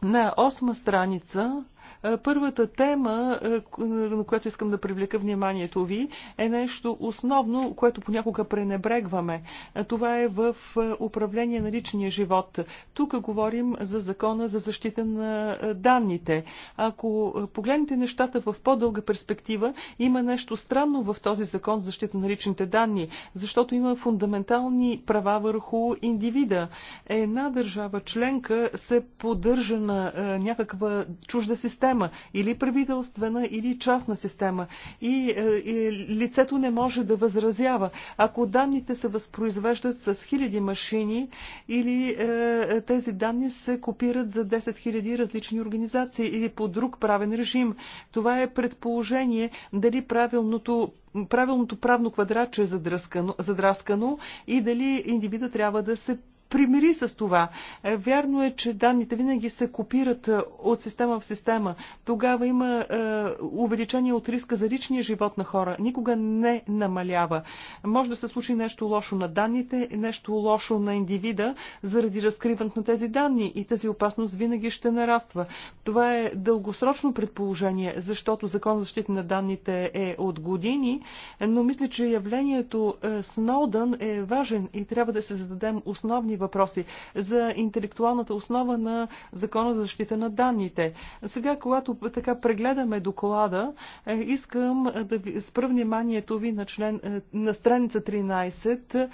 На осма страница е, първата тема, е, на която искам да привлека вниманието ви, е нещо основно, което понякога пренебрегваме. Е, това е в управление на личния живот. Тук говорим за закона за защита на данните. Ако погледнете нещата в по-дълга перспектива, има нещо странно в този закон за защита на личните данни, защото има фундаментални права върху индивида. Една държава членка се поддържа на някаква чужда система система, или правителствена, или частна система. И, е, и лицето не може да възразява. Ако данните се възпроизвеждат с хиляди машини, или е, е тези данни се копират за 10 000 различни организации, или по друг правен режим, това е предположение дали правилното правилното правно квадратче е задръскано, задраскано и дали индивида трябва да се примири с това. Е, вярно е, че данните винаги се копират е, от система в система. Тогава има е, увеличение от риска за личния живот на хора. Никога не намалява. Може да се случи нещо лошо на данните, нещо лошо на индивида заради разкриването на тези данни и тази опасност винаги ще нараства. Това е дългосрочно предположение, защото закон за защита на данните е от години, но мисля, че явлението Сноудън е важен и трябва да се зададем основни въпроси, за интелектуалната основа на Закона за защита на данните. Сега, когато така прегледаме доклада, е, искам е, да ви спра вниманието ви на, член, е, на страница 13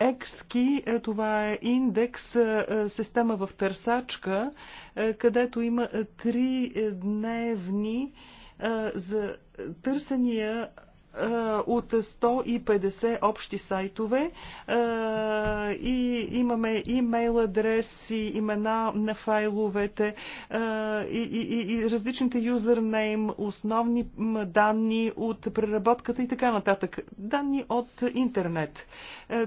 Екски, това е индекс, система в търсачка, където има три дневни за търсения е, от 150 общи сайтове е, и имаме имейл адреси, имена на файловете е, и, и, и различните юзернейм, основни данни от преработката и така нататък. Данни от интернет.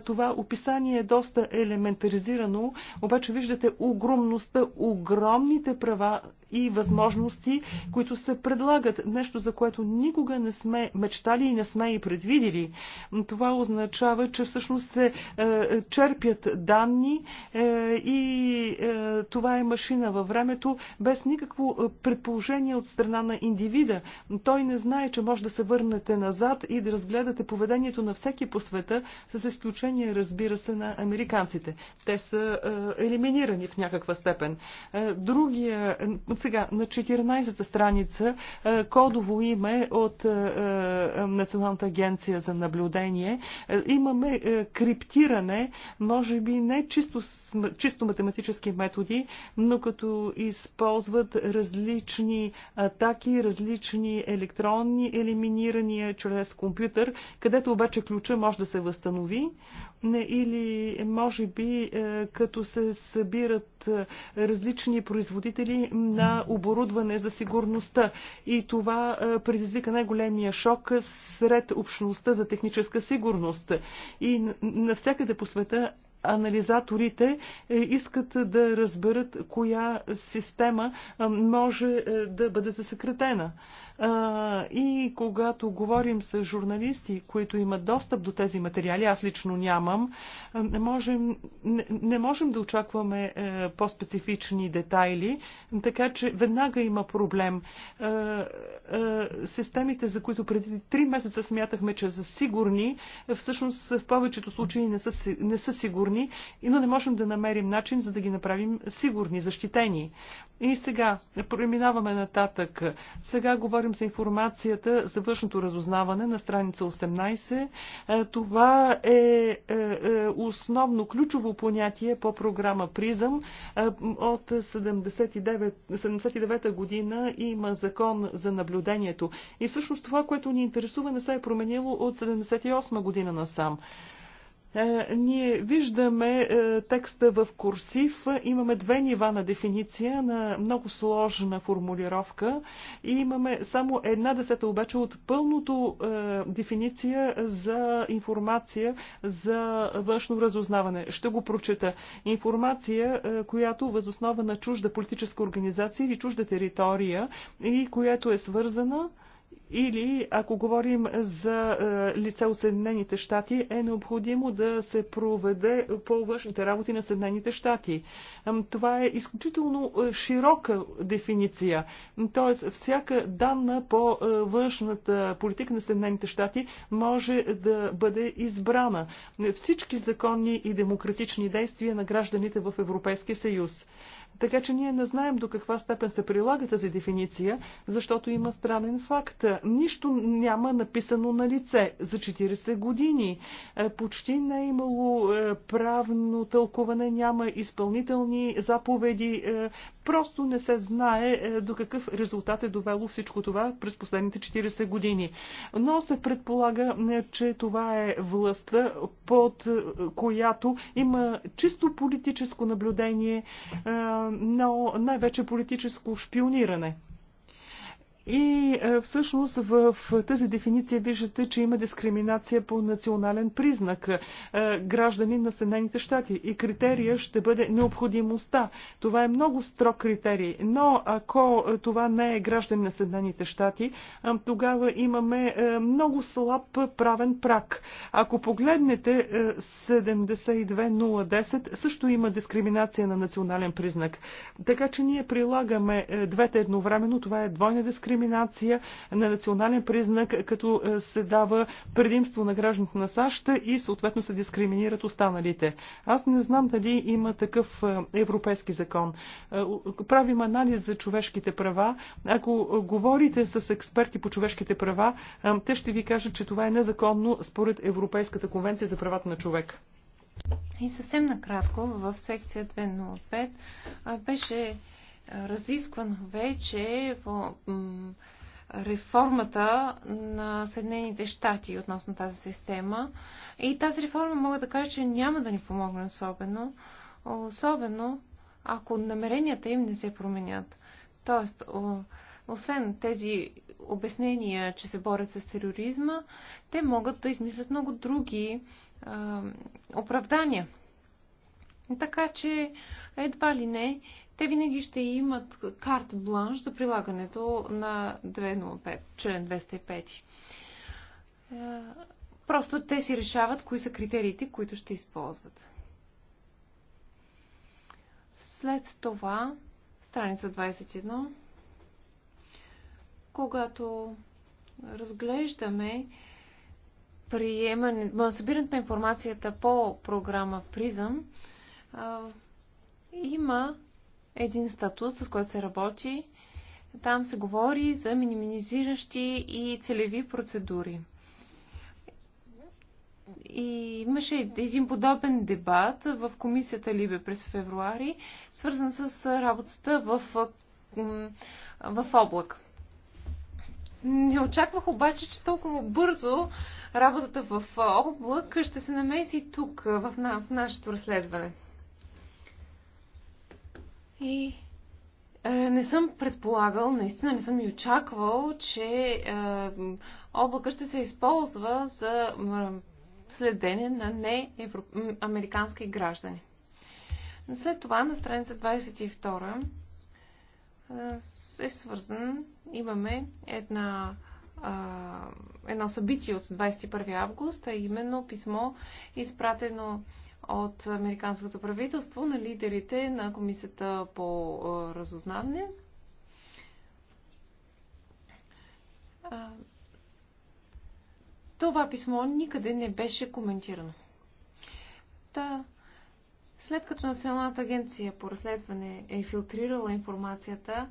Това описание е доста елементаризирано, обаче виждате огромността, огромните права и възможности, които се предлагат. Нещо, за което никога не сме мечтали и не сме и предвидели, Това означава, че всъщност се е, черпят данни е, и е, това е машина във времето, без никакво е, предположение от страна на индивида. Той не знае, че може да се върнете назад и да разгледате поведението на всеки по света, с изключение, разбира се, на американците. Те са е, елиминирани в някаква степен. Е, другия сега, на 14-та страница е, кодово име от е, е, Националната агенция за наблюдение. Имаме криптиране, може би не чисто, чисто математически методи, но като използват различни атаки, различни електронни елиминирания чрез компютър, където обаче ключа може да се възстанови или може би е, като се събират е, различни производители на оборудване за сигурността. И това е, предизвика най-големия шок сред общността за техническа сигурност. И навсякъде по света анализаторите искат да разберат коя система може да бъде засекретена. И когато говорим с журналисти, които имат достъп до тези материали, аз лично нямам, не можем, не, не можем да очакваме е, по-специфични детайли, така че веднага има проблем. Системите, за които преди три месеца смятахме, че са сигурни, всъщност в повечето случаи не са, не са сигурни, но не можем да намерим начин, за да ги направим сигурни, защитени. И сега преминаваме нататък. Сега говорим говорим за информацията за външното разузнаване на страница 18. Е, това е, е, е основно ключово понятие по програма Призъм. От 79, 79 година има закон за наблюдението. И всъщност това, което ни интересува, не се е променило от 78 година насам. Е, ние виждаме е, текста в курсив. Имаме две нива на дефиниция на много сложна формулировка и имаме само една десета обаче от пълното е, дефиниция за информация за външно разузнаване. Ще го прочета. Информация, която възоснова на чужда политическа организация или чужда територия и която е свързана или, ако говорим за е, лице от Съединените щати, е необходимо да се проведе по външните работи на Съединените щати. Това е изключително е, широка дефиниция. Тоест, всяка данна по е, външната политика на Съединените щати може да бъде избрана. Всички законни и демократични действия на гражданите в Европейския съюз. Така че ние не знаем до каква степен се прилага тази дефиниция, защото има странен факт. Нищо няма написано на лице за 40 години. Е, почти не е имало е, правно тълкуване, няма изпълнителни заповеди, е, Просто не се знае е, до какъв резултат е довело всичко това през последните 40 години. Но се предполага, е, че това е властта, под е, която има чисто политическо наблюдение, но най-вече политическо шпиониране. И е, всъщност в тази дефиниция виждате, че има дискриминация по национален признак. Е, граждани на Съединените щати. И критерия ще бъде необходимостта. Това е много строг критерий. Но ако това не е граждани на Съединените щати, е, тогава имаме много слаб правен прак. Ако погледнете 72010, също има дискриминация на национален признак. Така че ние прилагаме двете едновременно. Това е двойна дискриминация дискриминация на национален признак, като е, се дава предимство на гражданите на САЩ и съответно се дискриминират останалите. Аз не знам дали има такъв е, европейски закон. Е, правим анализ за човешките права. Ако говорите с експерти по човешките права, те ще ви кажат, че това е незаконно според Европейската конвенция за правата на човек. И съвсем накратко, в секция 205 беше разискван вече по реформата на Съединените щати относно тази система. И тази реформа мога да кажа, че няма да ни помогне особено, особено ако намеренията им не се променят. Тоест, освен тези обяснения, че се борят с тероризма, те могат да измислят много други е, оправдания. Така че, едва ли не, те винаги ще имат карт бланш за прилагането на 205, член 205. Е, просто те си решават кои са критериите, които ще използват. След това, страница 21, когато разглеждаме приемане, събирането на информацията по програма Призъм, има един статут, с който се работи. Там се говори за минимизиращи и целеви процедури. И имаше един подобен дебат в комисията Либе през февруари, свързан с работата в, в облак. Не очаквах обаче, че толкова бързо работата в облак ще се намеси тук, в, в нашето разследване. И е, не съм предполагал, наистина не съм и очаквал, че е, облака ще се използва за следене на неамерикански европ... граждани. След това на страница 22 е, е свързан, имаме една, едно събитие от 21 август, а именно писмо, изпратено от американското правителство на лидерите на комисията по разузнаване. Това писмо никъде не беше коментирано. Та, след като Националната агенция по разследване е филтрирала информацията,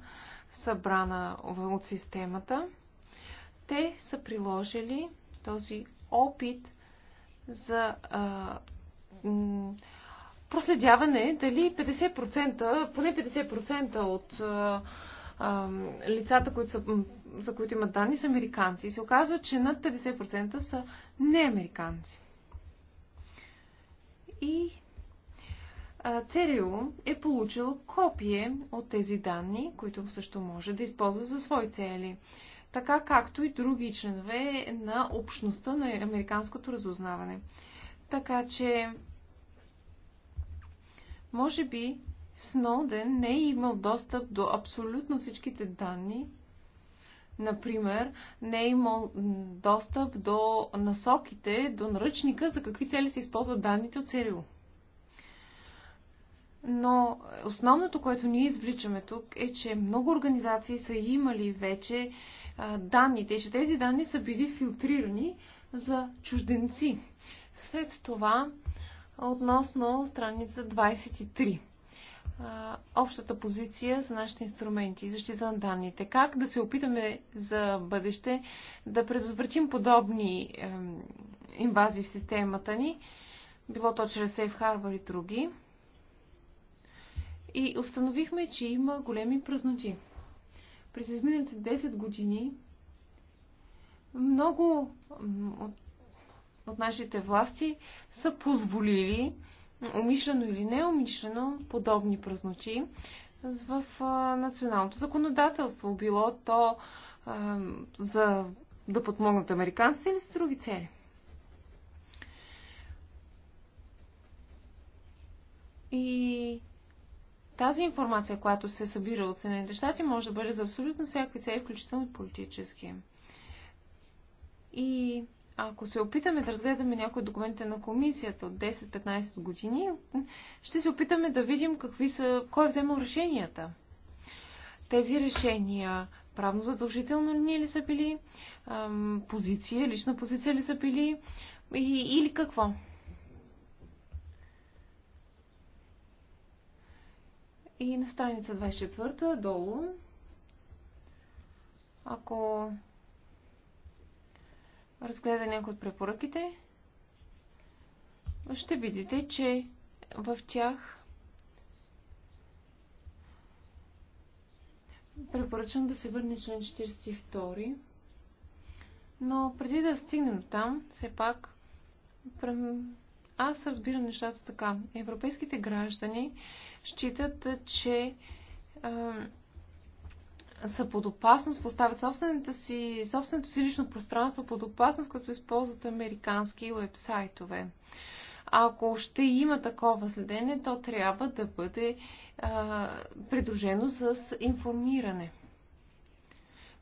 събрана от системата, те са приложили този опит за а, проследяване дали 50%, поне 50% от а, а, лицата, които са, за които имат данни, са американци. И се оказва, че над 50% са неамериканци. И а, ЦРУ е получил копие от тези данни, които също може да използва за свои цели. Така както и други членове на общността на американското разузнаване. Така че, може би, Сноуден не е имал достъп до абсолютно всичките данни. Например, не е имал достъп до насоките, до наръчника за какви цели се използват данните от ЦРУ. Но основното, което ние извличаме тук е, че много организации са имали вече данните и че тези данни са били филтрирани за чужденци. След това, относно страница 23 общата позиция за нашите инструменти и защита на данните. Как да се опитаме за бъдеще да предотвратим подобни е, инвазии в системата ни, било то чрез Safe Harbor и други. И установихме, че има големи празноти. През изминалите 10 години много от от нашите власти са позволили умишлено или неумишлено подобни празночи в националното законодателство, било то а, за да подмогнат американците или с други цели. И тази информация, която се събира от Съединените щати, може да бъде за абсолютно всякакви цели, включително и политически. И ако се опитаме да разгледаме някои от документите на комисията от 10-15 години, ще се опитаме да видим какви са, кой е вземал решенията. Тези решения правно задължително ние ли са били, позиция, лична позиция ли са били и, или какво? И на страница 24 долу, ако разгледа някои от препоръките, ще видите, че в тях препоръчвам да се върне член 42. Но преди да стигнем там, все пак, аз разбирам нещата така. Европейските граждани считат, че са под опасност, поставят собствените си, собственото си лично пространство под опасност, като използват американски уебсайтове. Ако ще има такова следене, то трябва да бъде а, придружено с информиране.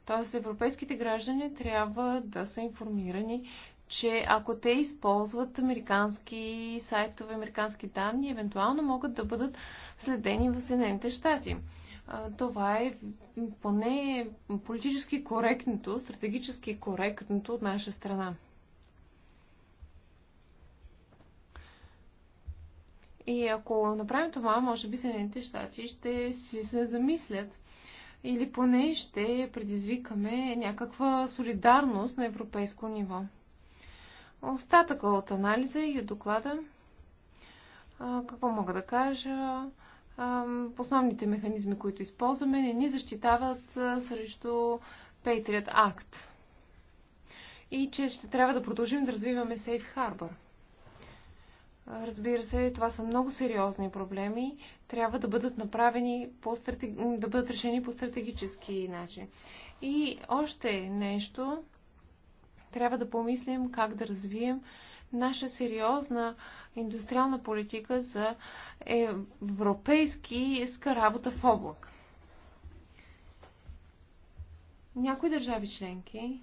Тоест, европейските граждани трябва да са информирани, че ако те използват американски сайтове, американски данни, евентуално могат да бъдат следени в Съединените щати това е поне политически коректното, стратегически коректното от наша страна. И ако направим това, може би Съединените щати ще си се замислят или поне ще предизвикаме някаква солидарност на европейско ниво. Остатъка от анализа и от доклада, какво мога да кажа? основните механизми, които използваме, не ни защитават срещу Patriot Act. И че ще трябва да продължим да развиваме Safe Harbor. Разбира се, това са много сериозни проблеми. Трябва да бъдат направени по стратег... да бъдат решени по стратегически начин. И още нещо. Трябва да помислим как да развием наша сериозна индустриална политика за европейски иска работа в облак. Някои държави членки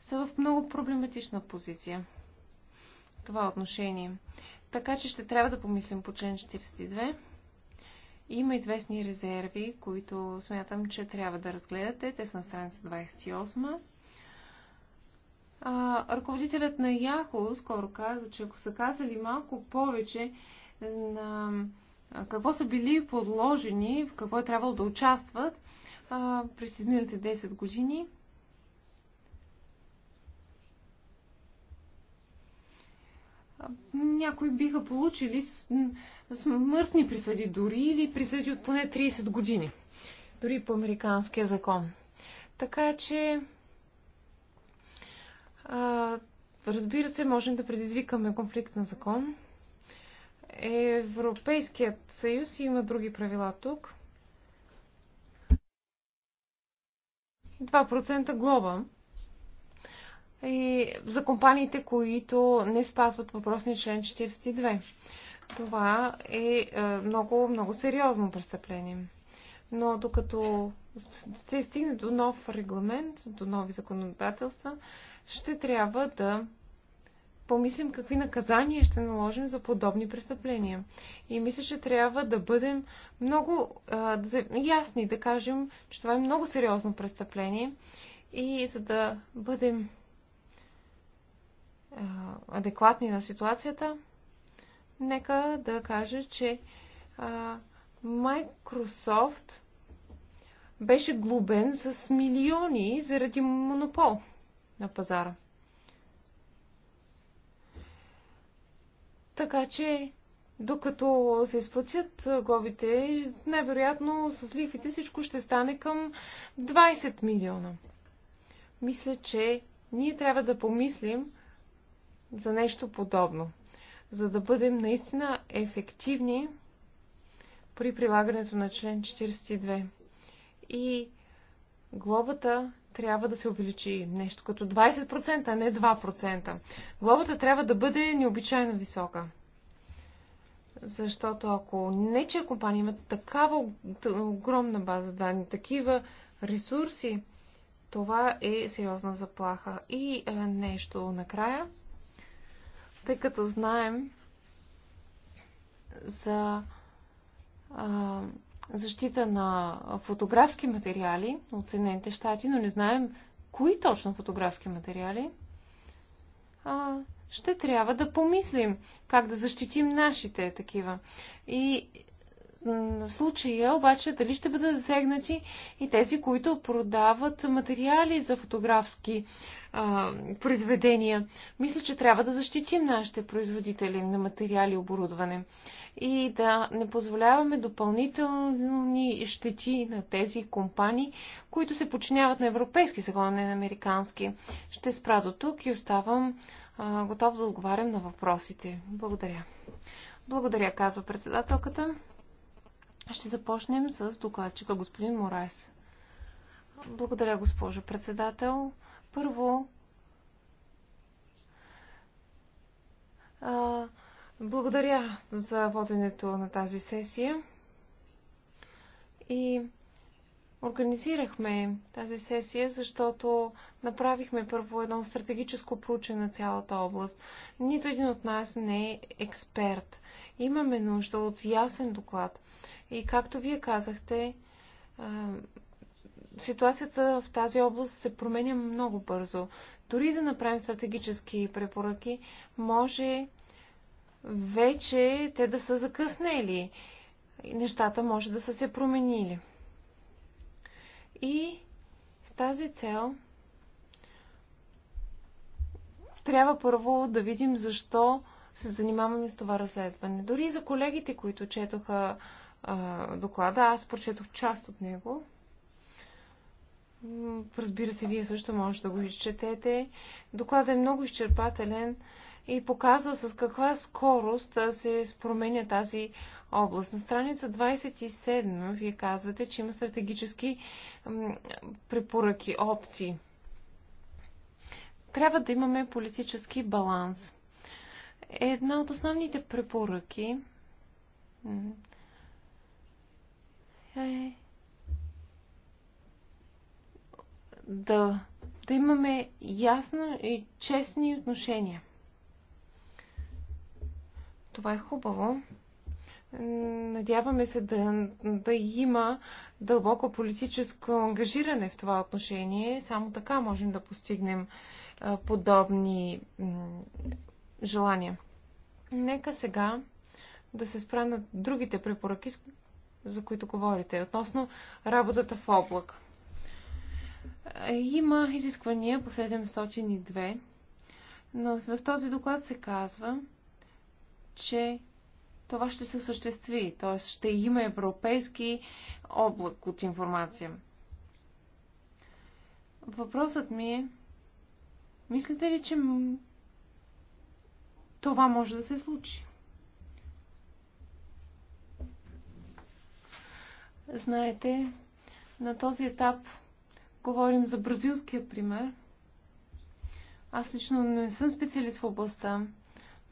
са в много проблематична позиция в това отношение. Така че ще трябва да помислим по член 42. Има известни резерви, които смятам, че трябва да разгледате. Те са на страница 28. А, ръководителят на Яхо скоро каза, че ако са казали малко повече е, на какво са били подложени, в какво е трябвало да участват а, през изминалите 10 години, някои биха получили смъртни присъди дори или присъди от поне 30 години, дори по американския закон. Така че разбира се, можем да предизвикаме конфликт на закон. Европейският съюз има други правила тук. 2% глоба. И за компаниите, които не спазват въпросния член 42. Това е, е много, много сериозно престъпление. Но докато се стигне до нов регламент, до нови законодателства, ще трябва да помислим какви наказания ще наложим за подобни престъпления. И мисля, че трябва да бъдем много а, ясни, да кажем, че това е много сериозно престъпление и за да бъдем а, адекватни на ситуацията, нека да кажа, че а, Microsoft беше глубен с милиони заради монопол на пазара. Така че, докато се изплатят глобите, най-вероятно с лихвите всичко ще стане към 20 милиона. Мисля, че ние трябва да помислим за нещо подобно, за да бъдем наистина ефективни при прилагането на член 42 и глобата трябва да се увеличи нещо като 20%, а не 2%. Глобата трябва да бъде необичайно висока. Защото ако не, че компания имат такава огромна база данни, такива ресурси, това е сериозна заплаха. И е, нещо накрая, тъй като знаем за е, защита на фотографски материали от Съединените щати, но не знаем кои точно фотографски материали, а, ще трябва да помислим как да защитим нашите такива. И случая обаче дали ще бъдат засегнати и тези, които продават материали за фотографски а, произведения. Мисля, че трябва да защитим нашите производители на материали и оборудване и да не позволяваме допълнителни щети на тези компании, които се подчиняват на европейски закон, не на американски. Ще спра до тук и оставам а, готов да отговарям на въпросите. Благодаря. Благодаря, казва председателката. Ще започнем с докладчика господин Морайс. Благодаря, госпожо председател. Първо, а, благодаря за воденето на тази сесия. И организирахме тази сесия, защото направихме първо едно стратегическо проучване на цялата област. Нито един от нас не е експерт. Имаме нужда от ясен доклад – и както вие казахте, ситуацията в тази област се променя много бързо. Дори да направим стратегически препоръки, може вече те да са закъснели. Нещата може да са се променили. И с тази цел трябва първо да видим защо се занимаваме с това разследване. Дори за колегите, които четоха доклада. Аз прочетох част от него. Разбира се, вие също можете да го изчетете. Докладът е много изчерпателен и показва с каква скорост се променя тази област. На страница 27 вие казвате, че има стратегически препоръки, опции. Трябва да имаме политически баланс. Една от основните препоръки е да, да имаме ясно и честни отношения. Това е хубаво. Надяваме се да, да има дълбоко политическо ангажиране в това отношение. Само така можем да постигнем подобни желания. Нека сега да се спра на другите препоръки, за които говорите, относно работата в облак. Е, има изисквания по 702, но в този доклад се казва, че това ще се осъществи, т.е. ще има европейски облак от информация. Въпросът ми е, мислите ли, че това може да се случи? Знаете, на този етап говорим за бразилския пример. Аз лично не съм специалист в областта,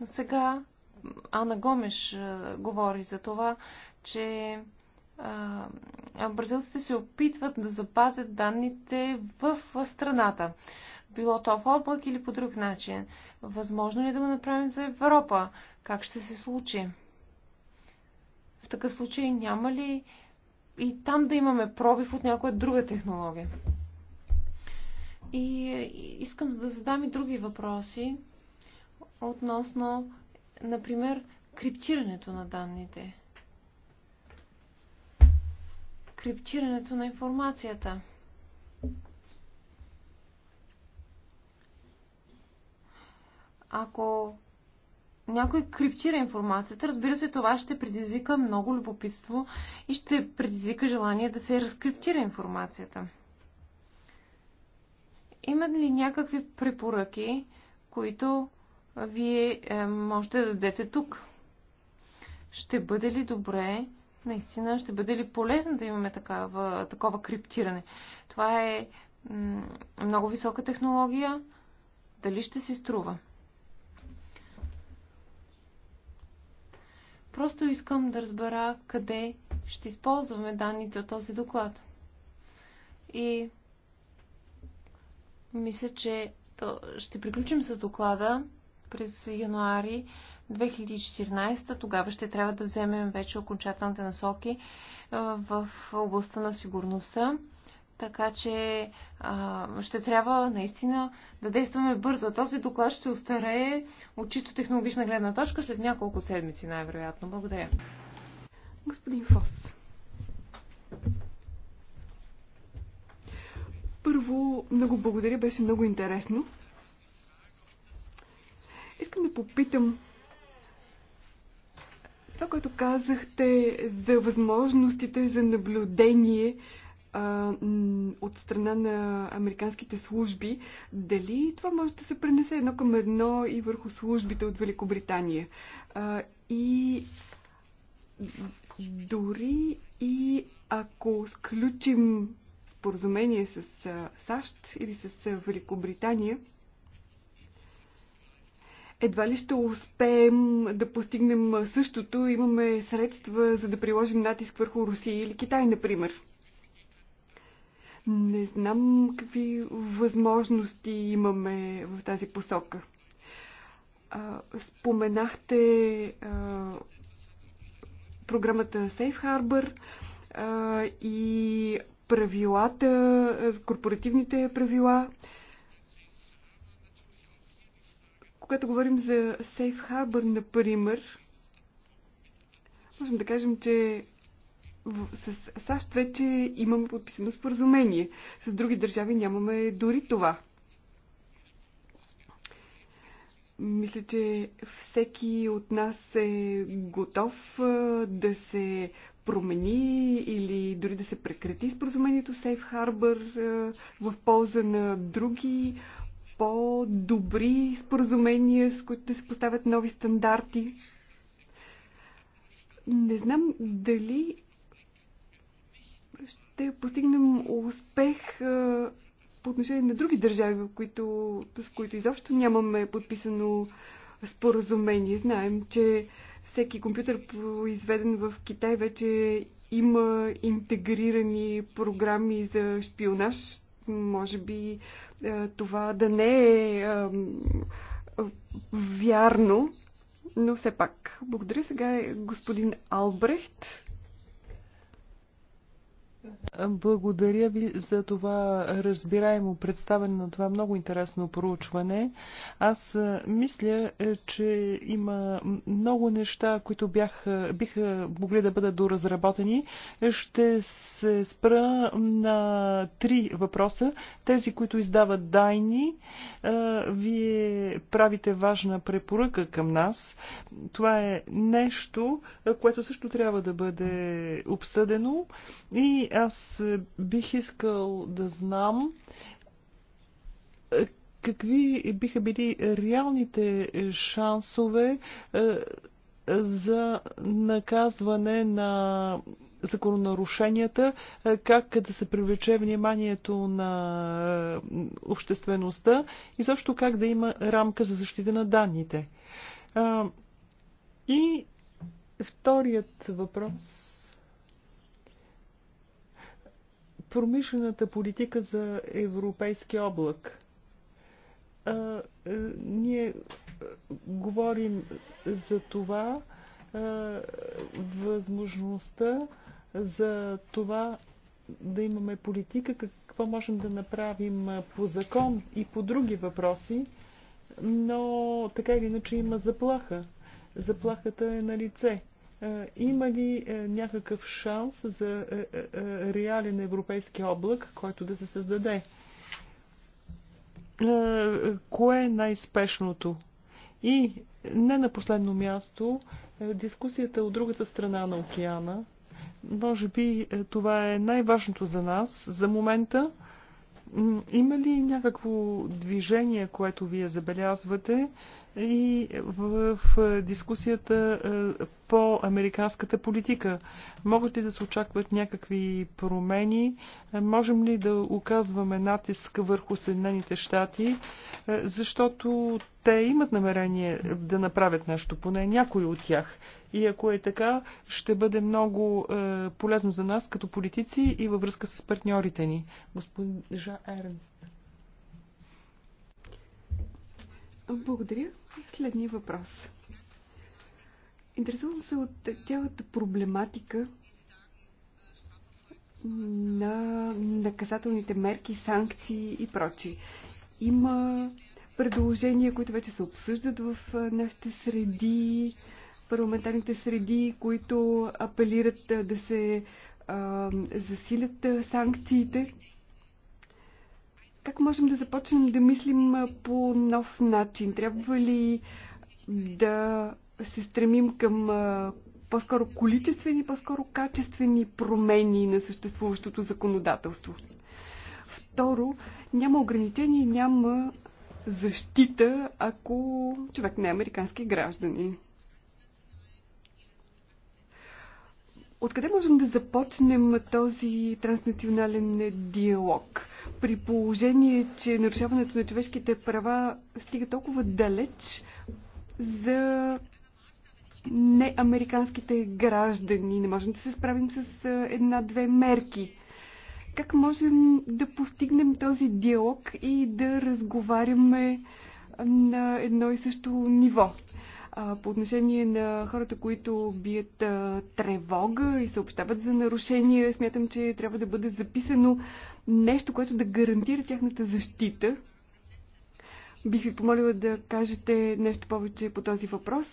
но сега Ана Гомеш говори за това, че а, бразилците се опитват да запазят данните в страната. Било то в облак или по друг начин. Възможно ли е да го направим за Европа? Как ще се случи? В такъв случай няма ли и там да имаме пробив от някоя друга технология. И искам да задам и други въпроси относно, например, криптирането на данните. Криптирането на информацията. Ако някой криптира информацията, разбира се, това ще предизвика много любопитство и ще предизвика желание да се разкриптира информацията. Имат ли някакви препоръки, които вие е, можете да дадете тук? Ще бъде ли добре, наистина, ще бъде ли полезно да имаме такава, такова криптиране? Това е много висока технология. Дали ще си струва? Просто искам да разбера къде ще използваме данните от този доклад. И мисля, че ще приключим с доклада през януари 2014. Тогава ще трябва да вземем вече окончателните насоки в областта на сигурността. Така че а, ще трябва наистина да действаме бързо. Този доклад ще остарее от чисто технологична гледна точка след няколко седмици, най-вероятно. Благодаря. Господин Фос. Първо, много благодаря, беше много интересно. Искам да попитам това, което казахте за възможностите за наблюдение а, от страна на американските служби, дали това може да се пренесе едно към едно и върху службите от Великобритания. А, и дори и ако сключим споразумение с САЩ или с Великобритания, едва ли ще успеем да постигнем същото. Имаме средства за да приложим натиск върху Русия или Китай, например. Не знам какви възможности имаме в тази посока. Споменахте програмата Safe Harbor и правилата, корпоративните правила. Когато говорим за Safe Harbor, например, можем да кажем, че с САЩ вече имаме подписано споразумение. С други държави нямаме дори това. Мисля, че всеки от нас е готов да се промени или дори да се прекрати споразумението Safe Harbor в полза на други по-добри споразумения, с които да се поставят нови стандарти. Не знам дали ще постигнем успех по отношение на други държави, които, с които изобщо нямаме подписано споразумение. Знаем, че всеки компютър, произведен в Китай, вече има интегрирани програми за шпионаж. Може би това да не е вярно, но все пак. Благодаря сега е господин Албрехт. Благодаря ви за това разбираемо представене на това много интересно проучване. Аз мисля, е, че има много неща, които бях, биха могли да бъдат доразработени. Ще се спра на три въпроса. Тези, които издават дайни, вие правите важна препоръка към нас. Това е нещо, което също трябва да бъде обсъдено и аз е, бих искал да знам е, какви биха били реалните шансове е, за наказване на закононарушенията, как да се привлече вниманието на обществеността и също как да има рамка за защита на данните. И вторият въпрос промишлената политика за европейски облак. А, а, е, ние е, говорим за това, а, е, възможността за това да имаме политика, какво можем да направим по закон и по други въпроси, но така или иначе има заплаха. Заплахата е на лице. Има ли е, някакъв шанс за е, е, реален европейски облак, който да се създаде? Кое е най-спешното? И не на последно място, дискусията от другата страна на океана. Може би това е най-важното за нас за момента. Има ли някакво движение, което вие забелязвате и в дискусията е, по американската политика? Могат ли да се очакват някакви промени? Е, можем ли да оказваме натиск върху Съединените щати? Е, защото те имат намерение да направят нещо, поне някои от тях. И ако е така, ще бъде много е, полезно за нас като политици и във връзка с партньорите ни. Госпожа Ернст. Благодаря. Следния въпрос. Интересувам се от цялата проблематика на наказателните мерки, санкции и прочи. Има предложения, които вече се обсъждат в е, нашите среди, парламентарните среди, които апелират да се а, засилят санкциите. Как можем да започнем да мислим по нов начин? Трябва ли да се стремим към по-скоро количествени, по-скоро качествени промени на съществуващото законодателство? Второ, няма ограничения, няма защита, ако човек не е американски гражданин. Откъде можем да започнем този транснационален диалог? При положение, че нарушаването на човешките права стига толкова далеч за неамериканските граждани. Не можем да се справим с една-две мерки. Как можем да постигнем този диалог и да разговаряме на едно и също ниво? А, по отношение на хората, които бият а, тревога и съобщават за нарушения, смятам, че трябва да бъде записано нещо, което да гарантира тяхната защита. Бих ви помолила да кажете нещо повече по този въпрос.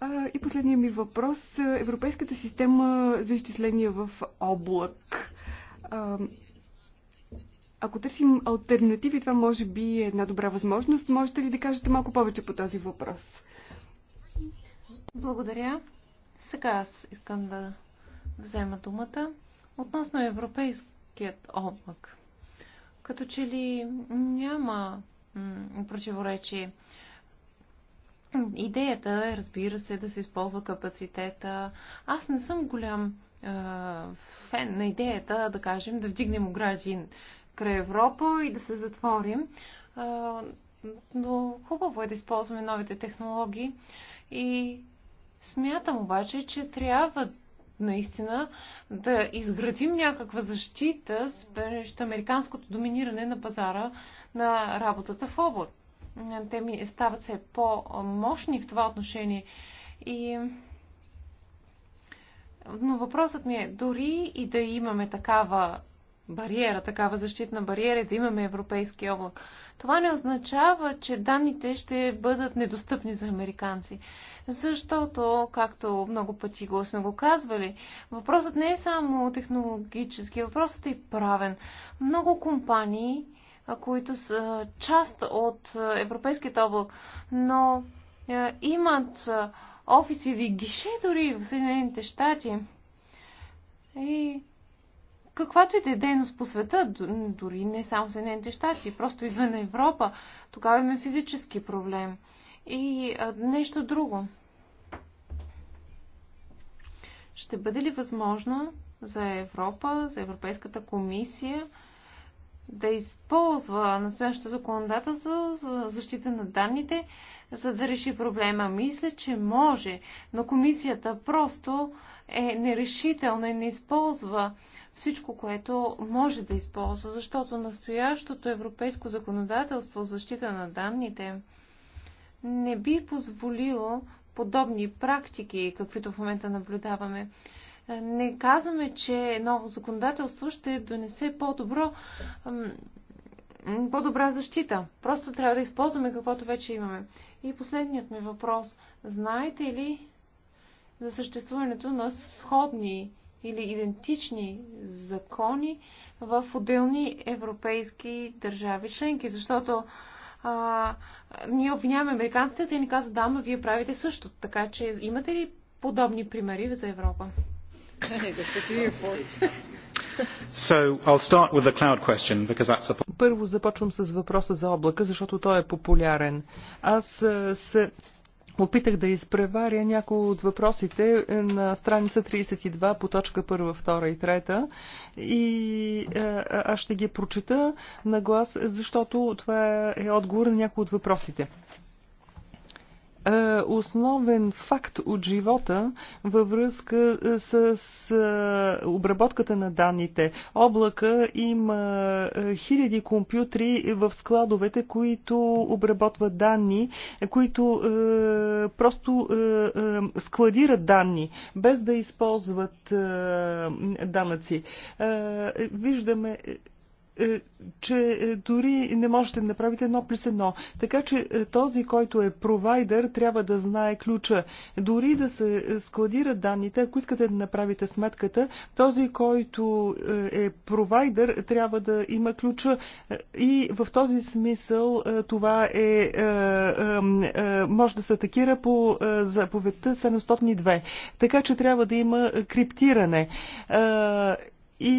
А, и последния ми въпрос. Европейската система за изчисления в облак. А, ако търсим альтернативи, това може би е една добра възможност. Можете ли да кажете малко повече по този въпрос? Благодаря. Сега аз искам да взема думата относно европейският облак. Като че ли няма противоречие. Идеята е, разбира се, да се използва капацитета. Аз не съм голям е, фен на идеята, да кажем, да вдигнем оградин край Европа и да се затворим. Е, но хубаво е да използваме новите технологии и Смятам обаче, че трябва наистина да изградим някаква защита срещу американското доминиране на пазара на работата в облак. Те ми стават все по-мощни в това отношение. И... Но въпросът ми е, дори и да имаме такава бариера, такава защитна бариера и да имаме европейски облак, това не означава, че данните ще бъдат недостъпни за американци. Защото, както много пъти го сме го казвали, въпросът не е само технологически, въпросът е и правен. Много компании, които са част от Европейския облак, но имат офиси или гише дори в Съединените щати. И каквато и да е дейност по света, дори не само в Съединените щати, просто извън Европа, тогава имаме физически проблем. И а, нещо друго. Ще бъде ли възможно за Европа, за Европейската комисия да използва настоящото законодателство за защита на данните, за да реши проблема? Мисля, че може, но комисията просто е нерешителна и не използва всичко, което може да използва, защото настоящото европейско законодателство за защита на данните не би позволило подобни практики, каквито в момента наблюдаваме. Не казваме, че ново законодателство ще донесе по-добро по-добра защита. Просто трябва да използваме каквото вече имаме. И последният ми въпрос. Знаете ли за съществуването на сходни или идентични закони в отделни европейски държави членки, защото а, ние обвиняваме американците, те ни казват, да, ма вие правите също. Така че имате ли подобни примери за Европа? So, question, a... Първо започвам с въпроса за облака, защото той е популярен. Аз се опитах да изпреваря някои от въпросите на страница 32 по точка 1, 2 и 3 и е, аз ще ги прочета на глас, защото това е отговор на някои от въпросите. Е, основен факт от живота във връзка е, с е, обработката на данните. Облака има хиляди компютри в складовете, които обработват данни, които просто складират данни, без да използват данъци. Виждаме е, че е, дори не можете да направите едно плюс едно. Така че е, този, който е провайдер, трябва да знае ключа. Дори да се складират данните, ако искате да направите сметката, този, който е провайдер, трябва да има ключа. И в този смисъл това е, може да се атакира по заповедта 702. Така че трябва да има криптиране и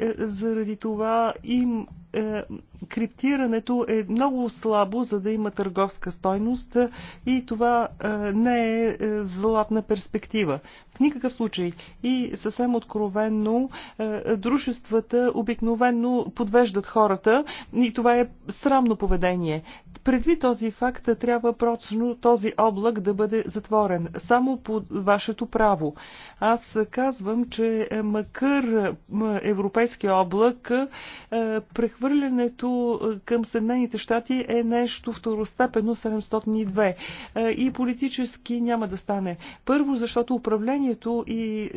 е, заради това им е, криптирането е много слабо, за да има търговска стойност е, и това е, не е златна перспектива. В никакъв случай. И съвсем откровенно, дружествата обикновенно подвеждат хората и това е срамно поведение. Предвид този факт, трябва прочно този облак да бъде затворен. Само по вашето право. Аз казвам, че макър европейския облак прехвърля Прехвърлянето към Съединените щати е нещо второстепено 702 и политически няма да стане. Първо, защото управлението и е,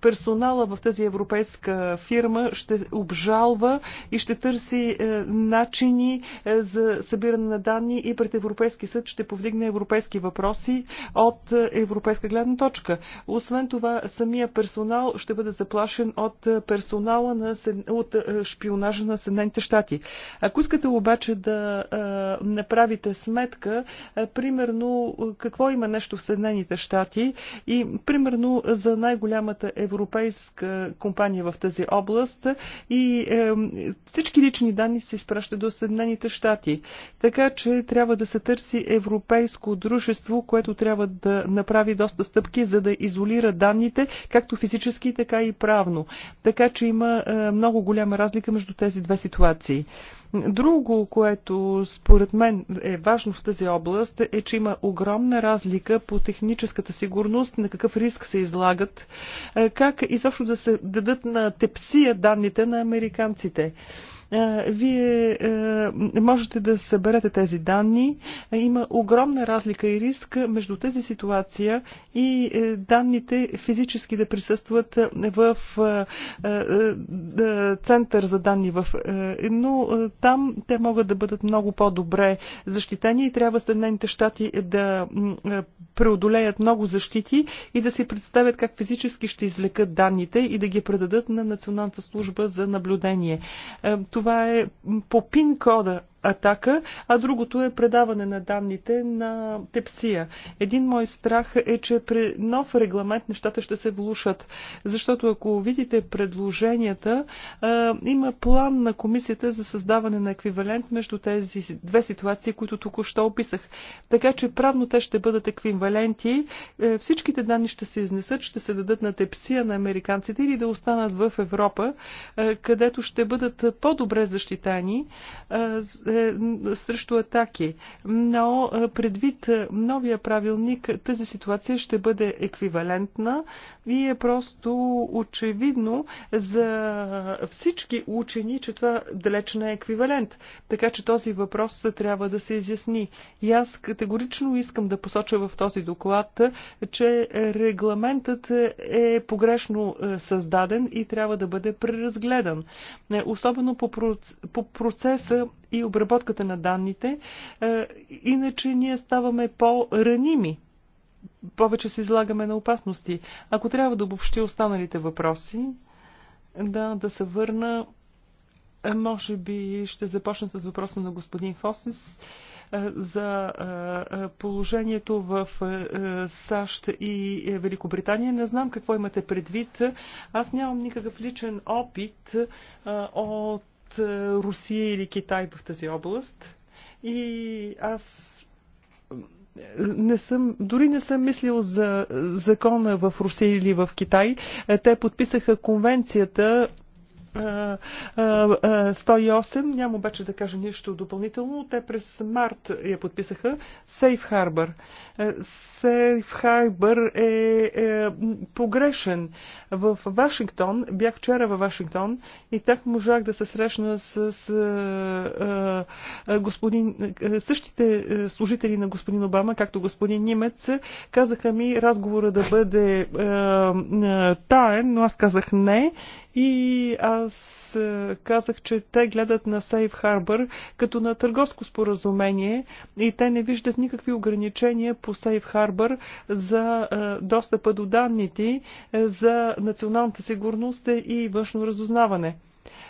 персонала в тази европейска фирма ще обжалва и ще търси е, начини е, за събиране на данни и пред Европейски съд ще повдигне европейски въпроси от европейска гледна точка. Освен това, самия персонал ще бъде заплашен от персонала на, от шпионажа на Съединените щати. Ако искате обаче да направите сметка, примерно какво има нещо в Съединените щати и примерно за най-голямата европейска компания в тази област и е, всички лични данни се изпращат до Съединените щати. Така че трябва да се търси европейско дружество, което трябва да направи доста стъпки, за да изолира данните, както физически, така и правно. Така че има е, много голяма разлика между тези две две ситуации. Друго, което според мен е важно в тази област, е, че има огромна разлика по техническата сигурност, на какъв риск се излагат, е, как изобщо да се дадат на тепсия данните на американците. Е, вие е, можете да съберете тези данни. Има огромна разлика и риск между тази ситуация и е, данните физически да присъстват в център за данни. Но там те могат да бъдат много по-добре защитени и трябва Съединените щати да преодолеят много защити и да си представят как физически ще извлекат данните и да ги предадат на Националната служба за наблюдение. Това това е по пин кода атака, а другото е предаване на данните на тепсия. Един мой страх е, че при нов регламент нещата ще се влушат, защото ако видите предложенията, има план на комисията за създаване на еквивалент между тези две ситуации, които току-що описах. Така че правно те ще бъдат еквиваленти. Е, всичките данни ще се изнесат, ще се дадат на тепсия на американците или да останат в Европа, е, където ще бъдат по-добре защитани е, е, срещу атаки. Но е, предвид е, новия правилник, тази ситуация ще бъде еквивалентна и е просто очевидно за всички учени, че това далеч не е еквивалент. Така че този въпрос трябва да се изясни. И аз категорично искам да посоча в този доклад, че регламентът е погрешно създаден и трябва да бъде преразгледан. Особено по процеса и обработката обработката на данните, е, иначе ние ставаме по-раними. Повече се излагаме на опасности. Ако трябва да обобщи останалите въпроси, да, да се върна, е, може би ще започна с въпроса на господин Фосис е, за положението в САЩ и Великобритания. Не знам какво имате предвид. Аз нямам никакъв личен опит от от е, Русия или Китай в тази област. И аз е, не съм, дори не съм мислил за закона в Русия или в Китай. Е, те подписаха конвенцията 108, няма обаче да кажа нищо допълнително. Те през март я подписаха. Сейф Harbor. Сейф Harbor е, е погрешен. В Вашингтон, бях вчера във Вашингтон и так можах да се срещна с, с е, е, господин, е, същите е, служители на господин Обама, както господин Нимец. Казаха ми разговора да бъде е, е, таен, но аз казах не и аз е, казах, че те гледат на Safe Harbor като на търговско споразумение и те не виждат никакви ограничения по Safe Harbor за е, достъпа до данните е, за националната сигурност и външно разузнаване.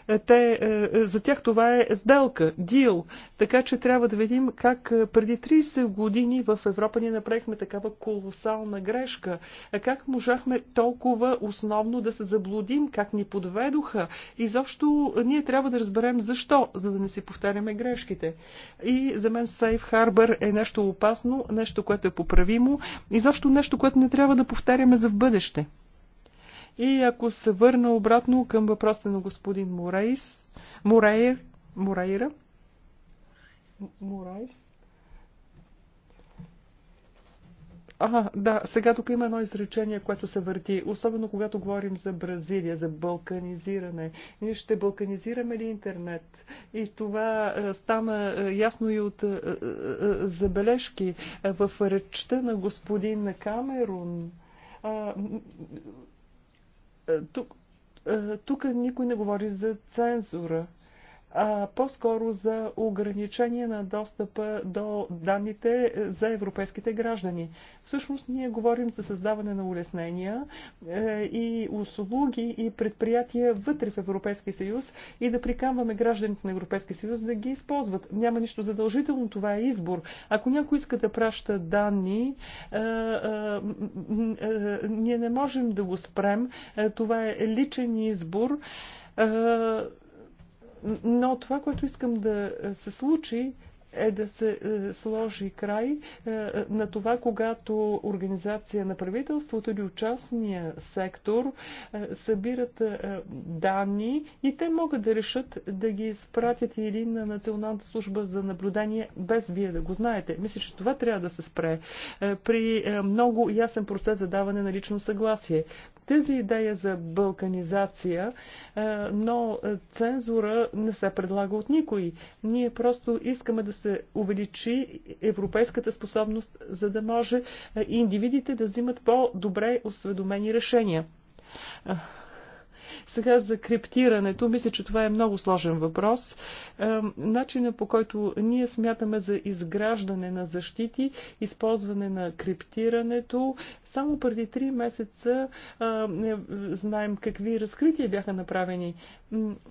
Е, те, е, за тях това е сделка, дил. Така че трябва да видим как е, преди 30 години в Европа ние направихме такава колосална грешка. Как можахме толкова основно да се заблудим, как ни подведоха. И защо ние трябва да разберем защо, за да не си повтаряме грешките. И за мен Сейф Харбър е нещо опасно, нещо, което е поправимо и защо нещо, което не трябва да повтаряме за в бъдеще. И ако се върна обратно към въпроса на господин Морейс, Морейр, Морейра, Морайс. А, да, сега тук има едно изречение, което се върти, особено когато говорим за Бразилия, за балканизиране. Ние ще балканизираме ли интернет? И това е, стана е, ясно и от е, е, е забележки е, в речта на господин Камерун тук, е, тук никой не говори за цензура а по-скоро за ограничение на достъпа до данните за европейските граждани. Всъщност ние говорим за създаване на улеснения е, и услуги и предприятия вътре в Европейския съюз и да прикамваме гражданите на Европейския съюз да ги използват. Няма нищо задължително, това е избор. Ако някой иска да праща данни, е, е, ние не можем да го спрем. Това е личен избор но това, което искам да е, се случи, е да се е, сложи край е, на това, когато организация на правителството или участния сектор събират данни и те могат да решат да ги изпратят или на Националната служба за наблюдение, без вие да го знаете. Мисля, че това трябва да се спре при много ясен процес за даване на лично съгласие тази идея за балканизация, е, но е, цензура не се предлага от никой. Ние просто искаме да се увеличи европейската способност, за да може е, индивидите да взимат по-добре осведомени решения. Сега за криптирането, мисля, че това е много сложен въпрос. Е, начина по който ние смятаме за изграждане на защити, използване на криптирането, само преди три месеца е, е, знаем какви разкрития бяха направени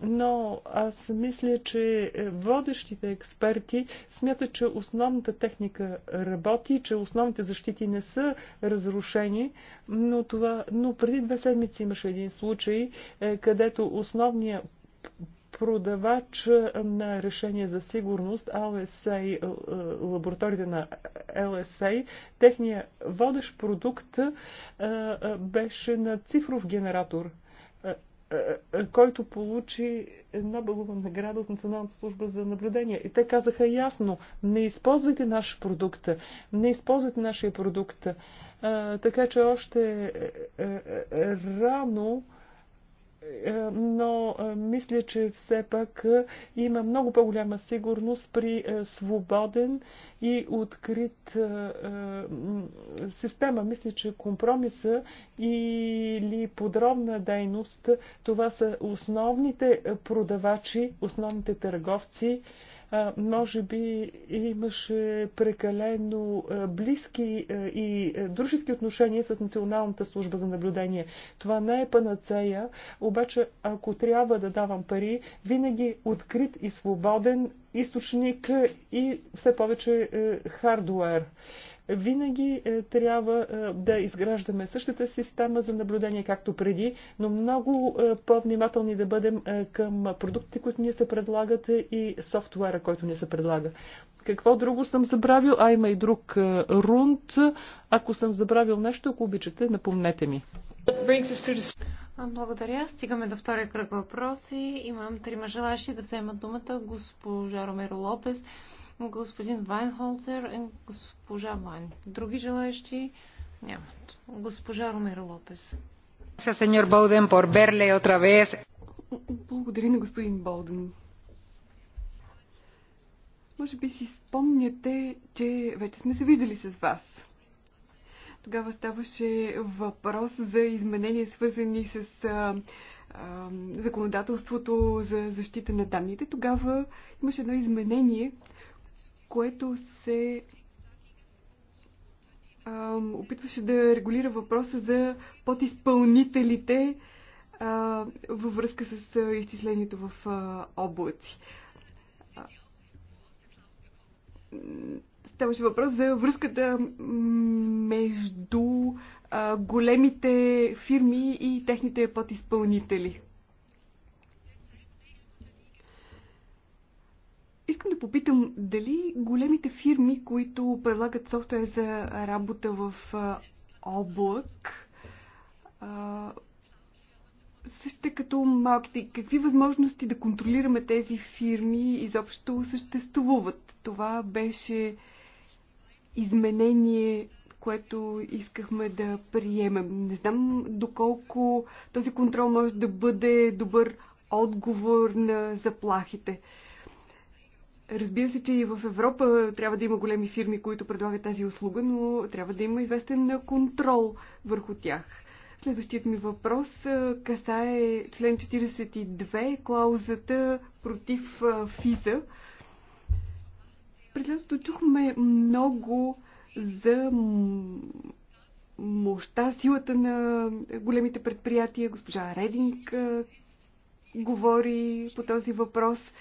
но аз мисля, че водещите експерти смятат, че основната техника работи, че основните защити не са разрушени, но, това, но преди две седмици имаше един случай, е, където основният продавач е, на решение за сигурност, LSA, е, лабораторията на LSA, техният водещ продукт беше на цифров генератор – е, е, който получи Нобелова награда от Националната служба за наблюдение. И те казаха ясно, не използвайте наш продукт, не използвайте нашия продукт. Е, така че още рано е, но е, мисля, че все пак е, има много по-голяма сигурност при свободен и открит система. Мисля, че компромиса или подробна дейност, това са основните продавачи, основните търговци, може би имаше прекалено близки и дружески отношения с Националната служба за наблюдение. Това не е панацея, обаче ако трябва да давам пари, винаги открит и свободен източник и все повече е, хардуер. Винаги е, трябва е, да изграждаме същата система за наблюдение, както преди, но много е, по-внимателни да бъдем към продуктите, които ни се предлагат и софтуера, който ни се предлага. Какво друго съм забравил? А има и друг рунд. Ако съм забравил нещо, ако обичате, напомнете ми. Благодаря. Стигаме до втория кръг въпроси. Имам трима желащи да вземат думата. Госпожа Ромеро Лопес, господин Вайнхолцер и госпожа Вайн. Други желаящи нямат. Госпожа Ромеро Лопес. Сеньор por verle otra vez. Благодаря на господин Болден. Може би си спомняте, че вече сме се виждали с вас. Тогава ставаше въпрос за изменения, свързани с а, а, законодателството за защита на данните. Тогава имаше едно изменение, което се а, опитваше да регулира въпроса за подизпълнителите а, във връзка с а, изчислението в а, облаци. ставаше въпрос за връзката между а, големите фирми и техните подизпълнители. Искам да попитам дали големите фирми, които предлагат софтуер за работа в облак, също като малките, какви възможности да контролираме тези фирми изобщо съществуват? Това беше изменение, което искахме да приемем. Не знам доколко този контрол може да бъде добър отговор на заплахите. Разбира се, че и в Европа трябва да има големи фирми, които предлагат тази услуга, но трябва да има известен контрол върху тях. Следващият ми въпрос касае член 42, клаузата против ФИЗа. През чухме много за мощта, силата на големите предприятия. Госпожа Рединг говори по този въпрос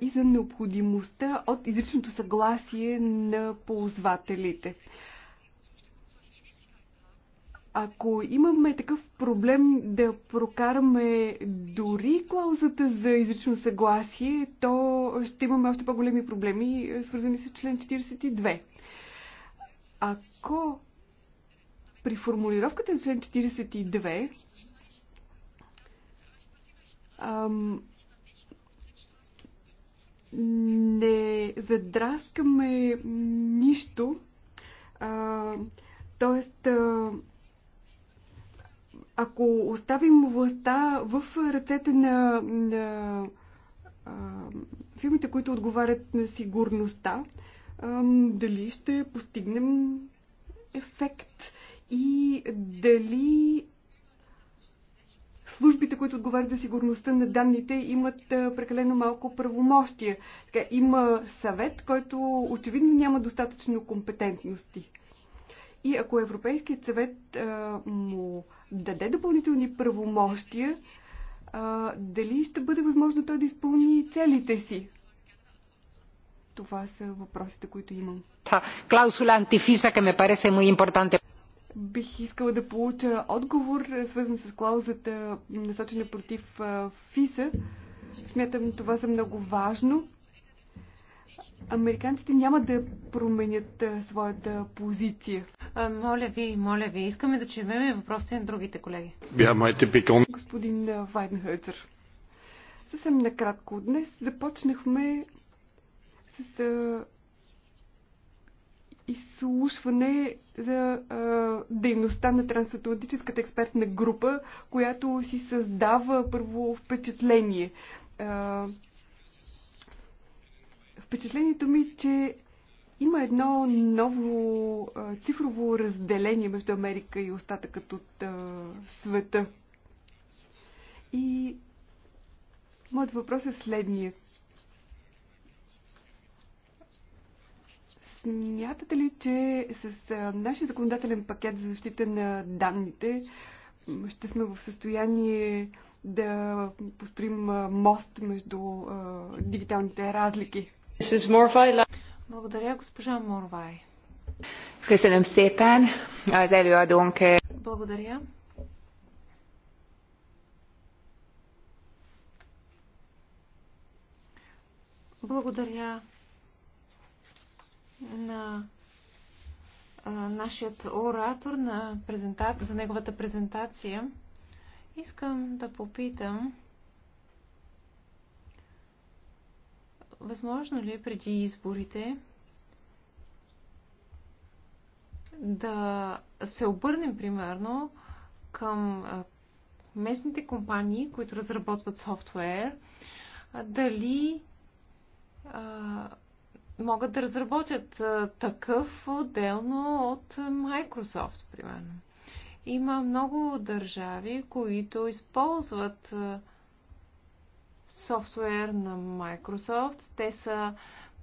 и за необходимостта от изричното съгласие на ползвателите. Ако имаме такъв проблем да прокараме дори клаузата за изрично съгласие, то ще имаме още по-големи проблеми, свързани с член 42. Ако при формулировката на член 42 ам, не задраскаме нищо. А, тоест, а, ако оставим властта в ръцете на, на а, фирмите, които отговарят на сигурността, а, дали ще постигнем ефект и дали службите, които отговарят за сигурността на данните, имат прекалено малко правомощия. Така, има съвет, който очевидно няма достатъчно компетентности. И ако Европейският съвет а, му даде допълнителни правомощия, а, дали ще бъде възможно той да изпълни целите си? Това са въпросите, които имам. Клаусула антифиса, ме me parece muy importante. Бих искала да получа отговор, свързан с клаузата, насочена против ФИСа. Смятам, това за много важно. Американците няма да променят своята позиция. А, моля ви, моля ви, искаме да чуем въпросите на другите колеги. Господин Вайнхойцер, съвсем накратко днес започнахме с изслушване за а, дейността на трансатлантическата експертна група, която си създава първо впечатление. А, впечатлението ми, че има едно ново а, цифрово разделение между Америка и остатъкът от а, света. И моят въпрос е следният. Смятате ли, че с нашия законодателен пакет за защита на данните ще сме в състояние да построим мост между дигиталните разлики? Благодаря, госпожа Морвай. Köszönöm szépen az előadónk. Е, Благодаря. Благодаря на а, нашият оратор на презента... за неговата презентация. Искам да попитам, възможно ли преди изборите да се обърнем примерно към местните компании, които разработват софтуер, дали а, могат да разработят такъв отделно от Microsoft, примерно. Има много държави, които използват софтуер на Microsoft. Те са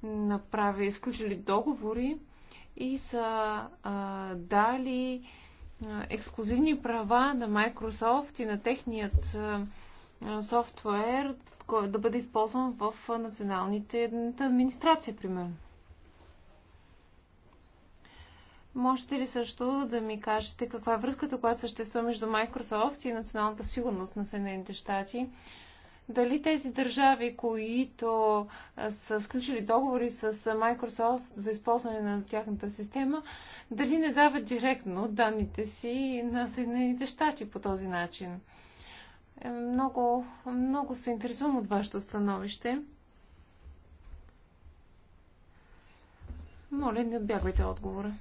направи, изключили договори и са а, дали а, ексклюзивни права на Microsoft и на техният а, е, софтуер да бъде използван в е, националните администрации, примерно. Можете ли също да ми кажете каква е връзката, която съществува между Microsoft и националната сигурност на Съединените щати? Дали тези държави, които е, са сключили договори с Microsoft за използване на тяхната система, дали не дават директно данните си на Съединените щати по този начин? Е, много, много се интересувам от вашето становище. Моля, не отбягвайте отговора.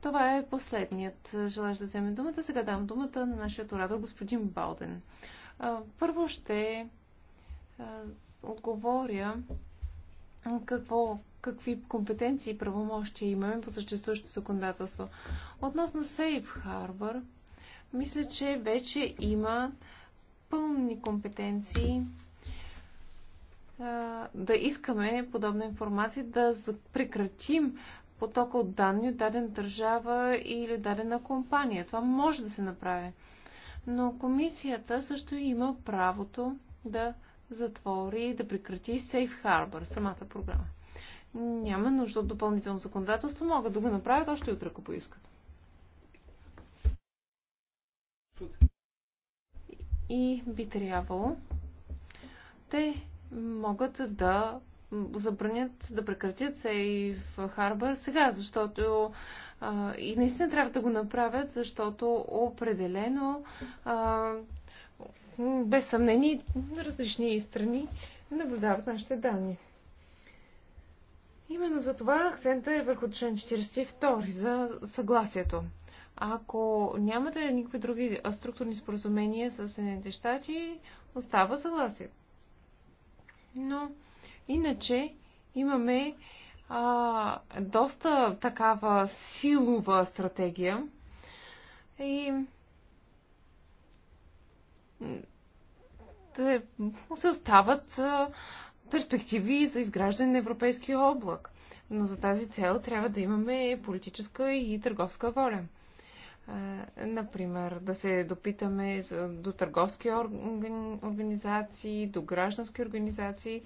Това е последният е, желаящ да вземе думата. Сега давам думата на нашия оратор, господин Балден. Е, първо ще отговоря какво, какви компетенции и правомощия имаме по съществуващото законодателство. Относно Сейф Harbor, мисля, че вече има пълни компетенции да искаме подобна информация, да прекратим потока от данни от дадена държава или дадена компания. Това може да се направи. Но комисията също има правото да затвори, да прекрати Safe Harbor, самата програма. Няма нужда от допълнително законодателство, могат да го направят още утре, ако поискат и би трябвало те могат да забранят да прекратят Сейф Харбър сега, защото а, и наистина трябва да го направят, защото определено а, без съмнение различни страни наблюдават нашите данни. Именно за това акцента е върху член 42 за съгласието. Ако нямате никакви други структурни споразумения с Съединените щати, остава съгласие. Но иначе имаме а, доста такава силова стратегия и те, се остават а, перспективи за изграждане на европейския облак. Но за тази цел трябва да имаме политическа и търговска воля. Например, да се допитаме до търговски организации, до граждански организации.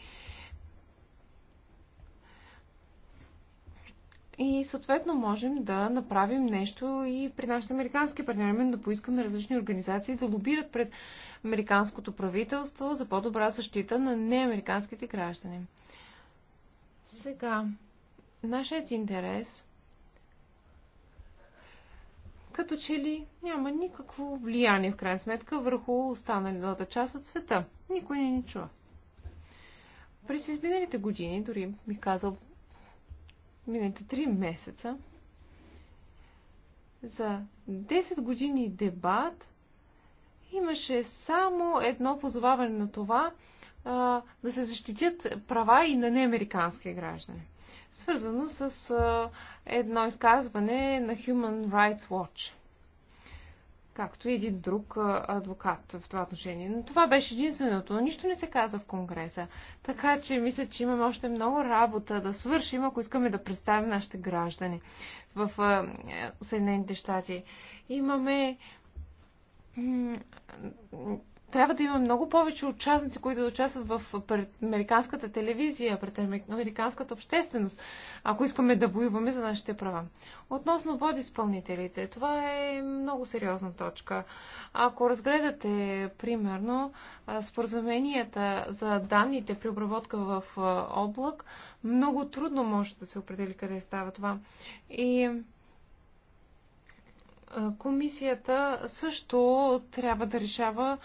И съответно можем да направим нещо и при нашите американски партньори, именно да поискаме различни организации да лобират пред американското правителство за по-добра защита на неамериканските граждани. Сега, нашият интерес като че ли няма никакво влияние в крайна сметка върху останалата част от света. Никой не ни чува. През изминалите години, дори ми казал миналите три месеца, за 10 години дебат имаше само едно позоваване на това а, да се защитят права и на неамериканския граждани свързано с едно изказване на Human Rights Watch както и един друг адвокат в това отношение. Но това беше единственото, но нищо не се каза в Конгреса. Така че мисля, че имаме още много работа да свършим, ако искаме да представим нашите граждани в Съединените щати. Имаме трябва да има много повече участници, които да участват в американската телевизия, пред американската общественост, ако искаме да воюваме за нашите права. Относно изпълнителите, това е много сериозна точка. Ако разгледате, примерно, споразуменията за данните при обработка в облак, много трудно може да се определи къде става това. И Комисията също трябва да решава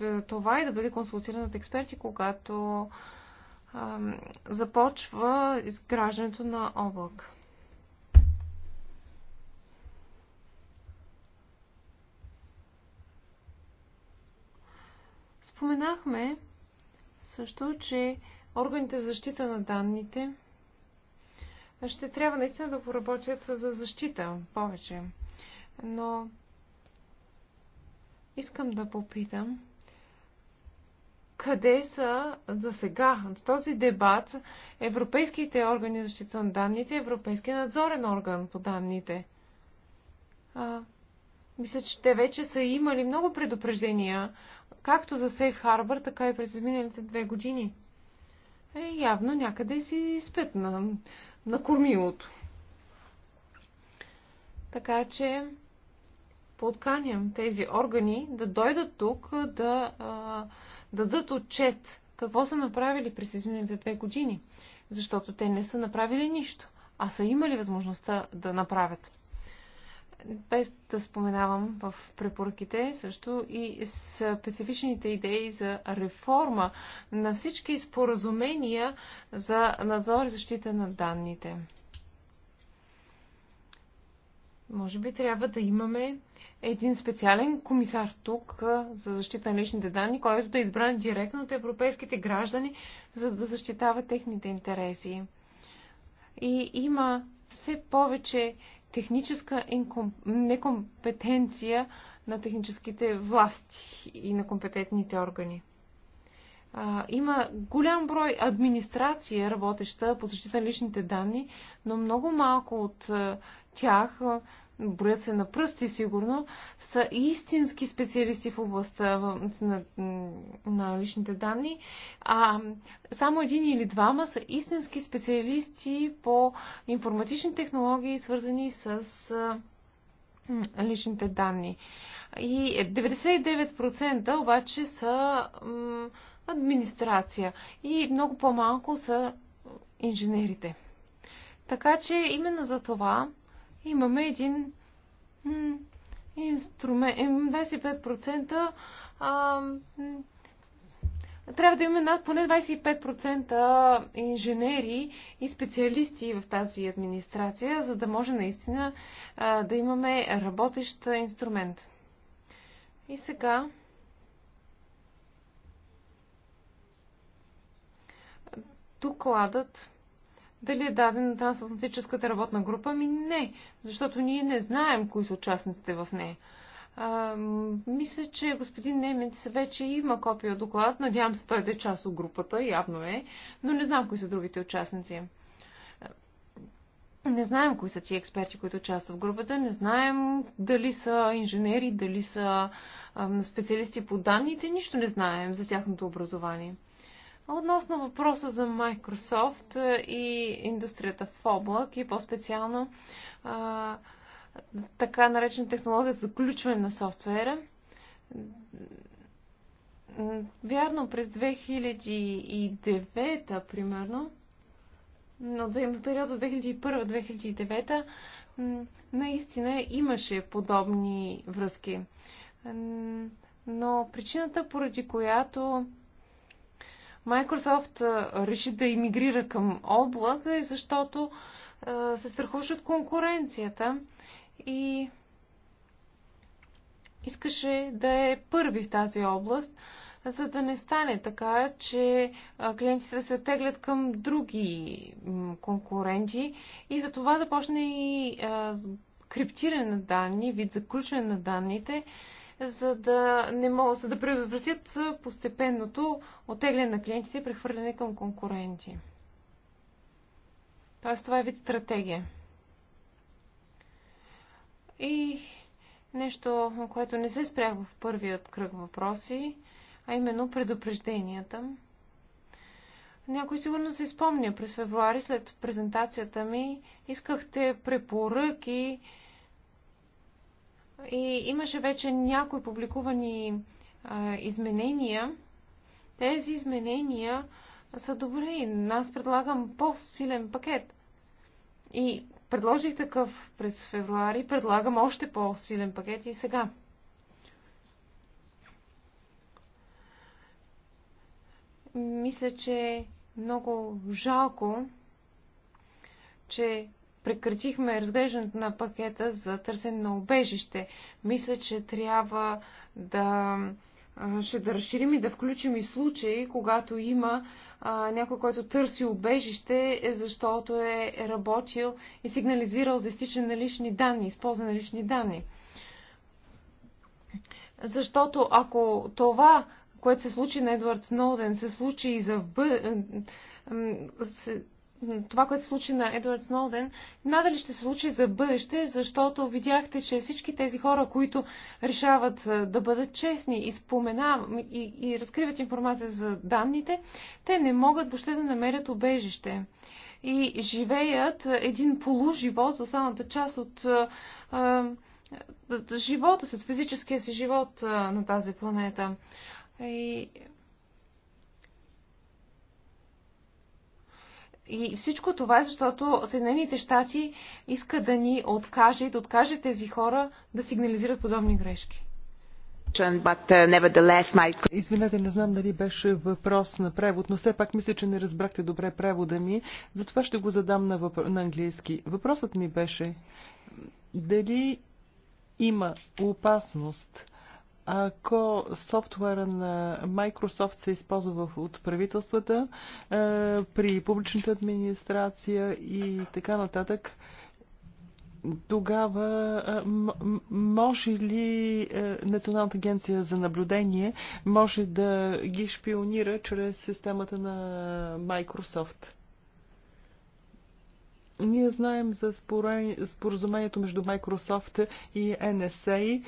е, това и да бъде консултирана от експерти, когато започва изграждането на облак. Споменахме също, че органите за защита на данните ще трябва наистина да поработят за защита повече но искам да попитам къде са за сега, в този дебат, европейските органи за защита на данните, европейския надзорен орган по данните. А, мисля, че те вече са имали много предупреждения, както за Сейф Харбър, така и през изминалите две години. Е, явно някъде си спят на, на кормилото. Така че подканям тези органи да дойдат тук да, дадат отчет какво са направили през изминалите две години, защото те не са направили нищо, а са имали възможността да направят. Без да споменавам в препоръките също и специфичните идеи за реформа на всички споразумения за надзор и защита на данните. Може би трябва да имаме един специален комисар тук за защита на личните данни, който да е избран директно от европейските граждани, за да защитава техните интереси. И има все повече техническа некомпетенция на техническите власти и на компетентните органи. А, има голям брой администрация, работеща по защита на личните данни, но много малко от а, тях броят се на пръсти сигурно, са истински специалисти в областта на, на личните данни, а само един или двама са истински специалисти по информатични технологии, свързани с личните данни. И 99% обаче са администрация и много по-малко са инженерите. Така че именно за това имаме един инструмент, 25% а, трябва да имаме над поне 25% инженери и специалисти в тази администрация, за да може наистина а, да имаме работещ инструмент. И сега докладът дали е дадена трансатлантическата работна група? Ми не, защото ние не знаем кои са участниците в нея. А, мисля, че господин Немец вече има копия от доклад. Надявам се той да е част от групата, явно е, но не знам кои са другите участници. Не знаем кои са тия експерти, които участват в групата, не знаем дали са инженери, дали са специалисти по данните, нищо не знаем за тяхното образование. Относно въпроса за Microsoft и индустрията в облак и по-специално така наречена технология за заключване на софтуера, вярно през 2009 примерно, но период от 2001-2009 наистина имаше подобни връзки. Но причината, поради която Microsoft реши да иммигрира към облак, защото се страхуваше от конкуренцията и искаше да е първи в тази област, за да не стане така, че клиентите да се оттеглят към други конкуренти и за това започне и криптиране на данни, вид заключване на данните, за да, не могат, да предотвратят постепенното отегляне на клиентите и прехвърляне към конкуренти. Тоест, това е вид стратегия. И нещо, на което не се спрях в първият кръг въпроси, а именно предупрежденията. Някой сигурно се спомня през февруари след презентацията ми, искахте препоръки, и имаше вече някои публикувани а, изменения. Тези изменения са добри. Аз предлагам по-силен пакет. И предложих такъв през февруари, предлагам още по-силен пакет и сега. Мисля, че е много жалко, че прекратихме разглеждането на пакета за търсене на убежище. Мисля, че трябва да ще да разширим и да включим и случаи, когато има а, някой, който търси убежище, е защото е, е работил и сигнализирал за изтичане на лични данни, използване на лични данни. Защото ако това, което се случи на Едвард Сноуден, се случи и за бъ това, което се случи на Едвард Сноуден, надали ще се случи за бъдеще, защото видяхте, че всички тези хора, които решават да бъдат честни и споменават и, и разкриват информация за данните, те не могат въобще да намерят обежище. И живеят един полуживот за останата част от а, живота си, от физическия си живот на тази планета. И И всичко това е защото Съединените щати иска да ни откаже и да откаже тези хора да сигнализират подобни грешки. Uh, Извинете, не знам дали беше въпрос на превод, но все пак мисля, че не разбрахте добре превода ми. Затова ще го задам на, въп... на английски. Въпросът ми беше дали има опасност ако софтуера на Microsoft се използва от правителствата, е, при публичната администрация и така нататък, тогава е, може ли е, Националната агенция за наблюдение може да ги шпионира чрез системата на Microsoft? Ние знаем за споразумението между Microsoft и NSA,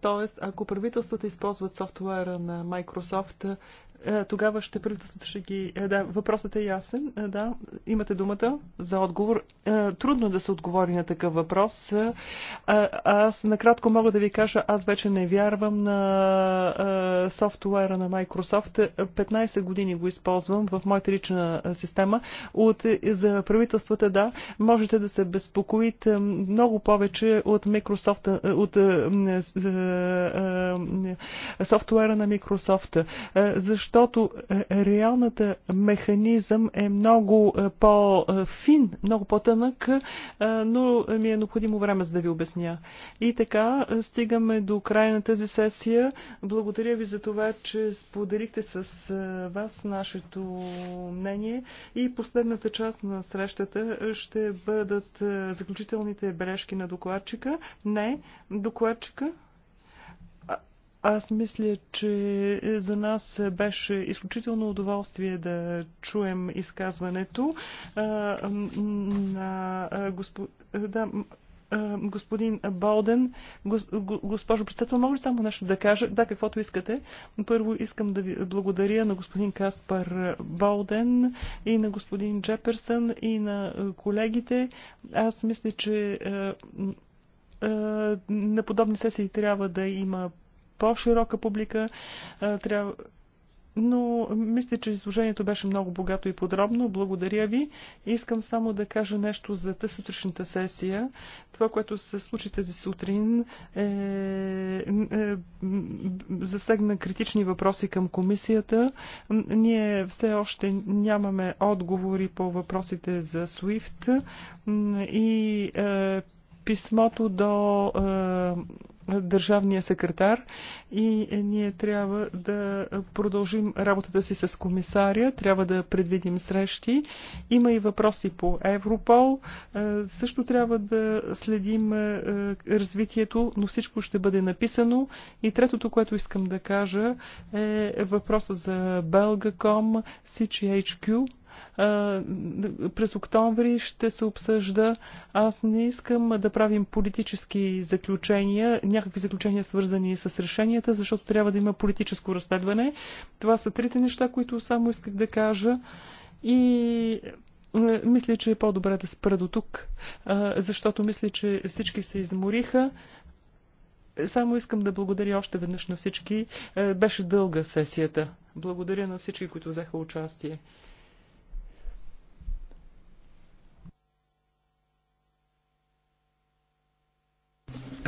т.е. ако правителствата използват софтуера на Microsoft е, тогава ще правителството ще ги... Е, да, въпросът е ясен. Е, да, имате думата за отговор. Трудно да се отговори на такъв въпрос. Аз накратко мога да ви кажа, аз вече не вярвам на софтуера на Microsoft. 15 години го използвам в моята лична система. От, за правителствата, да, можете да се безпокоите много повече от Microsoft, от софтуера на Microsoft. Защо защото е, реалната механизъм е много е, по-фин, много по-тънък, е, но ми е необходимо време за да ви обясня. И така, стигаме до края на тази сесия. Благодаря ви за това, че споделихте с вас нашето мнение и последната част на срещата ще бъдат заключителните бележки на докладчика. Не, докладчика. Аз мисля, че за нас беше изключително удоволствие да чуем изказването на да, господин Болден. Госпожо председател, мога ли само нещо да кажа? Да, каквото искате. Първо искам да ви благодаря на господин Каспар Болден и на господин Джеперсън и на колегите. Аз мисля, че на подобни сесии трябва да има по-широка публика. Трябва... Но мисля, че изложението беше много богато и подробно. Благодаря ви. Искам само да кажа нещо за тази сутрешната сесия. Това, което се случи тази сутрин, е, е, засегна критични въпроси към комисията. Ние все още нямаме отговори по въпросите за SWIFT и е, писмото до. Е, държавния секретар и ние трябва да продължим работата си с комисаря, трябва да предвидим срещи. Има и въпроси по Европол. Е, също трябва да следим е, развитието, но всичко ще бъде написано. И третото, което искам да кажа е въпроса за Belga.com, CCHQ. През октомври ще се обсъжда. Аз не искам да правим политически заключения, някакви заключения свързани с решенията, защото трябва да има политическо разследване. Това са трите неща, които само исках да кажа. И мисля, че е по-добре да спра до тук, защото мисля, че всички се измориха. Само искам да благодаря още веднъж на всички. Е, беше дълга сесията. Благодаря на всички, които взеха участие.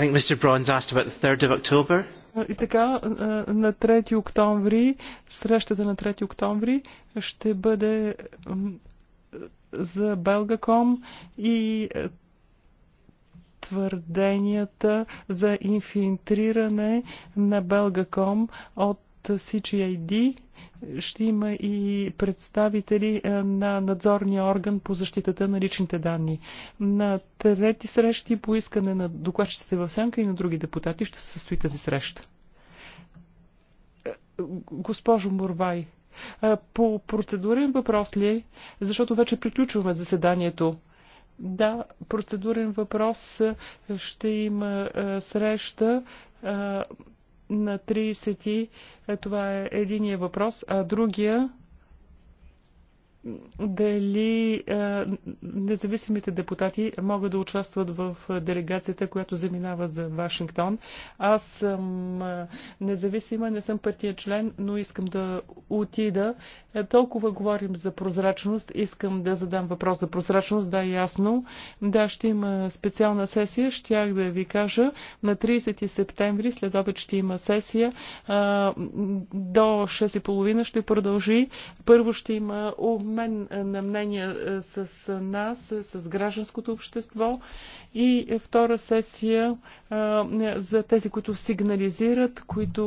think Mr. Bronze asked about the 3rd of October. И така, на 3 октомври, срещата на 3 октомври ще бъде за Белгаком и твърденията за инфилтриране на Белгаком от CGID ще има и представители е, на надзорния орган по защитата на личните данни. На трети срещи по искане на докладчиците в Сянка и на други депутати ще се състои тази среща. Е, госпожо Мурвай, е, по процедурен въпрос ли, защото вече приключваме заседанието, да, процедурен въпрос. Ще има среща на 30. Е, това е единия въпрос, а другия дали а, независимите депутати могат да участват в делегацията, която заминава за Вашингтон. Аз съм а, независима, не съм партия член, но искам да отида. Е, толкова говорим за прозрачност. Искам да задам въпрос за прозрачност. Да, ясно. Да, ще има специална сесия. Щях да ви кажа. На 30 септември след обед ще има сесия. До 6.30 ще продължи. Първо ще има обмен е, на мнения е, с нас, е, с гражданското общество и втора сесия за тези, които сигнализират, които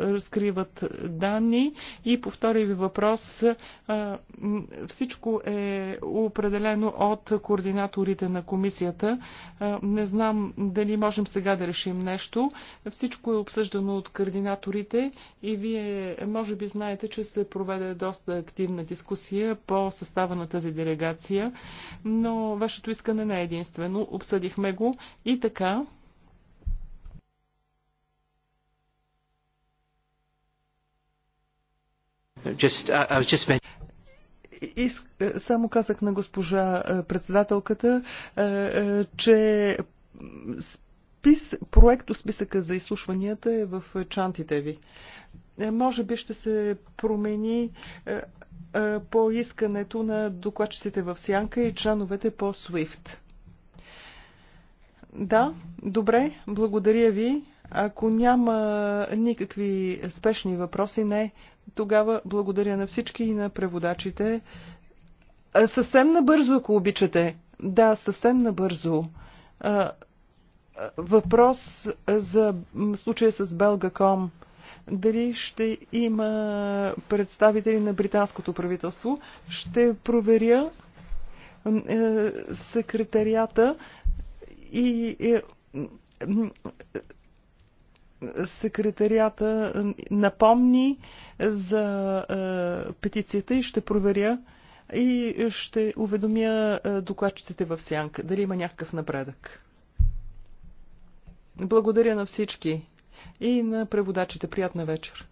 разкриват данни. И по втори ви въпрос, всичко е определено от координаторите на комисията. Не знам дали можем сега да решим нещо. Всичко е обсъждано от координаторите и вие може би знаете, че се проведе доста активна дискусия по състава на тази делегация, но вашето искане не е единствено. Обсъдихме го и и така, Just, uh, I was just е, само казах на госпожа е, председателката, е, че спис, проекто списъка за изслушванията е в чантите ви. Може би ще се промени по искането на докладчиците в Сянка и чановете по SWIFT. Да, добре, благодаря ви. Ако няма никакви спешни въпроси, не, тогава благодаря на всички и на преводачите. А, съвсем набързо, ако обичате. Да, съвсем набързо. А, въпрос за случая с Белгаком. Дали ще има представители на британското правителство? Ще проверя е, секретарията и секретарията напомни за е, петицията и ще проверя и ще уведомя е, докладчиците в сянка, дали има някакъв напредък. Благодаря на всички и на преводачите. Приятна вечер!